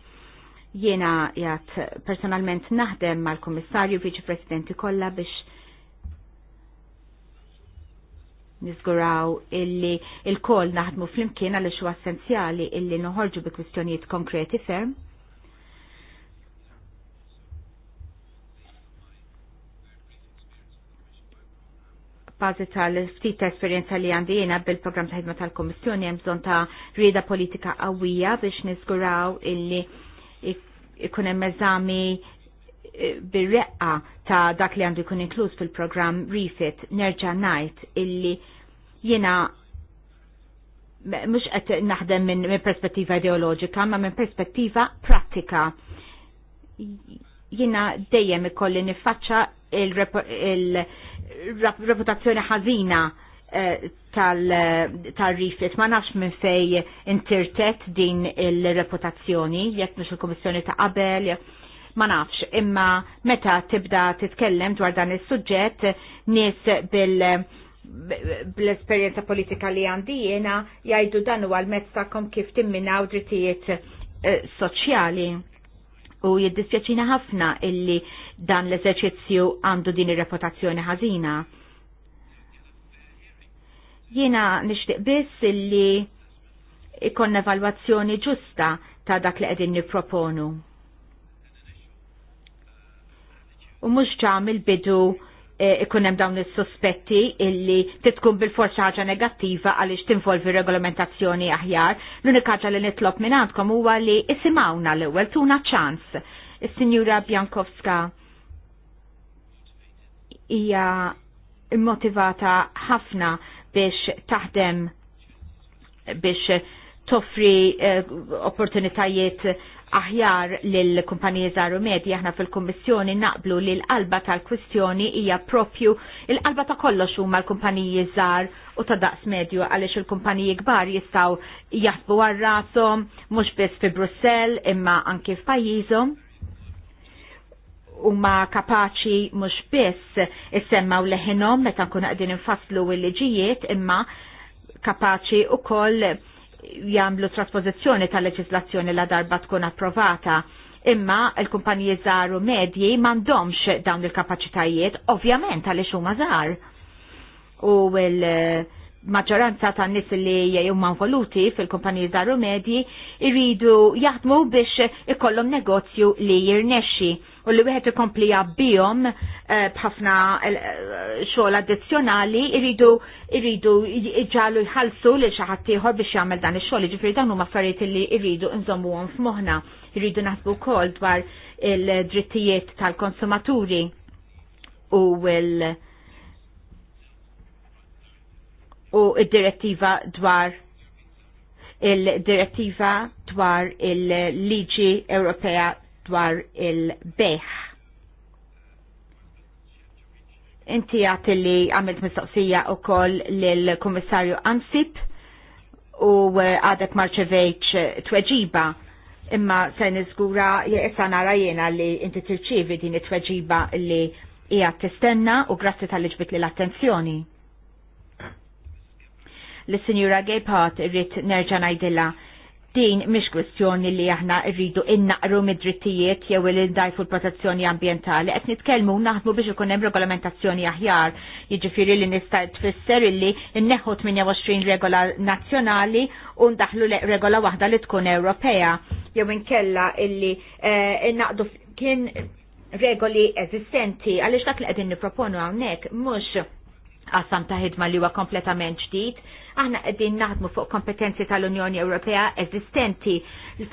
jiena jgħat personalment naħdem mal-Komissarju Viċi Presidenti kollha biex nizguraw illi il-kol naħdmu fl-imkien għal xu essenzjali illi noħorġu bi kwistjonijiet konkreti ferm bazi tal-ftit esperienza li għandi jena bil-program ta' ħidma tal-Komissjoni hemm bżonn ta' rieda politika qawwija biex niżguraw illi ikun hemm eżami e, bir-reqqa ta' dak li għandu jkun inkluż fil-programm Refit nerġa' ngħid illi jiena mhux qed naħdem minn perspettiva ideoloġika ma minn perspettiva prattika jina dejjem ikolli nifaċċa il-reputazzjoni ħażina eh, tal eh, rifiet Ma nafx minn fej intirtet din il-reputazzjoni, jekk mux il-Komissjoni ta' qabel, ma nafx, imma meta tibda titkellem dwar dan il-sujġet, nis bil- bl-esperienza politika li għandi jena jajdu dan u għal-mezz kom kif timminaw drittijiet eh, soċjali u jiddispjaċina ħafna illi dan l-eżerċizzju għandu din ir-reputazzjoni ħażina. Jiena nixtieq biss illi ikon evalwazzjoni ġusta ta' dak li qegħdin nipproponu. U mhux ġam il-bidu Eh, ikun hemm dawn is-sospetti illi titkun bil-forz ħaġa negattiva għaliex tinvolvi regolamentazzjoni aħjar. L-unika ħaġa li nitlob minn għandkom huwa li isimgħuna l-ewwel tuna ċans. Is-Sinjura Bjankowska hija immotivata ħafna biex taħdem biex toffri eh, opportunitajiet aħjar lil kumpaniji żaru medji aħna fil-Kummissjoni naqblu li l-qalba tal-kwistjoni hija propju l-qalba ta' kollox huma l-kumpaniji żar u ta' daqs medju għaliex il-kumpaniji kbar jistgħu jaħbu għar rashom mhux biss fi Brussell imma anke f'pajjiżhom ma kapaċi mhux biss issemmaw leħinhom meta nkunu qegħdin infasslu il liġijiet imma kapaċi ukoll jamlu trasposizjoni tal-leġislazzjoni la darba tkun approvata imma l-kumpaniji żgħar medji m'għandhomx dawn il-kapaċitajiet ovvjament għaliex huma żgħar. U l-maġġoranza tan nies li huma voluti fil kumpanji żgħar medji jridu jaħdmu biex ikollhom negozju li jirnexxi u li wieħed ikompli jabbihom eh, b'ħafna eh, xogħol addizzjonali iridu iridu ġalu jħallsu lil xi ħadd ieħor biex jagħmel dan ix-xogħol, jiġifieri dawn huma affarijiet li jridu nżommuhom f'moħħna, jridu naħsbu wkoll dwar il-drittijiet tal-konsumaturi u l u id-direttiva dwar il-direttiva dwar il-liġi Ewropea dwar il-beħ. Inti għat li għamilt mistoqsija u koll l-Komissarju Ansip u eh, għadek marċevejċ tweġiba imma se nizgura jessa nara jena li inti tirċivi din it-tweġiba li hija tistenna u grazzi tal-ġbit li l-attenzjoni. L-Sinjura Pot irrit nerġa' ngħidilha din mish kwestjoni li aħna rridu innaqru mid-drittijiet jew il dajfu l-protezzjoni ambientali, qed nitkellmu naħdmu biex ikun hemm regolamentazzjoni aħjar, jiġifieri li nista' tfisser illi nneħħu 28 regola nazzjonali u ndaħlu regola waħda li tkun Ewropea jew inkella illi eh, innaqdu kien regoli eżistenti għaliex dak li qegħdin nipproponu hawnhekk mhux qasam ta' ħidma li huwa kompletament ġdid. Aħna qegħdin naħdmu fuq kompetenzi tal-Unjoni Ewropea eżistenti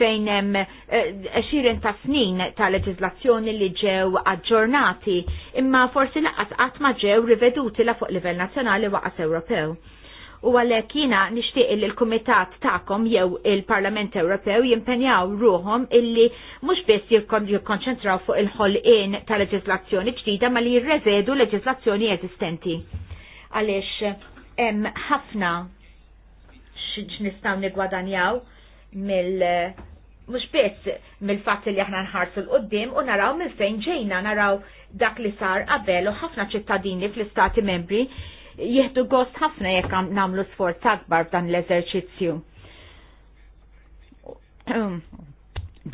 fejn hemm eh, xirin ta' snin ta' leġiżlazzjoni li ġew aġġornati, imma forsi laqas qatt ma ġew riveduti la fuq livell nazzjonali waqas Ewropew. U għalhekk jiena nixtieq li l-Kumitat tagħkom jew il-Parlament Ewropew jimpenjaw ruhom illi mhux biss jikkonċentraw fuq il-ħolqien ta' leġislazzjoni ġdida ma li jirrevedu leġislazzjoni eżistenti għaliex hemm ħafna nistaw nigwadanjaw mill mhux biss mill-fatt li aħna nħarsu l qoddim u naraw mill fejn ġejna naraw dak li sar qabel u ħafna ċittadini fl-istati membri jieħdu gost ħafna jekk nagħmlu sforz akbar f'dan l-eżerċizzju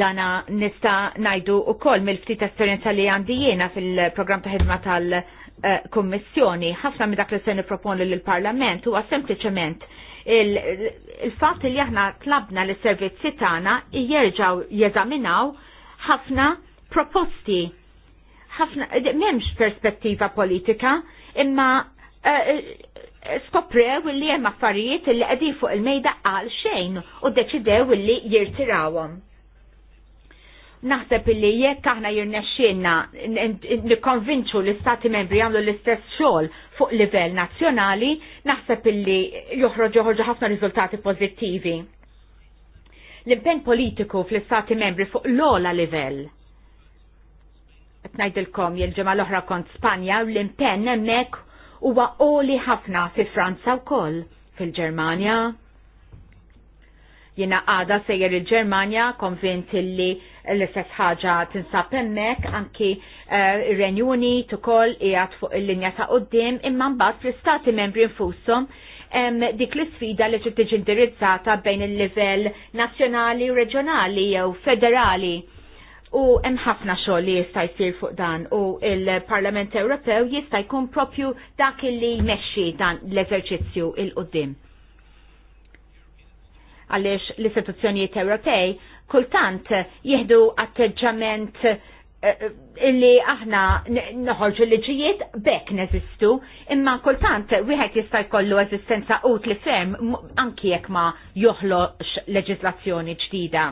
dana nista najdu u koll mill-ftit esperienza li għandi jiena fil-program ta' ħidma tal- Eh, kummissjoni. Ħafna minn dak li se niproponi lill-Parlament huwa sempliċement il-fatt li aħna tlabna li servizzi tagħna jerġgħu jeżaminaw ħafna proposti. Ħafna m'hemmx perspettiva politika, imma eh, eh, skoprew li hemm affarijiet li qegħdin fuq il-mejda għal xejn u deċidew li jirtirawhom naħseb illi jekk aħna jirnexxielna nikkonvinċu l-istati membri jagħmlu l-istess xogħol fuq livell nazzjonali, naħseb illi joħroġ joħorġu ħafna riżultati pożittivi. L-impenn politiku fl-istati membri fuq l-ola livell. Tnajdilkom jil ġemal oħra kont Spanja u l-impenn hemmhekk huwa qoli ħafna fi Franza wkoll, fil-Ġermanja. Jiena għada sejjer il-Ġermanja konvint illi l-istess ħaġa tinsab hemmhekk anki eh, ir-Renju ukoll qiegħed fuq il-linja ta' qudiem imma mbagħad fl-istati membri nfushom dik l-isfida li trid tiġi indirizzata bejn il-livell nazzjonali u reġjonali jew federali. U hemm ħafna xogħol li jista' jsir fuq dan u il-Parlament Ewropew jista' jkun propju dak li jmexxi dan l-eżerċizzju il-qudiem għaliex l-istituzzjonijiet Ewropej kultant jieħdu atteġġament eh, eh, illi aħna noħorġu liġijiet bekk neżistu, imma kultant wieħed jista' jkollu eżistenza utli ferm anki jekk ma joħloġ leġislazzjoni ġdida.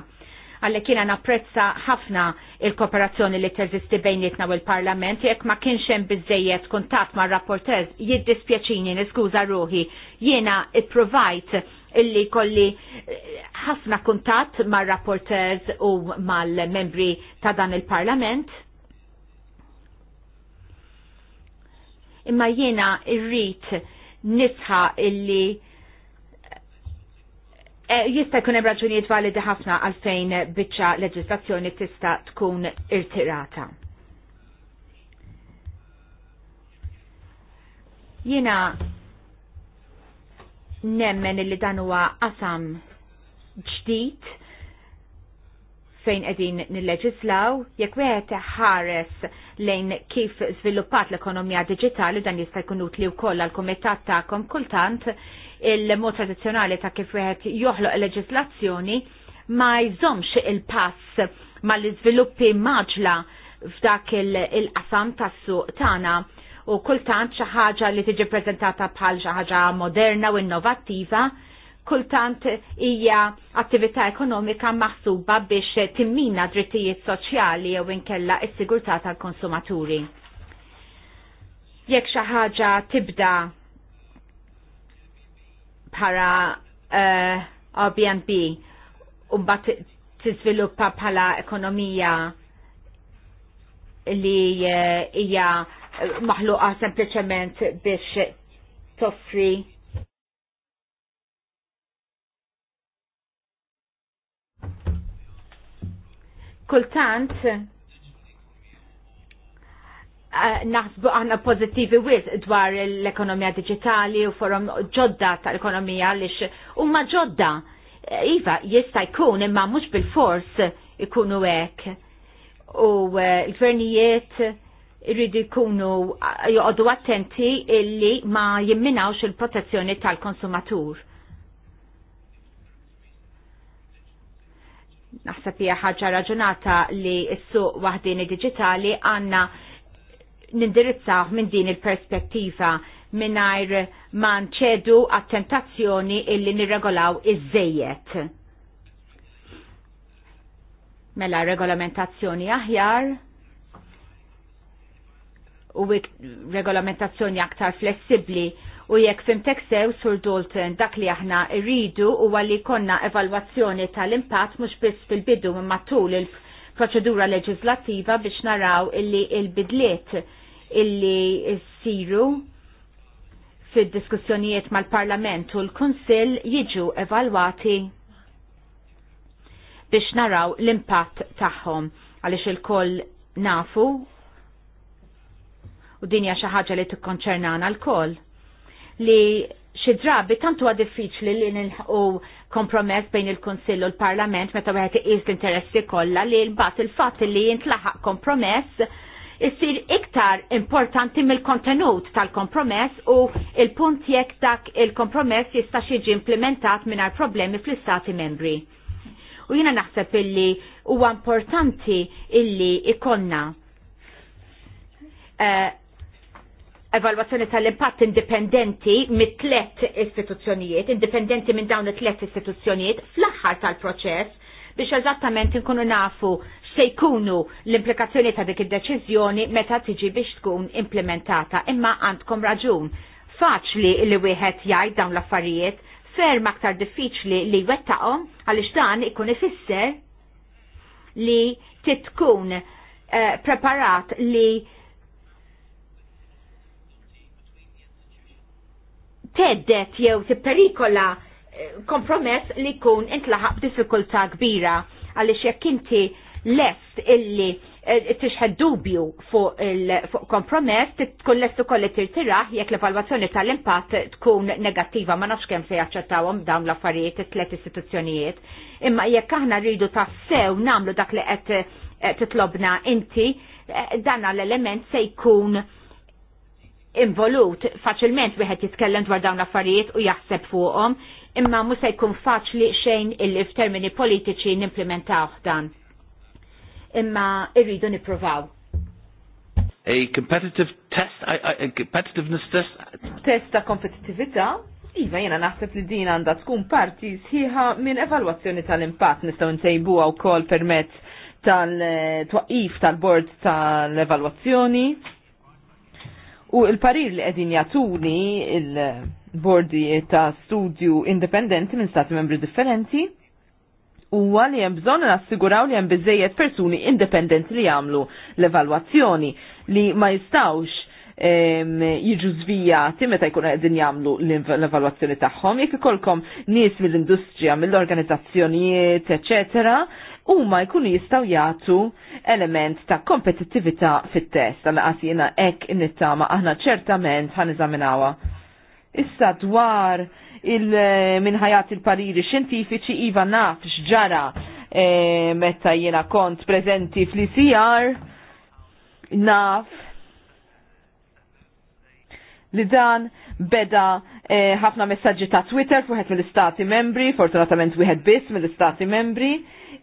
Għallek jiena napprezza ħafna il-kooperazzjoni li teżisti bejnietna u l-Parlament jekk ma kienx hemm biżejjed kuntatt mar-rapportez jiddispjaċini niskuża ruħi jiena ipprovajt illi kolli eh, ħafna kuntat mar rapporters u mal-membri ta' dan il-parlament. Imma jiena irrit nisħa illi eh, eh, jista' jkun hemm raġunijiet validi ħafna għalfejn biċċa leġislazzjoni tista' tkun irtirata. Jiena nemmen illi dan huwa qasam ġdid fejn qegħdin nilleġislaw, jekk wieħed ħares lejn kif żviluppat l-ekonomija diġitali dan jista' jkun utli wkoll għall-kumitat tagħkom kultant il-mod tradizzjonali ta' kif wieħed joħloq leġislazzjoni ma jżomx il-pass mal-iżviluppi maġla f'dak il-qasam tas-suq tagħna u kultant xi ħaġa li tiġi prezentata bħal xi ħaġa moderna u innovattiva, kultant hija attività ekonomika maħsuba biex timmina drittijiet soċjali jew inkella s-sigurtà tal-konsumaturi. Jekk xi ħaġa tibda para uh, eh, Airbnb u mbagħad tiżviluppa bħala ekonomija li eh, hija uh, maħluqa sempliċement biex toffri kultant eh, naħsbu għanna pozittivi wis dwar l-ekonomija digitali u forum ġodda tal-ekonomija li u ma ġodda eh, Iva jista jkun imma mux bil-fors ikunu ek u eh, l-gvernijiet irridu jkunu joqogħdu attenti illi ma jimminawx il-protezzjoni tal-konsumatur. Naħseb hija ħaġa raġunata li s-suq waħdini diġitali għandna nindirizzaw minn din il-perspettiva mingħajr ma nċedu għat-tentazzjoni illi nirregolaw iż-żejjed. Mela regolamentazzjoni aħjar, u regolamentazzjoni aktar flessibli u jekk fimtek sew sur Dalton dak li aħna rridu u għalli konna evalwazzjoni tal-impatt mhux biss fil-bidu minn matul il-proċedura leġislattiva biex naraw illi il-bidliet illi siru fid-diskussjonijiet mal-Parlament u l-Kunsill jiġu evalwati biex naraw l-impatt tagħhom għaliex il-koll nafu u dinja xi ħaġa li tikkonċernana l kol Li xi drabi tantu huwa diffiċli li nilħu kompromess bejn il-Kunsill u l-Parlament meta wieħed iqis l-interessi kollha li mbagħad il-fatt li jintlaħaq kompromess issir iktar importanti mill-kontenut tal-kompromess u il-punt jekk dak il-kompromess jista' jiġi implementat mingħajr problemi fl-istati membri. U jiena naħseb illi huwa importanti illi ikonna uh, evalwazzjoni tal-impatt indipendenti mit tlet istituzzjonijiet, indipendenti minn dawn it-tlet istituzzjonijiet fl-aħħar tal-proċess biex eżattament inkunu nafu se jkunu l-implikazzjoni ta' dik id-deċiżjoni meta tiġi biex tkun implementata. Imma għandkom raġun. Faċli li wieħed jgħid dawn l-affarijiet, ferm aktar diffiċli li jwettaqhom għaliex dan ikun ifisser li titkun eh, preparat li teddet jew tipperikola eh, kompromess li kun intlaħaq diffikultà kbira għaliex jekk inti lest illi eh, tixħed dubju fuq kompromess tkun lest ukoll li tirtiraħ jekk l-evalwazzjoni tal-impatt tkun negattiva ma nafx kemm se jaċċettawhom dawn l-affarijiet it-tliet istituzzjonijiet. Imma jekk aħna rridu tassew nagħmlu dak li qed eh, titlobna inti dan l-element se jkun involut faċilment wieħed jitkellem dwar dawn l-affarijiet u jaħseb fuqhom, imma mhux se jkun faċli xejn illi f'termini politiċi nimplementaw dan. Imma irridu nippruvaw. A competitive test, a, a, a competitiveness test. Test ta' kompetittività? Iva jena naħseb li din għandha tkun parti sħiħa minn evalwazzjoni tal-impatt nistgħu ntejbuha wkoll permezz tal-twaqif tal-bord tal-evalwazzjoni U il-parir li qegħdin jatuni il-bordi ta' studju indipendenti minn stati membri differenti huwa li hemm bżon nassiguraw li hemm biżejjed persuni indipendenti li jagħmlu l-evalwazzjoni li ma jistawx jiġu zvija meta jkun għedin jagħmlu l-evalwazzjoni tagħhom, jekk ikolkom nies mill-industrija, mill-organizzazzjonijiet, eċetera, huma jkunu jistgħu jagħtu element ta' kompetittività fit-test għal jiena hekk innittama nittama aħna ċertament ħaniżaminawha. Issa dwar il-minħajat eh, il-pariri xjentifiċi iva naf x'ġara e, meta jiena kont preżenti fl-ICR naf li dan beda eh, ħafna messaġġi ta' Twitter fuħet mill-istati membri, fortunatament wieħed biss mill-istati membri,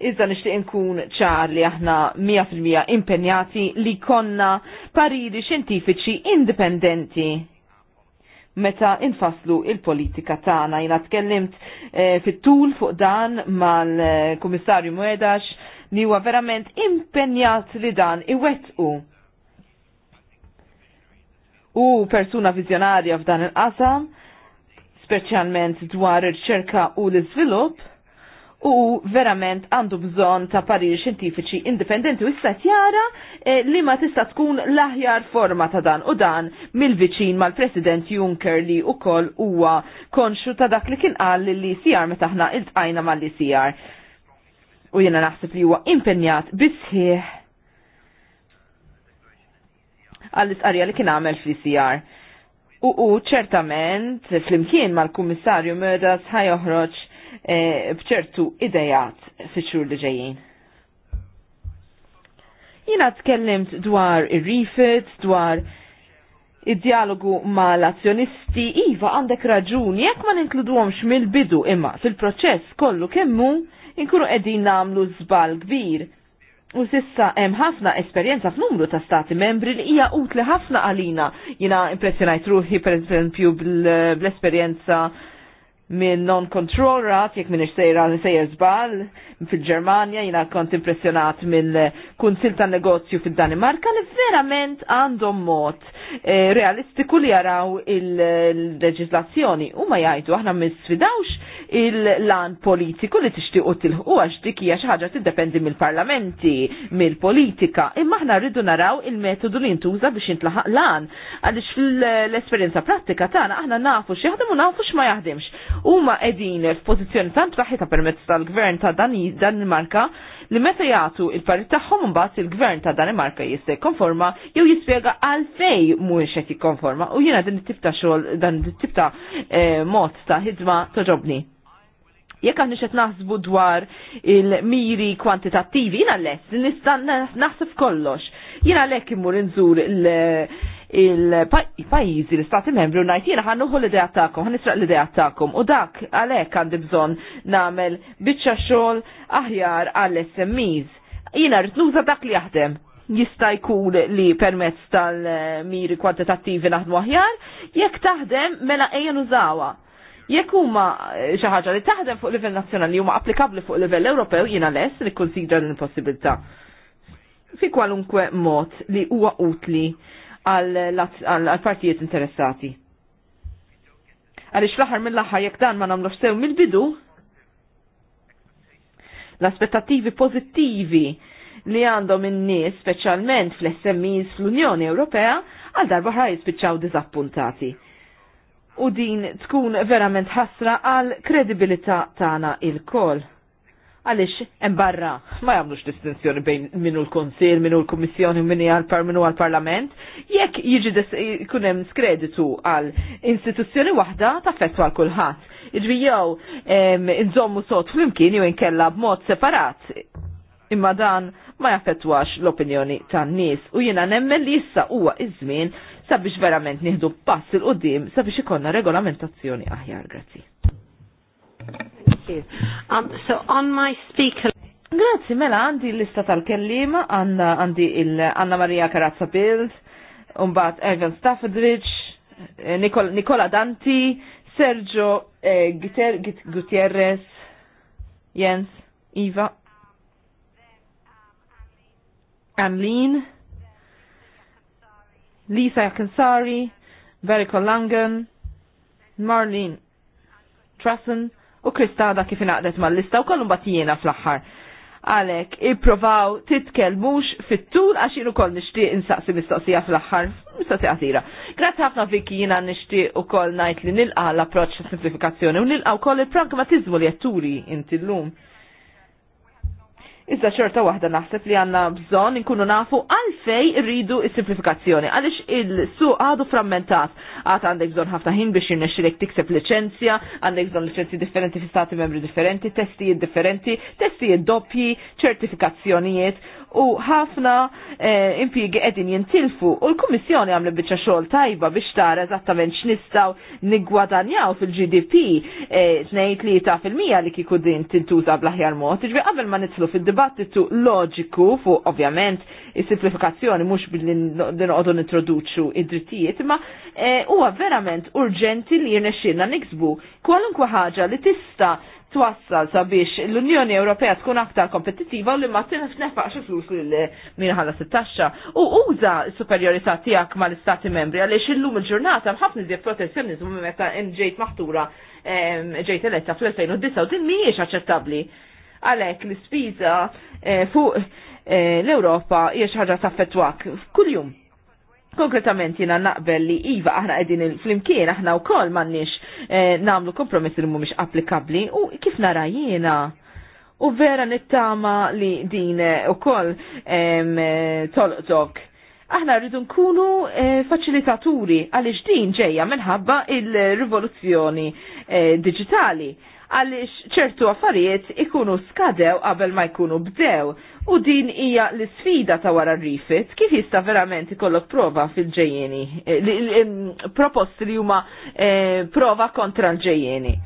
iżda nixtieq nkun ċar li aħna 100% impenjati li konna pariri xjentifiċi indipendenti meta infaslu il-politika tagħna. Jina tkellimt e, fit-tul fuq dan mal-Kummissarju Mwedax li huwa verament impenjat li dan iwettqu. U persuna vizjonarja f'dan il-qasam, speċjalment dwar ir-ċerka u l-iżvilupp, u verament għandu bżon ta' parir xintifiċi indipendenti u issa jara eh, li ma tista' tkun l-aħjar forma ta' dan u dan mill-viċin mal-President Juncker li u koll huwa konxu ta' dak li kien qal li sijar metaħna il-tqajna mal-ICR. U jena naħseb li huwa impenjat bisħieħ għall-isqarja li kien għamel fl-ICR. U, u ċertament, fl-imkien mal-Kummissarju Mördas ħajoħroġ E, bċertu idejat fiċur li ġejjin. Jina tkellimt dwar ir-rifit, dwar id-dialogu ma l-azzjonisti, iva għandek raġuni, jekk ma għomx mill-bidu imma fil-proċess kollu kemmu, inkunu qegħdin nagħmlu zbal kbir. U sissa hemm ħafna esperjenza f'numru ta' stati membri li hija utli ħafna għalina. Jiena impressjonajt ruħi pereżempju bl-esperjenza bl minn non-control rat, jek minn iċsejra sejjer zbal, fil-ġermania, jina kont impressionat minn kunsil ta' negozju fil-Danimarka li verament għandhom mod eh, realistiku li jaraw il-leġislazzjoni. U ma jajdu, aħna misfidawx il-lan politiku li tixtiequ tilħu għax dik hija xi ħaġa tiddependi mill-parlamenti, mill-politika, imma aħna rridu naraw il-metodu li jintuża biex jintlaħaq lan Għalix fl-esperjenza pratika tagħna aħna nafu x'jaħdem u nafu x'ma jaħdimx. Huma qegħdin f'pożizzjoni tant b'saħħitha permezz tal-gvern ta' Danimarka li meta jagħtu il-parit tagħhom mbagħad il-gvern ta' Danimarka jista' konforma jew jispjega għalfej mhuwiex qed jikkonforma u jiena din it-tip ta' xogħol dan it-tip ta' eh, mod ta' ħidma toġobni jekk għandix qed naħsbu dwar il-miri kwantitattivi, jiena less, nista naħseb kollox. Jiena lek imur inżur il l-istati membri, ngħid jiena ħannuħu l-idea ta'kom, ħanisraq l-idea ta'kom, u dak għalek għandi bżonn namel biċċa xol aħjar għall-SMEs. Jina rritnuża dak li jaħdem, jista' jkun li permezz tal-miri eh, kwantitattivi naħdmu aħjar, jekk taħdem mela ejja nużawha. Jekk huma eh, xi ħaġa li taħdem fuq livell nazzjonali huma applikabbli fuq livell Ewropew jiena lest li kkunsidra din il-possibilità. Fi kwalunkwe mod li huwa utli għal partijiet interessati. Għaliex l-aħħar mill-aħħar jekk dan ma nagħmlux sew mill-bidu, l-aspettativi pożittivi li għandhom in-nies speċjalment fl-SMEs fl-Unjoni Ewropea għal darba ħaj jispiċċaw diżappuntati u din tkun verament ħasra għal kredibilità tagħna il kol Għalix, embarra, ma jamlux distinzjoni bejn minu l-Konsil, minu l komissjoni minu għal-Par, minu għal-Parlament, jekk jieġi kunem skreditu għal istituzzjoni wahda ta' fetwa għal kulħadd. Iġbi jew nżommu sot flimkien jew inkella b'mod separat. Imma dan ma jaffettwax l-opinjoni tan-nies u jiena nemmen li issa huwa iż-żmien sabiex verament nieħdu pass il qudiem sabiex ikonna regolamentazzjoni aħjar, grazzi. Um, so on my speaker Grazzi, mela għandi l-lista tal-kellima, għandi il-Anna Maria Carazza Bild, unbat Evan Staffordridge, eh, Nicola, Nicola Danti, Sergio eh, Gutierrez, Jens, Iva, Anlin, Lisa Jakinsari, Veriko Langen, Marlene Trassen u Kristada kif inaqdet mal-lista u kollum batijena fl-axħar. Għalek, ipprovaw titkelmux fit-tul għax jien ukoll nixtieq insaqsi mistoqsija fl-aħħar, mistoqsija qasira. Grazzi ħafna Viki jiena nixtieq ukoll najt li nilqa l-approċċ ta' simplifikazzjoni u nilqa wkoll il-pragmatiżmu li qed turi inti llum. Iżda ċerta waħda naħseb li għanna bżon nkunu nafu għalfej rridu il-simplifikazzjoni. Għalix il su għadu frammentat. Għat għandek bżon ħafna ħin biex jirnexxilek tikseb licenzja, għandek bżon licenzji differenti fi stati membri differenti, testijiet differenti, testijiet doppji, ċertifikazzjonijiet u ħafna eh, impjiegi qegħdin jintilfu u l komissjoni għamlet biċċa xogħol tajba biex tara eżattament x'nistgħu nigwadanjaw fil-GDP eh, 2-3 mija li kieku din tintuża bl-aħjar mod. Iġbi qabel ma nitlu fid dibattitu loġiku fuq ovvjament il simplifikazzjoni mhux billi noqogħdu nintroduċu id-drittijiet, ma eh, huwa verament urġenti li jirnexxilna niksbu kwalunkwe ħaġa li tista' twassal sabiex l-Unjoni Ewropea tkun aktar kompetittiva u li ma tinf xi flus lil minħalla sit-taxxa. U uża s-superjorità tiegħek mal-Istati Membri għaliex illum il-ġurnata mħafna iżjed protezzjonizmu meta ġejt maħtura ġejt eletta fl-2009 u din mhijiex aċċettabbli. Għalek l spiza eh, fuq eh, l-Ewropa hija xi ħaġa taffettwak kuljum. Konkretament jina naqbel li Iva aħna qegħdin flimkien aħna wkoll m'għandniex eh, nagħmlu kompromessi li mhumiex applikabbli u kif nara jiena. U vera nittama li din ukoll tolqtok aħna rridu nkunu faċilitaturi għaliex din ġejja minħabba il-rivoluzzjoni digitali għaliex ċertu affarijiet ikunu skadew qabel ma jkunu bdew u din hija l-sfida ta' wara rifit kif jista' verament ikollok prova fil-ġejjeni eh, proposti li huma eh, prova kontra l-ġejjeni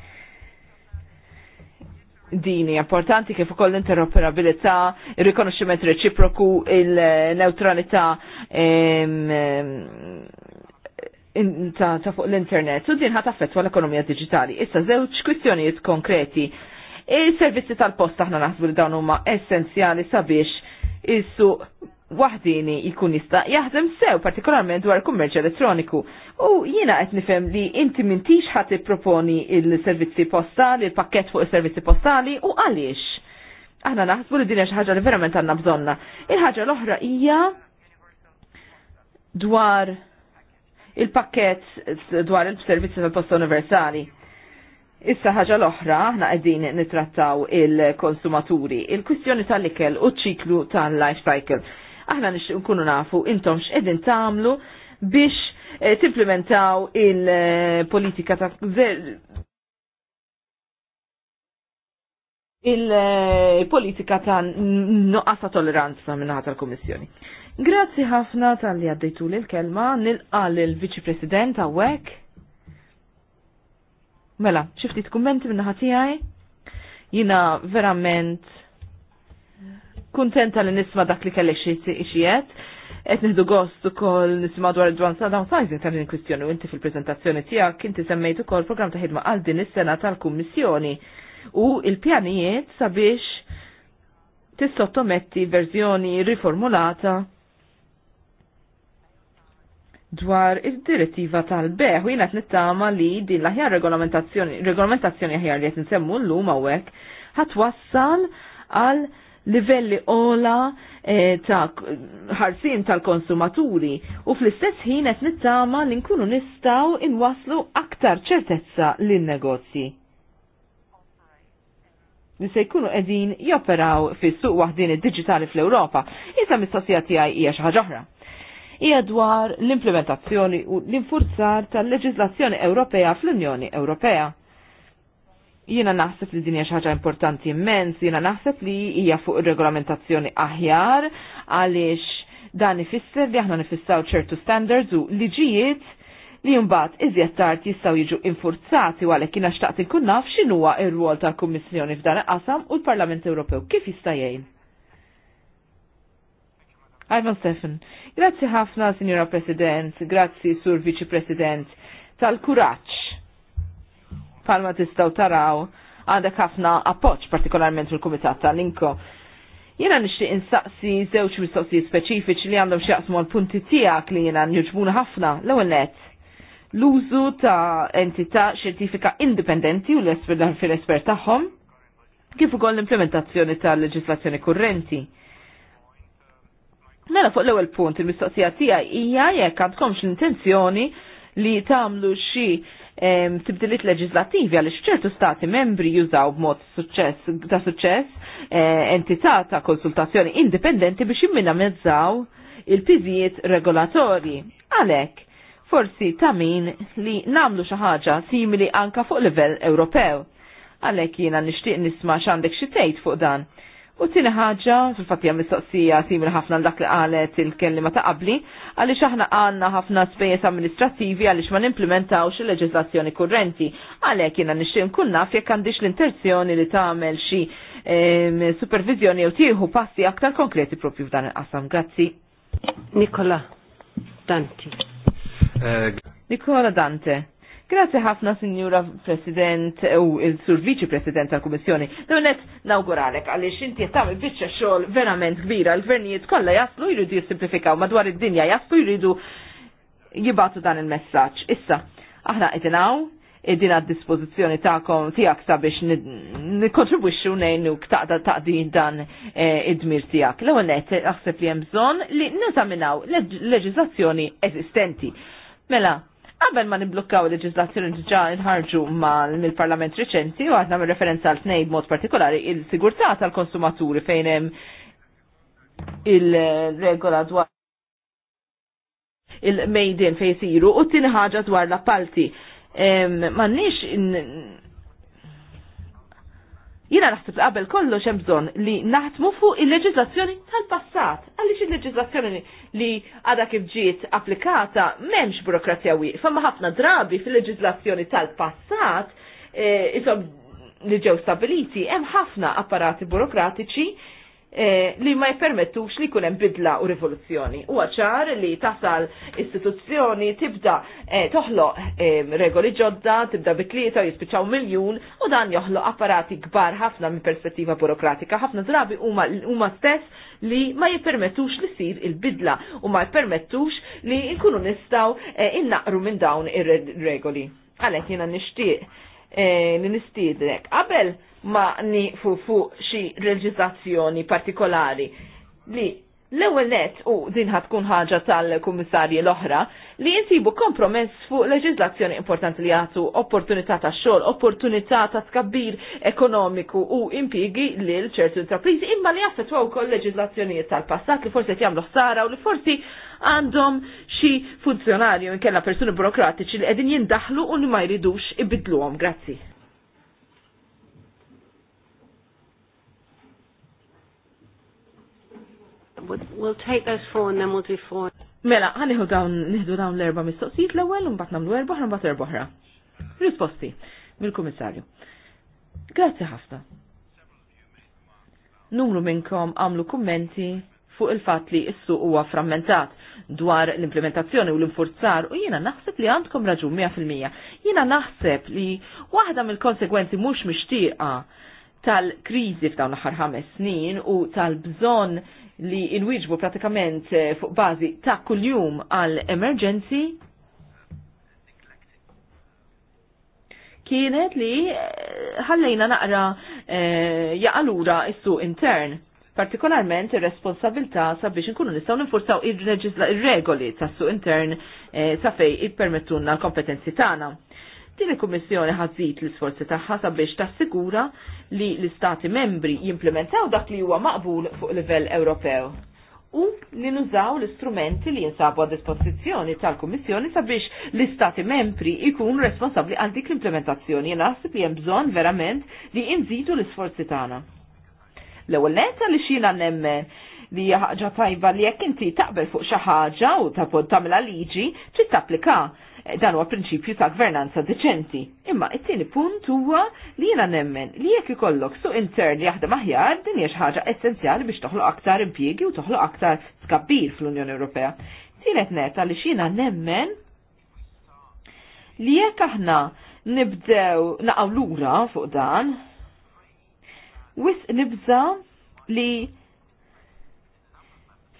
dini importanti kif ukoll l interoperabilità, il-rikonoxximent reċiproku, il-neutralità ta', fuq l-internet u din affettu l-ekonomija digitali. Issa żewġ kwistjonijiet konkreti. Il-servizzi tal-post aħna naħsbu li dawn huma essenzjali sabiex issu waħdini jkun jista' jaħdem sew partikolarment dwar kummerċ elettroniku. U jiena qed nifhem li inti mintix ħadd proponi il-servizzi postali, il-pakkett fuq is-servizzi postali u għaliex. Aħna naħsbu li din xi ħaġa li verament għandna bżonna. Il-ħaġa l-oħra hija dwar il-pakket dwar il-servizzi tal-posta universali. Issa ħaġa l-oħra, aħna qegħdin nitrattaw il-konsumaturi, il-kwistjoni tal-ikel u ċiklu tal-life cycle. Aħna nix nkunu nafu intom x'qegħdin tagħmlu biex eh, timplementaw il-politika ta' il-politika eh, ta' nuqqasa tolleranza minnaħat tal-Komissjoni. Grazzi ħafna tal-li għaddejtu li l-kelma, qal il-Viċi President għawek. Mela, t kummenti minna ħatijaj? Jina verament kontenta li nisma dak li kelle xiet, et nħdu gost u kol nisma dwar id-dwanza downsizing tal din kwistjoni u inti fil-prezentazzjoni tijak kinti semmejt u program ta' ħidma għal din is-sena tal-kummissjoni u il-pjanijiet sabiex tissottometti verżjoni riformulata dwar id-direttiva tal-beħ, u jina nittama li din l regolamentazzjoni, regolamentazzjoni ħjar li jett nsemmu l-lum għawek, ħatwassal għal livelli ola e, ta' ħarsin tal-konsumaturi u fl-istess ħin qed nittama li nkunu nistgħu inwaslu aktar ċertezza lin-negozji li se jkunu qegħdin joperaw fis-suq waħdin id-diġitali fl-Ewropa. Issa mistoqsija tiegħi hija xi ħaġa oħra hija dwar l-implementazzjoni u l-infurzar tal-leġislazzjoni Ewropea fl-Unjoni Ewropea jina naħseb li din hija xi ħaġa importanti immens, jina naħseb li hija fuq ir-regolamentazzjoni aħjar għaliex dan ifisser li aħna nifissaw ċertu standards u liġijiet li mbagħad iżjed tard jistgħu jiġu infurzati u għalhekk jiena xtaqt inkun naf x'inhuwa r-rwol tal-Kummissjoni f'dan il-qasam u l-Parlament Ewropew kif jista' jgħin. Arno Stefan. Grazzi ħafna, Signora President, grazzi Sur Viċi President, tal-kuraċ. Palma tistaw taraw, għandek ħafna appoċ, partikolarment fil-Kumitat tal-Inko. Jena nixtieq insaqsi żewġ mistoqsijiet speċifiċi li għandhom xieqsmu l-punti tiegħek li jena njuġbuna ħafna l-ewwel nett l-użu ta' entità xertifika indipendenti u l-esper fil-esper tagħhom kif ukoll l-implementazzjoni tal-leġislazzjoni kurrenti Mela fuq l-ewwel punt il-mistoqsija tiegħi hija jekk għandkomx l-intenzjoni li tagħmlu xi tibdiliet leġislattivi għaliex ċertu stati membri jużaw b'mod ta' suċċess eh, entità ta' konsultazzjoni indipendenti biex jimminamizzaw il-piżijiet regolatorji. Għalhekk, forsi ta' min li namlu xi ħaġa simili anka fuq livell Ewropew. Għalhekk jiena nixtieq nisma' x'għandek xi tgħid fuq dan U tini ħaġa, fil-fatti għam mistoqsija simil ħafna l-dak li għalet il-kellima ta' qabli, għalli xaħna għanna ħafna spejjeż amministrativi għalli ma nimplementawx il-leġislazzjoni kurrenti. Għalek jina nixin kunna fjek għandix l-intenzjoni li tagħmel xi supervizjoni jew tieħu passi aktar konkreti propju f'dan il-qasam. Grazzi. Nikola Danti. Eh, Nikola Dante. Grazie ħafna, Signora President u il-Sur Viċi President tal-Kummissjoni. Donet nawguralek għaliex inti jtam il-bicċa xogħol verament kbira, l-gvernijiet kollha jaslu jridu jissimplifikaw madwar id-dinja, jaslu jridu jibatu dan il-messaġġ. Issa, aħna qegħdinaw id-dina d-dispozizjoni ta'kom tijak sabiex nikontribuixxu nejnu ta' din dan e, id-dmir tijak. L-għonet, aħseb li jemżon li nizaminaw leġizazzjoni eżistenti. Mela, Qabel ma niblukkaw il-leġizlazzjoni ġa nħarġu mill-Parlament riċenti u għadna referenza għal tnejn mod partikolari il-sigurtà tal-konsumaturi fejn hemm il-regola dwar il mejdin fejn fejsiru u t-tini ħaġa dwar l-appalti. nix Jina naħseb qabel kollox hemm bżonn li naħdmu fuq il-leġiżlazzjoni tal-passat. Għaliex il-leġiżlazzjoni li għadha kif ġiet applikata m'hemmx burokrazija wi. Fama ħafna drabi fil-leġiżlazzjoni tal-passat e, isom li ġew stabiliti hemm ħafna apparati burokratiċi Eh, li ma jpermettux li kunem bidla u rivoluzzjoni. U għacħar li tasal istituzzjoni tibda eh, toħlo eh, regoli ġodda, tibda bitlieta jispiċaw miljun u dan joħlo apparati kbar ħafna minn perspettiva burokratika, ħafna drabi huma stess li ma jipermettux li sir il-bidla u ma jipermettux li nkunu nistaw innaqru minn dawn ir-regoli. Għalek jena nishtiq E, li nistidrek. Qabel ma nifu fuq xi reġizazzjoni partikolari li l-ewwel nett u din ħatkun ħaġa tal-kummissarji l-oħra li jinsibu kompromess fuq leġizlazzjoni importanti li jagħtu opportunità ta' xogħol, opportunità ta' tkabbir ekonomiku u impigi li l-ċertu intrapriżi imma li jaffettwaw kol leġizlazzjonijiet tal-passat li forsi qed jagħmlu ħsara u li forsi għandhom xi funzjonarju inkella persuni burokratiċi li qegħdin jindahlu u li ma jridux ibidluhom. Grazzi. We'll take those four and then we'll do four. Mela, għaniħu dawn, nihdu dawn l-erba mistoqsijiet l-ewel, un bat namlu erba, un bat erba ħra. Risposti, mill-komissarju. Grazie ħafna. Numru minnkom għamlu kummenti fuq il-fat li s-suq huwa frammentat dwar l-implementazzjoni u l-infurzar u jiena naħseb li għandkom raġun 100%. Jiena naħseb li waħda mill-konsekwenzi mhux mixtieqa tal-krizi f'dawn l-aħħar ħames snin u tal-bżonn li inwiġbu pratikament eh, fuq bażi ta' kuljum għal emerġenzi kienet li eh, ħallejna naqra eh, jaqalura is-suq intern partikolarment ir-responsabilta sabiex nkunu nistgħu ninfurzaw ir-regoli tas-suq intern sa fej ippermettunna l-kompetenzi tagħna. Din il-Kummissjoni ħażit l-isforzi tagħha sabiex tassigura li l-istati membri jimplementaw dak li huwa maqbul fuq livell Ewropew u li nużaw l-istrumenti li jinsabu għad dispożizzjoni tal-Kummissjoni sabiex l-Istati membri ikun responsabli għal dik l-implementazzjoni. Jena naħseb li hemm bżonn verament li inżidu l-isforzi tagħna. L-ewwel netta li xina nemmen li ħaġa tajba li jekk inti taqbel fuq xi ħaġa u tapod tagħmilha liġi, trid tapplika Eh, dan huwa prinċipju ta' gvernanza deċenti. Imma it-tieni punt huwa li jiena nemmen li jekk ikollok suq intern jaħdem aħjar din hija xi ħaġa essenzjali biex toħloq aktar impjiegi u toħloq aktar skabbir fl-Unjoni Ewropea. Tielet neta għaliex jiena nemmen li jekk aħna nibdew naqgħu lura fuq dan, wis nibża li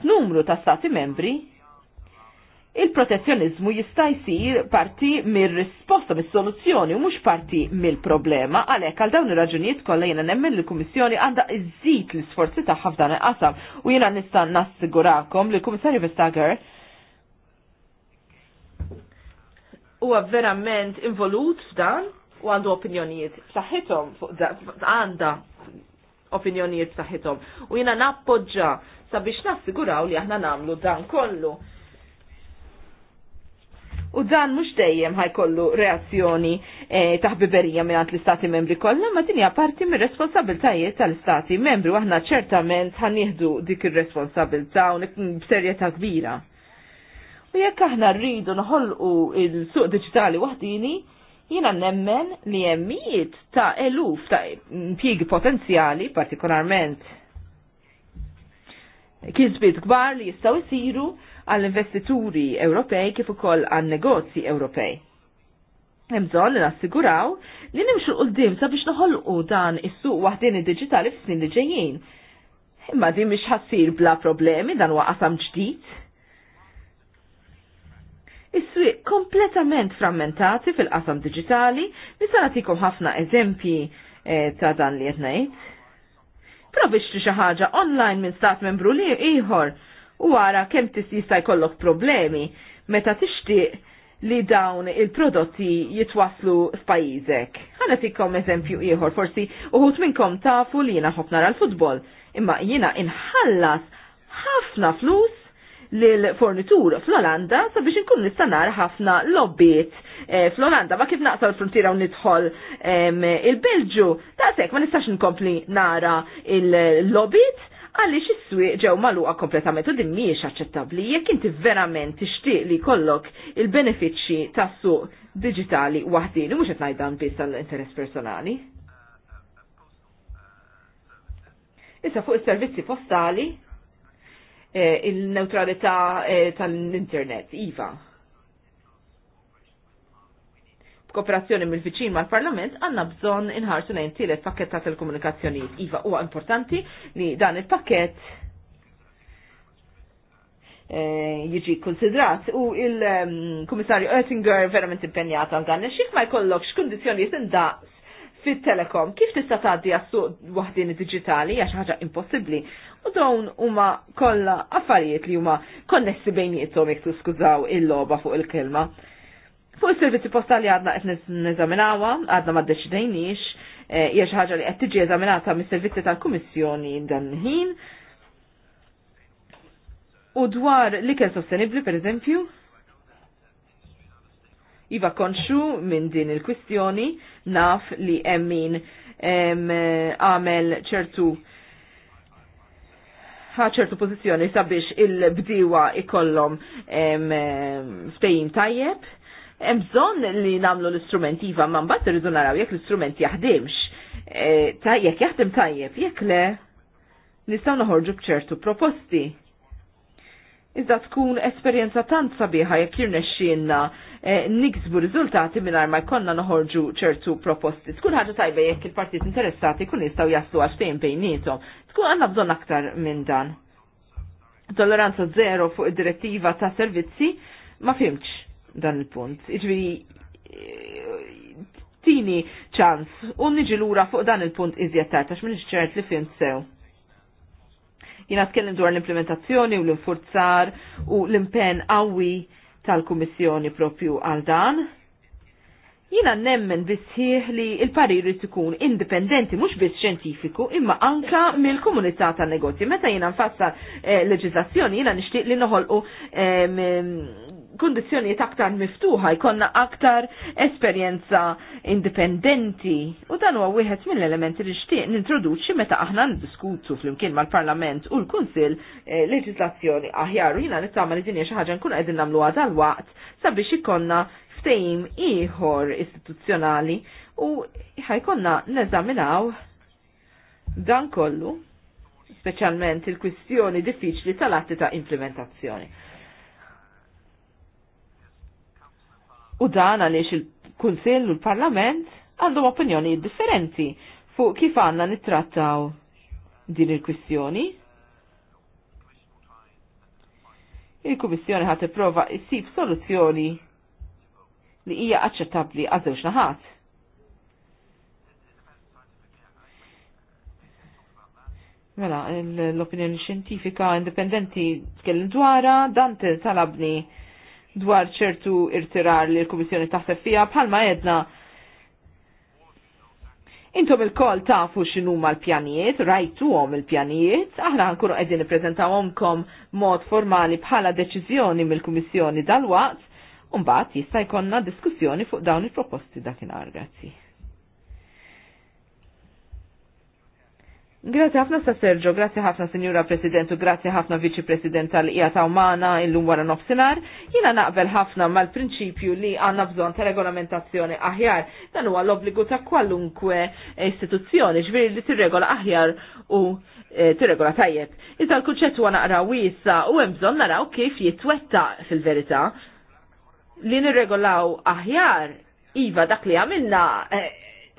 numru ta' stati membri il-protezzjonizmu jista' jsir parti mir-risposta mis-soluzzjoni u mhux parti mill-problema għalhekk għal dawn ir-raġunijiet kollha jiena nemmen il-Kummissjoni għandha iżid l-isforzi tagħha f'dan il-qasam u jiena nista' nassigurakom li l-Kummissarju Vestager huwa verament involut f'dan u għandu opinjonijiet saħħithom għandha opinjonijiet saħħithom u jiena nappoġġa sabiex nassiguraw li aħna nagħmlu dan kollu. U dan mhux dejjem ħajkollu reazzjoni eh, taħbiberija minn l-istati membri kollha, ma dinja parti mir responsabiltajiet tal-istati membri u aħna ċertament ħanieħdu dik ir-responsabilità u b'serjetà kbira. U jekk aħna rridu noħolqu il-suq diġitali waħdini, jina nemmen li jemmijiet ta' eluf ta' impjiegi potenzjali, partikolarment kizbit kbar li jistaw jisiru, għall-investituri Ewropej kif ukoll għan-negozji Ewropej. Hemm bżonn li nassiguraw li nimxu l-qudiem sabiex noħolqu dan is-suq waħdin id-diġitali fis-snin li ġejjin. Imma din mhix ħassir bla problemi dan huwa qasam ġdid. Is-swieq kompletament frammentati fil-qasam diġitali li se nagħtikom ħafna eżempji eh, ta' dan li qed ngħid. Però biex xi ħaġa online minn stat membru li ieħor u għara kem tista jkollok problemi meta tixtieq li dawn il-prodotti jitwaslu f'pajjiżek. Ħana tikkom eżempju ieħor forsi uħut minnkom tafu li jiena ħobna nara l-futbol, imma jiena inħallas ħafna flus l-fornitur fl-Olanda sabiex nkun nista' nara ħafna lobbiet eh, fl-Olanda ma kif naqsa l-frontiera u nidħol il-Belġu. Daqshekk ma nistax nkompli nara il-lobbiet għaliex is-swieq ġew magħluqa kompletament u din mhijiex aċċettabbli jekk inti verament tixtieq li jkollok il-benefiċċji tas-suq digitali waħdini mhux qed ngħidan biss tal-interess personali. Issa fuq is-servizzi postali eh, il-neutralità eh, tal-internet, IVA kooperazzjoni mill-viċin mal-Parlament għanna bżon inħarsu lejn tielet pakket ta' telekomunikazzjonijiet. Iva huwa importanti li dan il-pakket eh, jiġi konsidrat u il-Kummissarju Oettinger verament impenjata għal dan xik ma jkollok kondizjonijiet indaqs fit-telekom, kif tista' tgħaddi għas-suq waħdin digitali għax ħaġa impossibbli. U dawn huma kollha affarijiet li huma konnessi bejniethom jekk skużaw il-logħba fuq il-kelma. Fuq s servizzi postali għadna qed neżaminawha, għadna ma ddeċidejniex, e, hija xi ħaġa li qed tiġi eżaminata mis-servizzi tal-Kummissjoni dan ħin. U dwar l-ikel sostenibli, per eżempju, Iva konxu minn din il-kwistjoni naf li emmin għamel ċertu ċertu pozizjoni sabiex il-bdiwa ikollom fejn tajjeb hemm bżonn li nagħmlu l-istrumentiva ma mbagħad irridu naraw jekk l-istrument jaħdimx. E, ta' jekk jaħdem tajjeb, jekk le nistgħu naħorġu b'ċertu proposti. Iżda tkun esperjenza tant sabiħa jekk jirnexxielna e, niksbu riżultati mingħajr ma jkollna noħorġu ċertu proposti. Tkun ħaġa tajba jekk il-partit interessati kun jistgħu jaslu għal fejn bejnietom. Tkun għandna bżonn aktar minn dan. Tolleranza zero fuq id-direttiva ta' servizzi ma fimx dan il-punt. Iġviri, tini ċans, u niġi lura fuq dan il-punt iżjed tard għax minn ċert li fim sew. Jina tkellim dwar l-implementazzjoni u l-infurzar u l-impen qawwi tal-Kummissjoni propju għal dan. Jina nemmen bisħieħ li il-pariri tkun indipendenti mhux biss xjentifiku imma anka mill-komunità tan-negozji. Meta jina nfassar eh, leġizazzjoni, jina nixtieq li noħolqu eh, kondizjoniet aktar miftuħa, jkonna aktar esperjenza indipendenti. U dan huwa wieħed mill-elementi li xtieq nintroduċi meta aħna ndiskutu flimkien mal-Parlament u l-Kunsill eh, leġislazzjoni aħjar u jiena nittama li dinja xi ħaġa nkun qegħdin nagħmlu dal-waqt sabiex ikonna ftehim ieħor istituzzjonali u ħajkonna neżaminaw dan kollu speċjalment il-kwistjoni diffiċli tal-atti ta' implementazzjoni. U dan għaliex il-Kunsill u l-Parlament għandhom opinjoni differenti fuq kif għanna nittrattaw din il-kwistjoni. Il-Kummissjoni ħat prova issib soluzzjoni li hija aċċettabbli għal żewġ naħat. Mela, l-opinjoni xjentifika indipendenti tkellim dwarha, dan talabni dwar ċertu irtirar li l-Komissjoni taħseb fija bħalma edna. Intom il-kol tafu xinu ma l-pjanijiet, rajtu għom il-pjanijiet, aħna nkunu għedin niprezentaw għomkom mod formali bħala deċizjoni mill-Komissjoni dal-waqt, un-bat jista jkonna diskussjoni fuq dawn il-proposti dakin grazzi. Grazie ħafna sa Sergio, grazie ħafna Sinjura President u grazie ħafna Viċi President tal-Ija ta' Umana illum wara nofsinar. Jina naqbel ħafna mal-prinċipju li għanna bżon ta' regolamentazzjoni aħjar. Dan huwa l-obbligu ta' kwalunkwe istituzzjoni ġviri li tirregola aħjar u e, tirregola tajjeb. Iżda l-kunċett huwa naqra wiesa u hemm bżonn naraw kif jitwetta fil-verità li nirregolaw aħjar Iva, dak li għamilna e,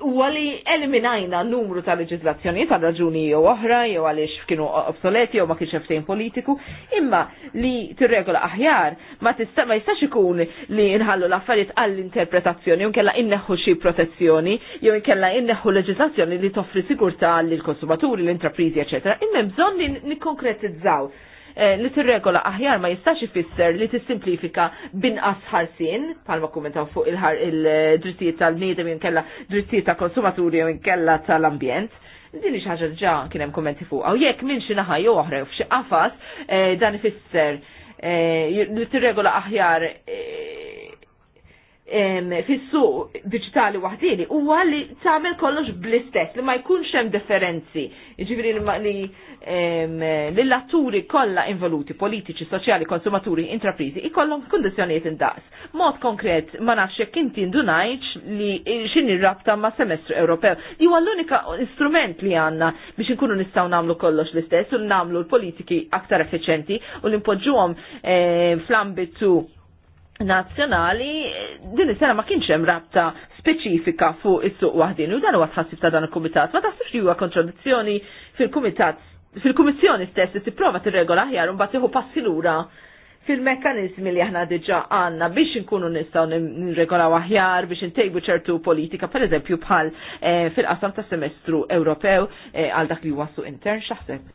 huwa li eliminajna numru ta' leġizlazzjoni ta' raġuni jew oħra jew għaliex kienu obsoleti jew ma kienx ftehim politiku, imma li tirregola aħjar ma tista' ma jistax ikun li nħallu l-affarijiet għall-interpretazzjoni jew inkella inneħħu xi protezzjoni jew inkella inneħħu leġizlazzjoni li toffri sigurtà lill konsumaturi l-intrapriżi eċetera. Imma bżonn nikkonkretizzaw Eh, li tirregola aħjar ma jistax ifisser li tissimplifika binqas ħarsin, palma kumentaw fuq il-drittijiet tal-bniedem jinkella drittijiet ta' konsumaturi jinkella tal-ambjent. Din xi ħaġa ġa kien hemm fuq. Aw jekk minn xi naħa jew oħra f'xi qafas eh, dan ifisser eh, li tirregola aħjar fis-suq digitali waħdini huwa li tagħmel kollox bl-istess li ma jkunx hemm differenzi. Jiġifieri li l-atturi kollha involuti politiċi, soċjali, konsumaturi, intraprizi ikollhom kundizzjonijiet indaqs. Mod konkret ma nafx jekk inti ndunajx li x'inhi rabta ma' semestru Ewropew. Li huwa l-unika instrument li għandna biex inkunu nistgħu nagħmlu kollox l-istess u nagħmlu l-politiki aktar effiċenti u l-impoġġuhom fl-ambitu nazzjonali din is-sena ma kienx hemm rabta speċifika fuq is-suq waħdin u dan huwa tħassib ta' dan il-kumitat. Ma taħsibx li huwa kontradizzjoni fil-kumitat fil-kummissjoni stess li tipprova tirregola aħjar u mbagħad tieħu passi lura fil-mekkanizmi li aħna diġà għanna biex inkunu nistgħu nirregolaw aħjar biex intejbu ċertu politika, per eżempju bħal eh, fil-qasam ta' semestru Ewropew eh, għal dak li huwa wassu intern xaħseb.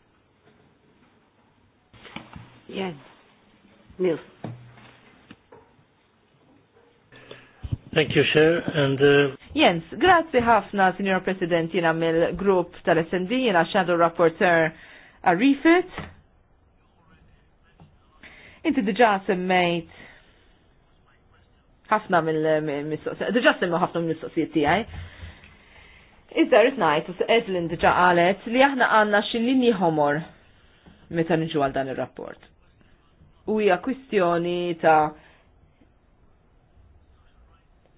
Yes. Nils. Thank you, Chair. And, uh... Jens, grazie ħafna, Signor President, jina mill-grupp tal-SND, jina Shadow Rapporteur Arifit. Inti diġa semmejt ħafna mill-mistoqsijiet, diġa semmew ħafna mill-mistoqsijiet tiegħi. Iżda rrid ngħid u Edlin diġa qalet li aħna għandna xi linji homor meta niġu għal dan ir-rapport. U hija kwistjoni ta'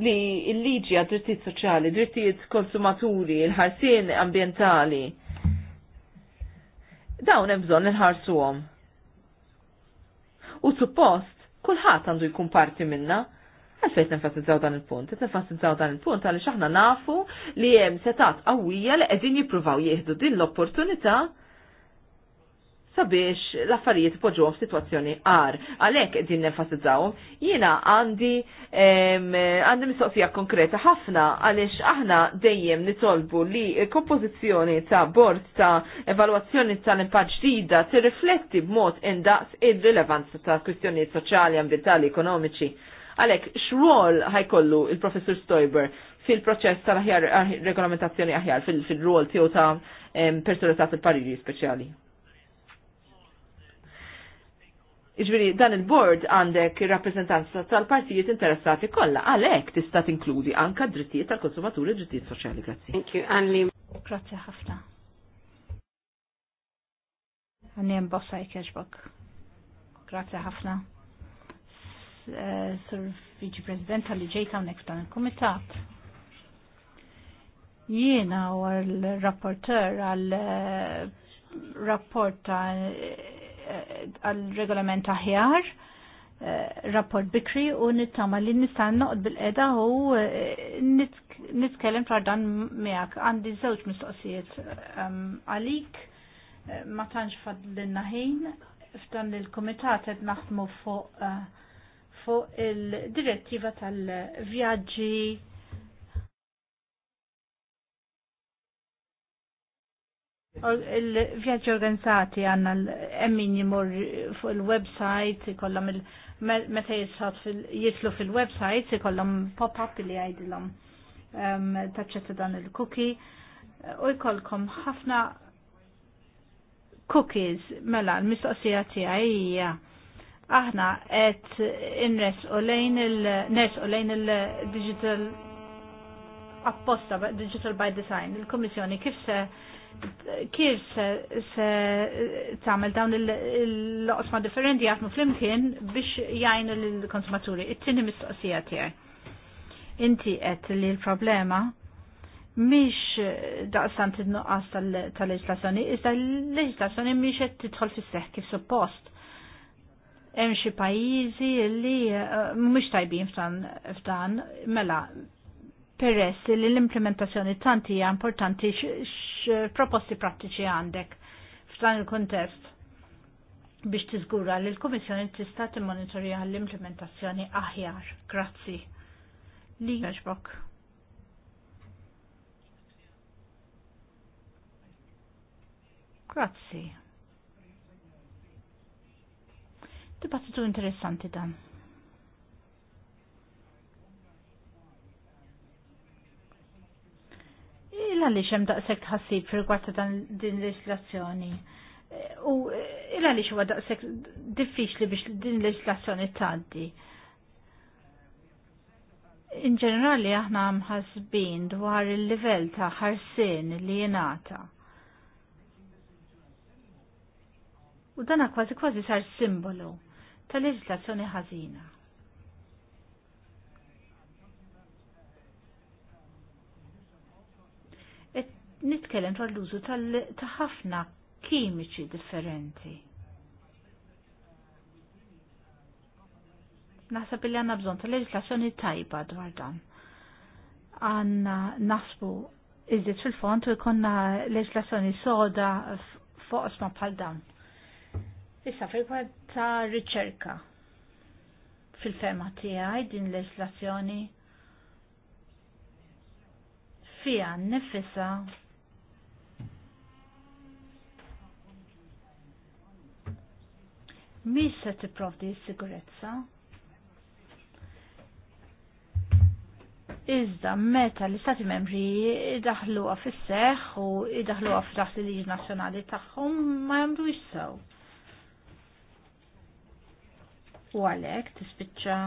li l-liġi għad drittijiet soċjali, drittijiet konsumaturi, il-ħarsien ambientali. Dawn hemm bżonn inħarsuhom. U suppost, kulħadd għandu jkun parti minna. Għalfejn nenfasizzaw dan il-punt, nenfasizzaw dan il-punt għaliex aħna nafu li hemm setat qawwija li qegħdin jippruvaw jieħdu din l-opportunità sabiex l-affarijiet poġuħom situazzjoni għar. Għalek din nefasizzaw, jina għandi għandi mistoqsija konkreta ħafna għalix aħna dejjem nitolbu li kompozizjoni ta' bord ta' evalwazzjoni tal-impatt ġdida tirrifletti b'mod indaqs il-rilevanza ta' kwistjonijiet soċjali, ambientali, ekonomiċi. Għalek, x'rol ħajkollu il-professur Stoiber fil-proċess tal-aħjar regolamentazzjoni aħjar fil-rol tiegħu ta' persuna il-pariri speċjali? Iġviri, dan il-board għandek rappresentanza tal-partijiet interessati kollha għalhekk tista' tinkludi anka drittijiet tal-konsumaturi drittijiet soċjali. Grazie. Thank you, Anli. Grazzi ħafna. Għanni bossa jkeġbok. Grazzi ħafna. Sur viġi prezident għalli ġejta għonek f'dan il komitat Jiena u l-rapporter għal eh, rapport ta' Eh, għal regolament aħjar, eh, rapport bikri u nittama li nistan noqt bil-qeda u eh, nitkellem f'ra dan miegħek. Għandi żewġ mistoqsijiet ehm, għalik ma tantx fadlilna ħin f'dan il-kumitat qed naħdmu fuq fuq il-direttiva tal-vjaġġi Il-vjaġġi organizzati għanna l-emmin jimur fuq il-website, kollam meta jislu fil-website, kollam pop-up li għajdilom taċċetta dan il-cookie. U jkollkom ħafna cookies, mela l-mistoqsija tiegħi hija aħna qed inres u lejn il-nes u lejn il-digital apposta digital by design. Il-Kummissjoni kif se kif se, se tagħmel dawn il-loqsma differenti jaħdmu flimkien biex jgħinu lill-konsumaturi. It-tieni mistoqsija tiegħi. Inti qed li l-problema mhix daqstant in-nuqqas tal-leġislazzjoni, iżda l-leġislazzjoni mhix qed tidħol fis-seħħ kif suppost. Hemm xi pajjiżi li eh, mhux tajbin f'dan mela peress li l-implementazzjoni tanti hija importanti x-proposti prattiċi għandek f'dan il-kontest biex tiżgura li l-Kummissjoni tista' timmonitorja l-implementazzjoni aħjar. Grazzi. Li jaġbok. Grazzi. Dibattitu interessanti dan. il-għalix hemm daqshekk tħassib fil-rigward ta' din leġislazzjoni. U il-għalix daqseg diffiċ diffiċli biex din leġislazzjoni tgħaddi. In ġenerali aħna mħasbin dwar il-livell ta' ħarsien li jenata. U dana kważi kważi sar simbolu ta' leġislazzjoni ħażina. nitkellem tal l-użu ta' ħafna kimiċi differenti. Naħseb li għanna bżon ta' leġislazzjoni tajba dwar dan. Għanna nasbu iżdiet fil-font u jkonna leġislazzjoni soda fuq osma bħal dan. Issa fil-kwad ta' riċerka fil-fema tiegħi din leġislazzjoni fija nifissa mis se tipprovdi s-sigurezza. Iżda meta l-Istati membri idaħluha fis-seħħ u idaħluha f'taħt il-liġi nazzjonali tagħhom ma jagħmlux sew. U għalhekk tispiċċa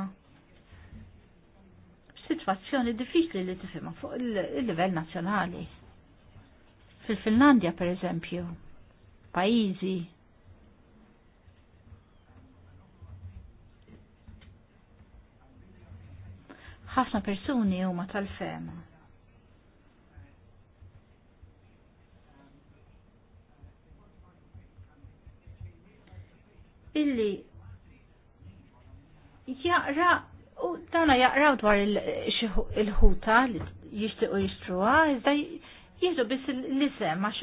situazzjoni diffiċli li tifhimha fuq il-livell nazzjonali. Fil-Finlandja pereżempju, pajjiżi ħafna persuni huma tal-fema. Illi jaqra u dawna jaqraw dwar il-ħuta li u jistruha iżda jieħdu biss l-isem ma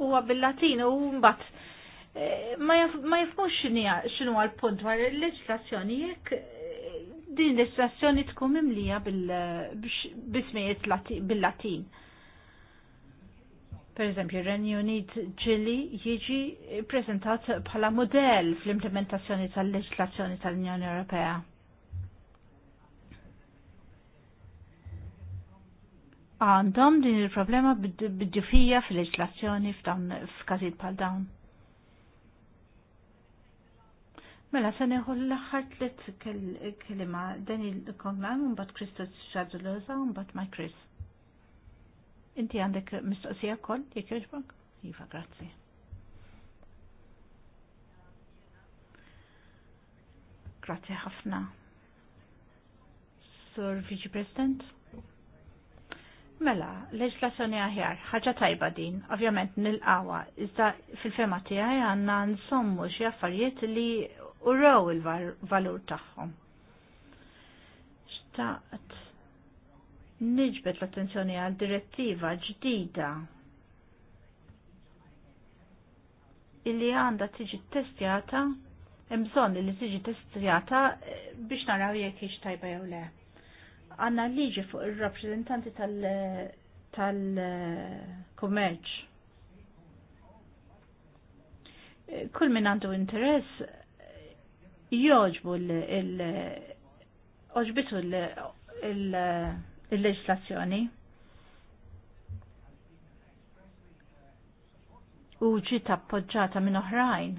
huwa bil-Latin u mbagħad eh, ma jafmux x'inhu għal-punt dwar il-leġislazzjoni jekk din l-istrazzjoni tkun imlija bismijiet bil-Latin. Per eżempju, Renju Unit ġili jiġi prezentat bħala model fl-implementazzjoni tal-leġislazzjoni tal-Unjoni Ewropea. Għandhom din il-problema bid-ġifija fil-leġislazzjoni f'każijiet bħal dawn Mela, se neħu l-axar tliet kelima dan il-konglan, un bat Kristus Xadulosa, un bat ma' Chris. Inti għandek mistoqsija kol, jek joġbok? Iva, grazzi. Grazzi ħafna. Sur Vice President? Mela, leġlazzjoni aħjar, ħaġa tajba din, ovvjament nil-qawa, iżda fil-fema tiegħi għandna nsommu xi affarijiet li u raw il-valur tagħhom. Xtaqt niġbet l-attenzjoni għal direttiva ġdida illi għanda tiġi testjata imżon li tiġi testjata eh, biex naraw jekk hix tajba jew le. Għanna liġi fuq ir-rappreżentanti tal-kummerċ. Eh, kull min għandu interess joġbu l-oġbitu l-leġislazzjoni. U ġiet appoġġata minn oħrajn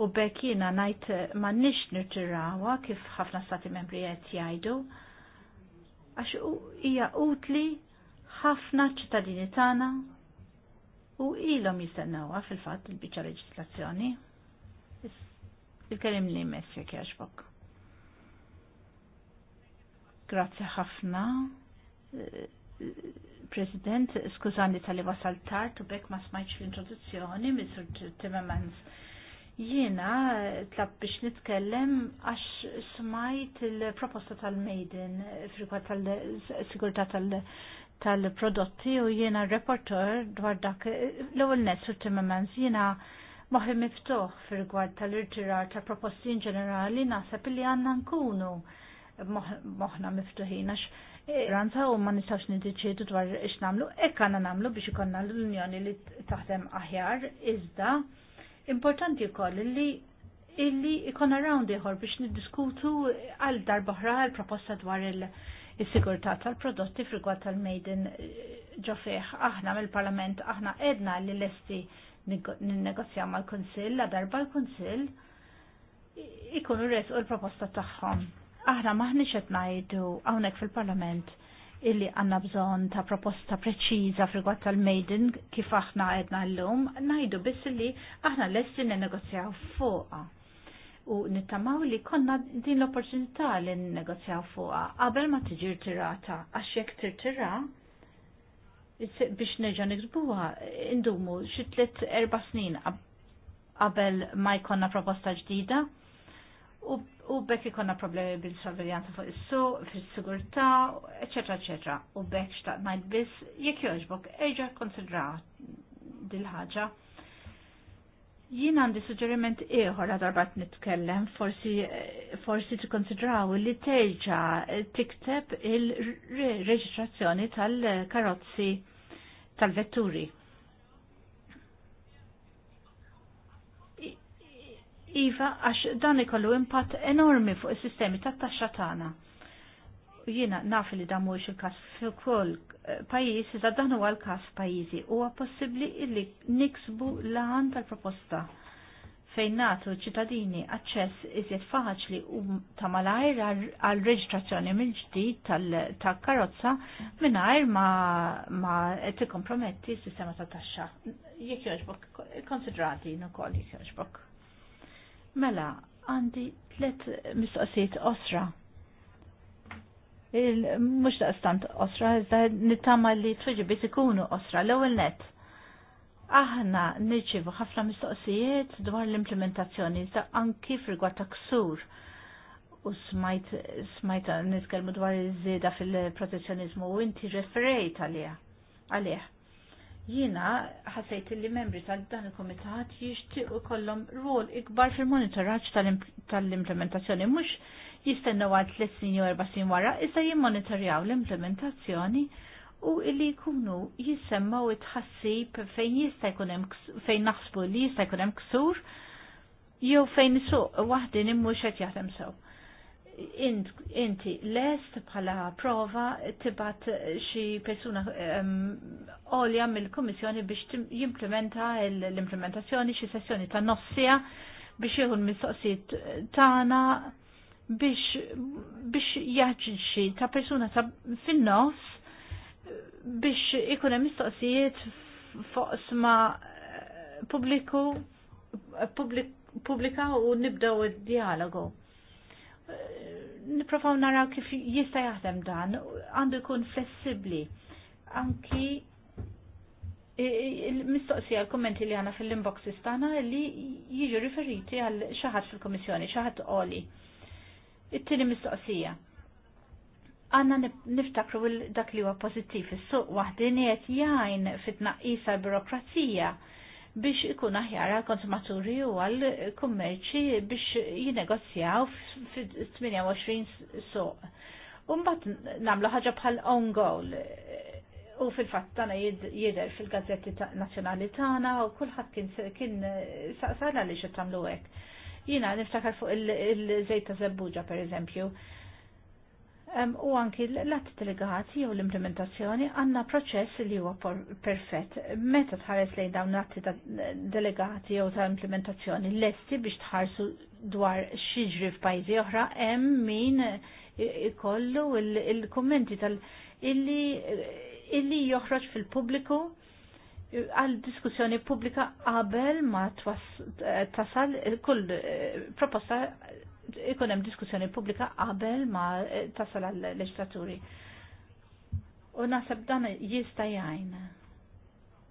u bekkina najt ma nix nirtirawa kif ħafna stati membri qed jgħidu għax ija utli ħafna ċittadini tagħna u ilhom jistennawa fil-fatt il-biċċa leġislazzjoni. Il-kelim li messi jaxbok. Grazie ħafna. President, skużani tal-li wasal tard u bekk ma smajċ l-introduzzjoni, Mr. Timmermans. Jiena tlab biex nitkellem għax smajt il-proposta tal-Maiden frikwa tal-sigurta tal-prodotti u jiena reporter dwar dak l-ewwel net sur Timmermans jiena moħi miftuħ fil-gwad tal irġirar ta' proposti ġenerali naħseb li għanna nkunu moħna miftuħin għax eh, ranza u ma nistax nidiċedu dwar ix namlu, Ekk għanna namlu biex ikonna l-Unjoni li taħdem aħjar, iżda importanti wkoll li illi ikonna round ieħor biex niddiskutu għal darbohra għal proposta dwar il-sigurtà tal-prodotti fil-gwad tal maiden ġofieħ eh, Aħna mill-Parlament aħna edna li l-esti ninnegozjaw mal-Kunsill, la darba l-Kunsill ikunu resqu l-proposta tagħhom. Aħna maħniex qed ngħidu hawnhekk fil-Parlament illi għanna bżon ta' proposta preċiża frigwat tal-Maiden kif aħna għedna l-lum, najdu biss li aħna l-essi ninnegozjaw fuqa. U nittamaw li konna din l-opportunità li ninnegozjaw fuqa qabel ma tiġi tirata, għax jekk tirtira biex neġa nikbuha indumu xi tliet erba' snin qabel ma jkollna proposta ġdida u bekk ikonna problemi bil-sorveljanza fuq is-su, fis-sigurtà, eċetera, eċetera. U bekk xtaqt ngħid biss jekk jogħġbok eġa' konsidra dil-ħaġa Jien għandi suġġeriment ieħor għad nitkellem, forsi eh, forsi tikkonsidraw li terġa tikteb il-reġistrazzjoni tal-karozzi tal-vetturi. Iva, għax dan ikollu impatt enormi fuq is-sistemi tat-taxxa tagħna. Jiena naf li dan mhuwiex il-każ fuq pajis, iżda dan huwa l-każ pajjiżi, huwa possibbli illi niksbu l-għan tal-proposta fejn natu ċittadini aċċess iżjed faċli u ta' malajr għal reġistrazzjoni mill-ġdid tal-karozza mingħajr ma, ma tikkomprometti s-sistema ta' taxxa. Jekk jogħġbok, konsidrati nukoll jekk jogħġbok. Mela, għandi tliet mistoqsijiet osra mux daqstant osra, iżda nittama li tweġibit ikunu osra, l ewwel net. Aħna nirċivu ħafna mistoqsijiet dwar l-implementazzjoni, iżda anki frigwa ta' ksur. U smajt, smajt nitkelmu dwar iż-żieda fil-protezzjonizmu u inti referejt għalija. Għalija. Jina ħasajt li membri tal-dan il-komitat jixtiequ kollom rwol ikbar fil-monitoraġġ tal-implementazzjoni, mhux jistennew għal 3 snin jew 4 snin wara, issa jimmonitorjaw l-implementazzjoni u illi jkunu jissemmaw it-ħassib fejn jista' jkun hemm fejn naħsbu li jista' jkun hemm ksur jew fejn suq waħdin mhux qed jaħdem sew. Inti lest bħala prova tibat xi persuna ehm, għolja mill-Kummissjoni biex jimplementa l-implementazzjoni xi sessjoni ta' nofsija biex jieħu l-mistoqsijiet tagħna biex biex jaġġi ta' persuna ta' fin-nofs biex ikun hemm mistoqsijiet fuq sma eh, pubbliku eh, pubblika u nibdew id-dialogu. Eh, niprofaw naraw kif jista' jaħdem dan, għandu jkun flessibbli. Anki il-mistoqsija l-kommenti li għana fil-inbox istana li jiġu riferiti għal xaħat fil-komissjoni, xaħat oli. It-tieni mistoqsija. Għanna niftakru dak li huwa pożittiv is-suq waħdin qed jgħin fit-tnaqqis għall-birokrazija biex ikun aħjar għal konsumaturi u għal kummerċi biex jinegozjaw fit 28 suq. Umbat namlu ħagġa bħal own goal u fil-fatt tana jider fil-gazzetti nazjonali tana u kullħat kien saqsala li xe tamlu għek. Jina niftakar fuq il-żejt ta' zebbuġa per eżempju. U anki l-att delegati jew l-implementazzjoni għanna proċess li huwa perfett. Meta tħares lejn dawn l-atti ta' delegati jew ta' implementazzjoni lesti biex tħarsu dwar xiġri f'pajjiżi oħra hemm min ikollu il-kummenti tal- illi joħroġ fil-pubbliku għal diskussjoni pubblika qabel ma tasal kull proposta ikun hemm diskussjoni pubblika qabel ma tasal għal leġislaturi. U naħseb dan jista' jgħin.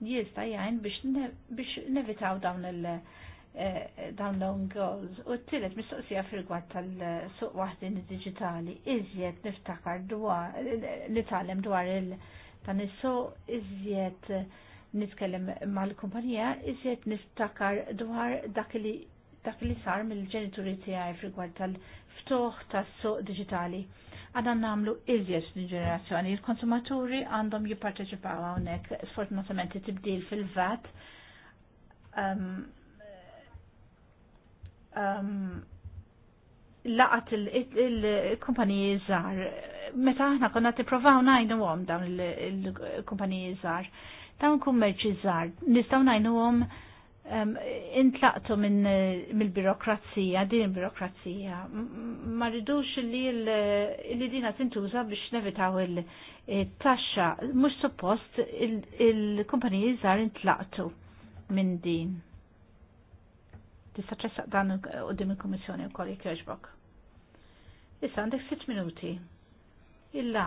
Jista' jgħin biex nevitaw dawn il- eh, dawn goals. U t-tillet mistoqsija fil-gwad tal-suq waħdin digitali iżjed niftakar dwar, nitalem dwar il- dan is-suq iżjed nitkellem mal-kumpanija iżjed nistakar dwar dak li dak li sar mill-ġenituri tiegħi rigward tal-ftuħ tas-suq diġitali. Għadna namlu iżjed minn ġenerazzjoni. Il-konsumaturi għandhom jipparteċipaw hawnhekk sfortunatament tibdil fil-VAT um, um, laqat il-kumpaniji żgħar. Meta aħna konna tipprovaw ngħidu għom dawn il-kumpaniji il żgħar dawn kummerċi żgħar nistgħu ngħinuhom um, intlaqtu minn mill-birokrazija, din il-birokrazija. Ma rridux li li dina tintuża biex nevitaw il-taxxa. Mhux suppost il-kumpaniji żgħar intlaqtu minn din. Tista' tressaq dan qudiem il-Kummissjoni wkoll kolli kħeġbok. Issa għandek 6 minuti. Illa.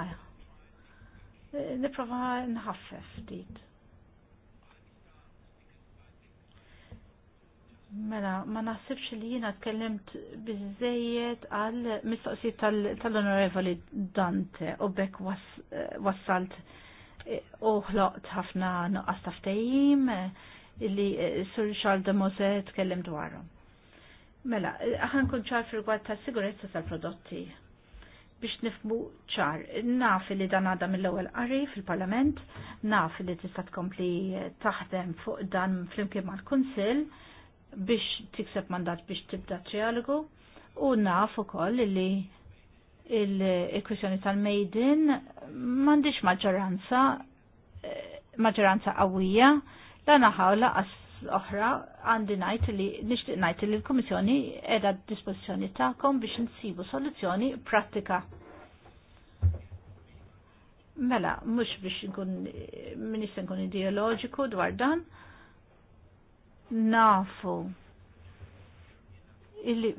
Eh, niprofa nħaffef dit. Mela, ma naħsibx li jina tkellimt bizzejiet għal mistoqsijiet tal-onorevoli Dante u bekk wassalt e, uħloqt ħafna nuqqas taftajim illi e, e, Sur Charles de Mose tkellim dwarhom. Mela, ħan kun ċar fil ta' sigurezza tal-prodotti biex nifmu ċar. Naf li dan għadha mill-ewwel qari fil-Parlament, naf li tista' tkompli taħdem fuq dan flimkien mal-Kunsill, biex tikseb mandat biex tibda trialogu u naf ukoll li il kwissjoni tal-Mejdin mandiċ maġġoranza eh, maġġoranza qawwija dan ħawla qas oħra għandi ngħid li nixtieq ngħid li l-Kummissjoni qiegħda d-dispożizzjoni tagħkom biex insibu soluzzjoni prattika. Mela, mhux biex nkun minister nkun ideoloġiku dwar dan, nafu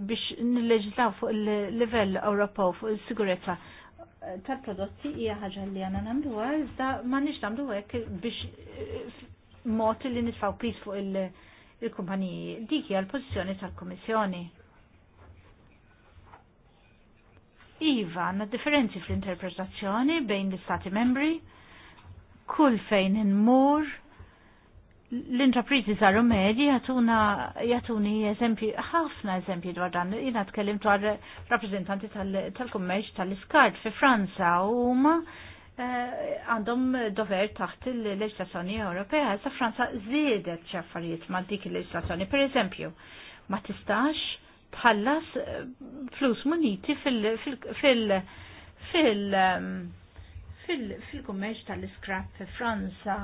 biex nilleġislaw fuq il-livell Ewropew fuq il-sigurezza tal-prodotti hija ħaġa li għana nagħmluha iżda nix nagħmlu hekk biex eh, mot li nitfgħu pis fuq il-kumpaniji. Dik hija l-pożizzjoni tal-Kummissjoni. Iva, għandna differenzi fl-interpretazzjoni bejn l-Istati membri, kull fejn in-mur, l-intraprizi saru medji jatuna jatuni eżempji, ħafna eżempji dwar dan, jina tkellim dwar rappresentanti tal-kummerċ tal-iskart fi Franza u ma eh, għandhom dover taħt il-leġislazzjoni Ewropea. Sa Franza xi affarijiet ma dik il-leġislazzjoni. Per eżempju, ma tistax tħallas eh, flus muniti fil-, fil, fil, fil, fil fil-kummerċ tal-scrap fi Franza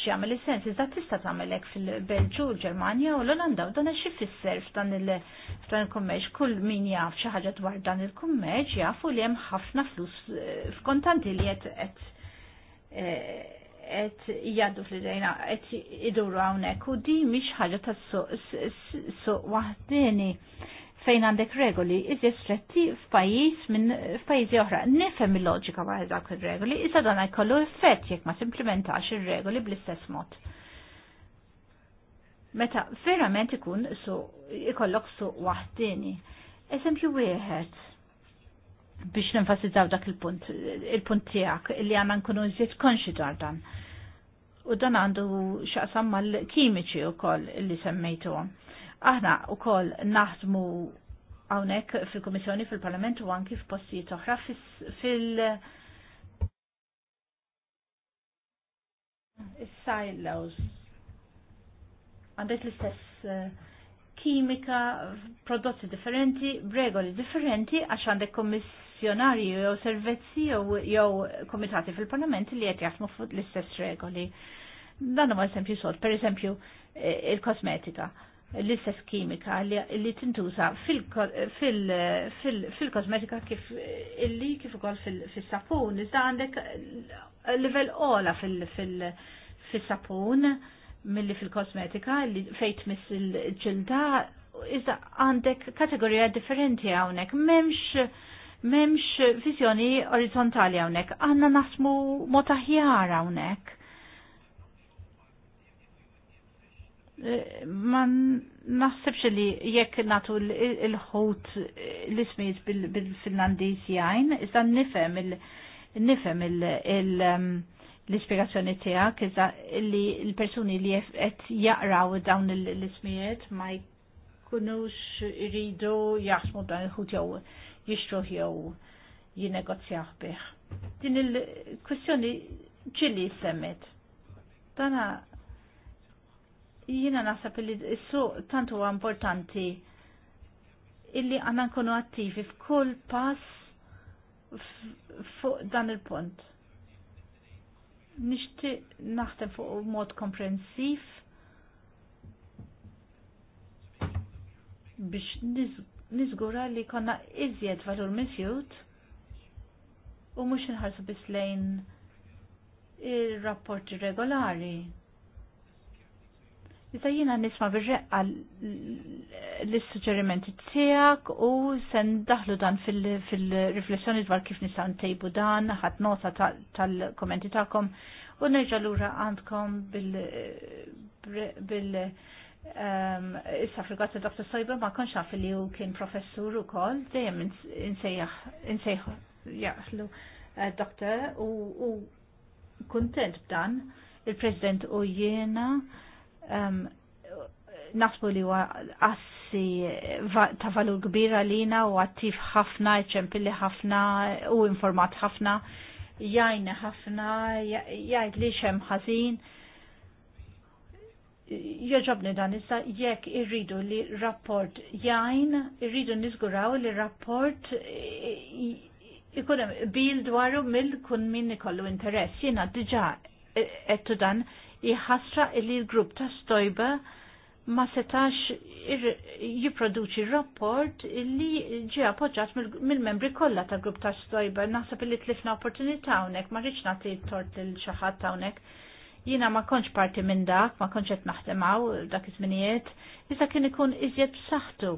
xi jagħmel sens iżda tista' tagħmelek fil-Belġu, Germania u l-Olanda u dan xi fisser f'dan il-kummerċ. Kull min jaf xi ħaġa dwar dan il-kummerċ jafu li hemm ħafna flus eh, f'kontanti li qed qed eh, jaddu fil-dajna, qed iduru hawnhekk u di mhix ħaġa tas-suq waħdini fejn għandek regoli iżjed stretti f'pajjiż minn f'pajjiżi oħra. Nifhem il-loġika wara dak ir-regoli, iżda dan jkollu effett jekk ma timplementax ir-regoli bl-istess mod. Meta verament ikun su ikollok su waħdini. Eżempju wieħed biex nenfasizzaw dak il-punt il-punt tiegħek li għandna nkunu iżjed konxi dwar dan. U dan għandu xaqsam mal-kimiċi u koll li semmejtu Aħna u koll naħdmu għawnek fil-Komissjoni fil-Parlament u anki f'postijiet oħra fil- silos għandek l-istess eh, kimika, prodotti differenti, regoli differenti, għax għandek kommissjonari jew servizzi jew komitati fil-parlament li qed jaħdmu fuq l-istess regoli. Dan huwa eżempju sod, per eżempju eh, il-kosmetika. il kosmetika l-istess kimika li tintuża fil-kosmetika kif illi kif ukoll fil-sapun. Iżda għandek livell ola fil-sapun milli fil-kosmetika li fejt mis il-ġilda iżda għandek kategorija differenti hawnhekk. Memx memx viżjoni orizzontali hawnhekk. Għandna nasmu mod aħjar hawnhekk ma naħsebx li jekk natu il-ħut l-ismijiet bil-Finlandiż jajn, iżda nifhem nifhem l ispirazzjoni um, tiegħek iżda li l-persuni li qed jaqraw dawn l-ismijiet ma jkunux iridu jaħsmu dan il-ħut jew jixtruh jew jinegozzjaħ bih. Din il-kwistjoni ċilli semmet. Dana Jiena naħseb li s-suq tant huwa importanti illi għanna nkunu attivi f'kull pass fuq dan il-punt. Nishti naħtem fuq mod komprensif biex nizgura li konna iżjed valur misjut u mux nħarsu bislejn il-rapporti regolari Iżda nisma' bir-reqqa l-suġġerimenti tiegħek u se ndaħlu dan fil-riflessjoni dwar kif nisan ntejbu dan, ħat nota tal-kommenti tagħkom u nerġa' lura għandkom bil ehm, Issa fil għat ta' Dr. Sojba, ma konx għaf li hu kien professur ukoll dejjem insejħu jaħlu eh, doktor u kuntent b'dan il-President u jiena naħsbu li huwa assi ta' valur kbira lina u attiv ħafna, ċempilli ħafna u informat ħafna, jajna ħafna, jajt li xem ħażin. Joġobni dan issa jekk irridu li rapport jajn, irridu nizguraw li rapport ikun bil dwaru mill kun minn ikollu interess. Jiena diġa ettu dan jħasra li l-grupp ta' stojba ma setax jiproduċi rapport li ġi appoġġat mill-membri kollha ta' grupp ta' stojba. Naħseb li tlifna opportunità hawnhekk ma rridx nagħti tort lil xi ħadd hawnhekk jina ma konċ parti minn dak, ma konċ qed naħdemaw dak iż-żminijiet, iżda kien ikun iżjed b'saħħtu.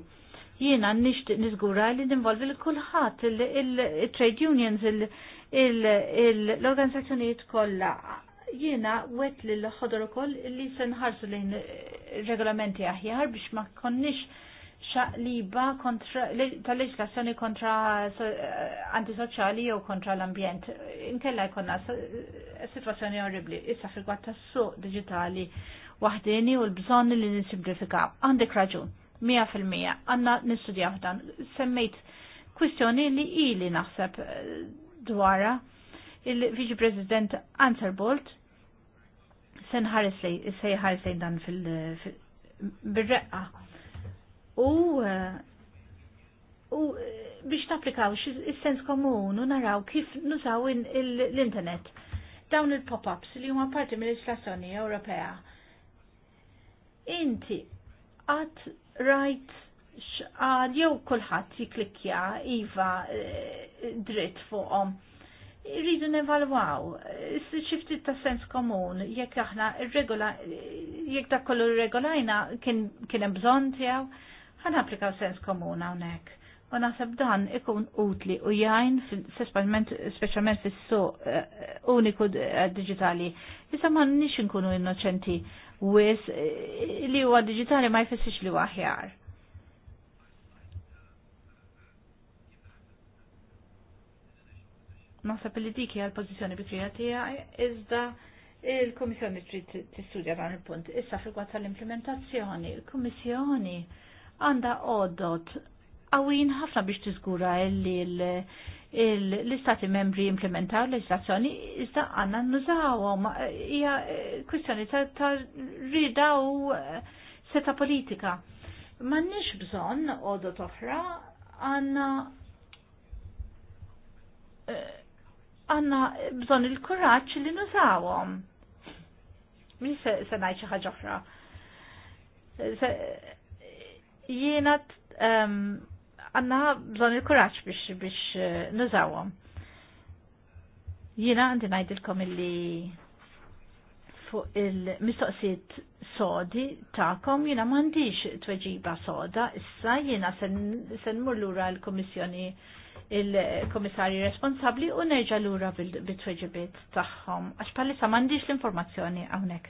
Jiena nixtieq niżgura li ninvolvi l kulħadd il-trade unions, l-organizzazzjonijiet kollha jiena wet li l-ħodor ukoll li se nħarsu lejn regolamenti aħjar biex ma konniex xaqliba kontra tal-leġlazzjoni kontra eh, antisoċjali jew kontra l-ambjent. Inkella jkollna eh, situazzjoni orribli. Issa fil-gwatt tas-suq wahdini u l bżonni li nisimplifikaw. Għandek raġun, 100% għanna nistudjaw dan. Semmejt kwistjoni li ili naħseb eh, dwara il-Viġi President Bolt, se nħares lej, se jħares lejn dan fil, bil-reqqa. U, eh, u eh, biex naplikaw il-sens komun u naraw kif nużaw l-internet. Dawn il-pop-ups li huma parti mill-legislazzjoni Ewropea. Inti għat rajt xqal jew kulħadd jiklikja iva eh, dritt fuqhom. Um irridu nevalwaw, xifti ta' sens komun, jekk aħna regola, jekk ta' kollu regolajna kien hemm bżonn tiegħu, ħan applikaw sens komun hawnhekk. Ma naħseb dan ikun utli u jgħin, speċjalment fis su eh, uniku eh, digitali. Issa ma nix nkunu innoċenti wis eh, li huwa digitali ma jfissix li huwa aħjar Naħseb li dik hija l-pożizzjoni bikrija tiegħi iżda il-Kummissjoni trid tistudja dan il-punt. Issa frigwat tal-implementazzjoni, il-Kummissjoni għandha għodot għawin ħafna biex tiżgura li l-istati membri implementaw leġislazzjoni iżda għanna nużawhom hija kwistjoni ta' rida u seta' politika. M'għandniex bżonn għodot oħra għandna eh, għanna bżon il-kuraċ li nużawhom. Min se, se ngħid xi ħaġa oħra. Jiena għanna bżon il-kuraċ biex biex nużawhom. Jiena għandi ngħidilkom illi fuq il-mistoqsijiet sodi ta'kom jina mandiċ tweġiba soda, issa jina sen, sen l-Komissjoni il komissari responsabli u nerġa lura bil-tweġibiet tagħhom għax palissa m'għandix l-informazzjoni hawnhekk.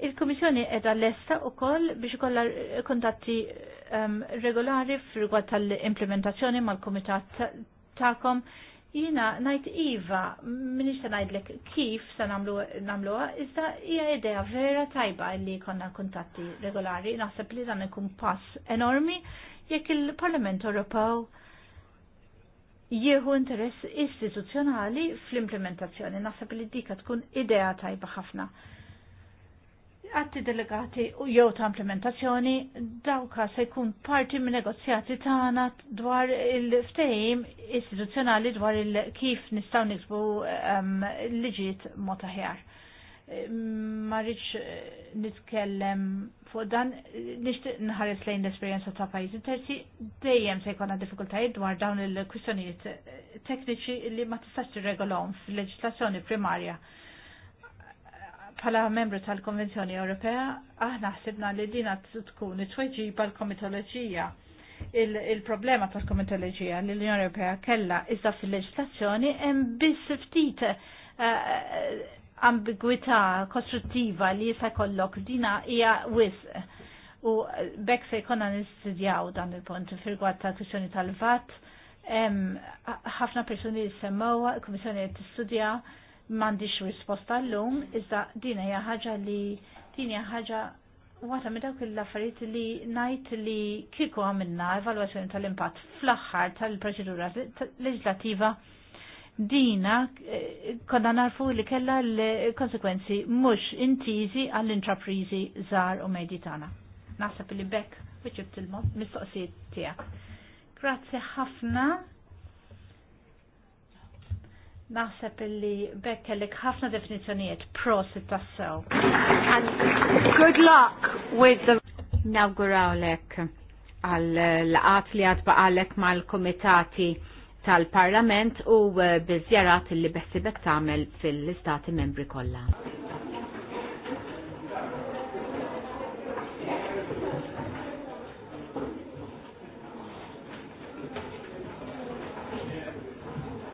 Il-Komissjoni edha l-esta u koll biex kolla kontatti um, ehm, regolari f'rigward tal-implementazzjoni mal-komitat taħkom. jina najt Iva, minix ta' najdlek kif sa' namluwa, iżda hija idea vera tajba li konna kontatti regolari, naħseb li dan ikun pass enormi jekk il-Parlament Ewropew jieħu interess istituzzjonali fl-implementazzjoni. Nasab li dika tkun idea tajba ħafna. Atti delegati u jew ta' implementazzjoni dawka se jkun parti minn negozjati tagħna dwar il-ftehim istituzzjonali dwar il kif nistgħu niksbu um, ehm, liġiet mod aħjar. Ma rridx nitkellem fuq dan nixtieq nħares lejn l-esperjenza ta' pajjiżi terzi dejjem se jkollna diffikultajiet dwar dawn il-kwistjonijiet eh, tekniċi li ma tistax tirregolhom fil-leġislazzjoni primarja. Bħala membru tal-Konvenzjoni Ewropea, aħna ħsibna li dina tkun it-tweġiba l-komitoloġija il-problema il tal-komitoloġija li l-Unjoni Ewropea kellha iżda fil-leġislazzjoni hemm biss ftit eh, eh, ambigwità kostruttiva li jisa kollok dina hija wisq. U bekk se jkonna nistudjaw dan il-punt fil-gwad ta' kwistjoni tal-vat. Ħafna persuni semmew, il-Kummissjoni qed tistudja m'għandix risposta llum, iżda din hija ħaġa li din hija ħaġa Wata minn dawk l-affarijiet li ngħid li kieku għamilna evalwazzjoni tal-impatt fl-aħħar tal-proċedura leġislativa ta dina eh, konna narfu li kella l-konsekwenzi mux intizi għall-intraprizi zar u meditana. Nasab li bekk uċibt il-mod mistoqsijiet tijak. Grazie ħafna. Naħseb li bekk kellek ħafna definizjonijiet prosit tassew. And good luck with the... lek għal laqat li għad baqalek mal-komitati tal-Parlament u eh, bizjarat li beħsibek tagħmel fil-Istati membri kollha.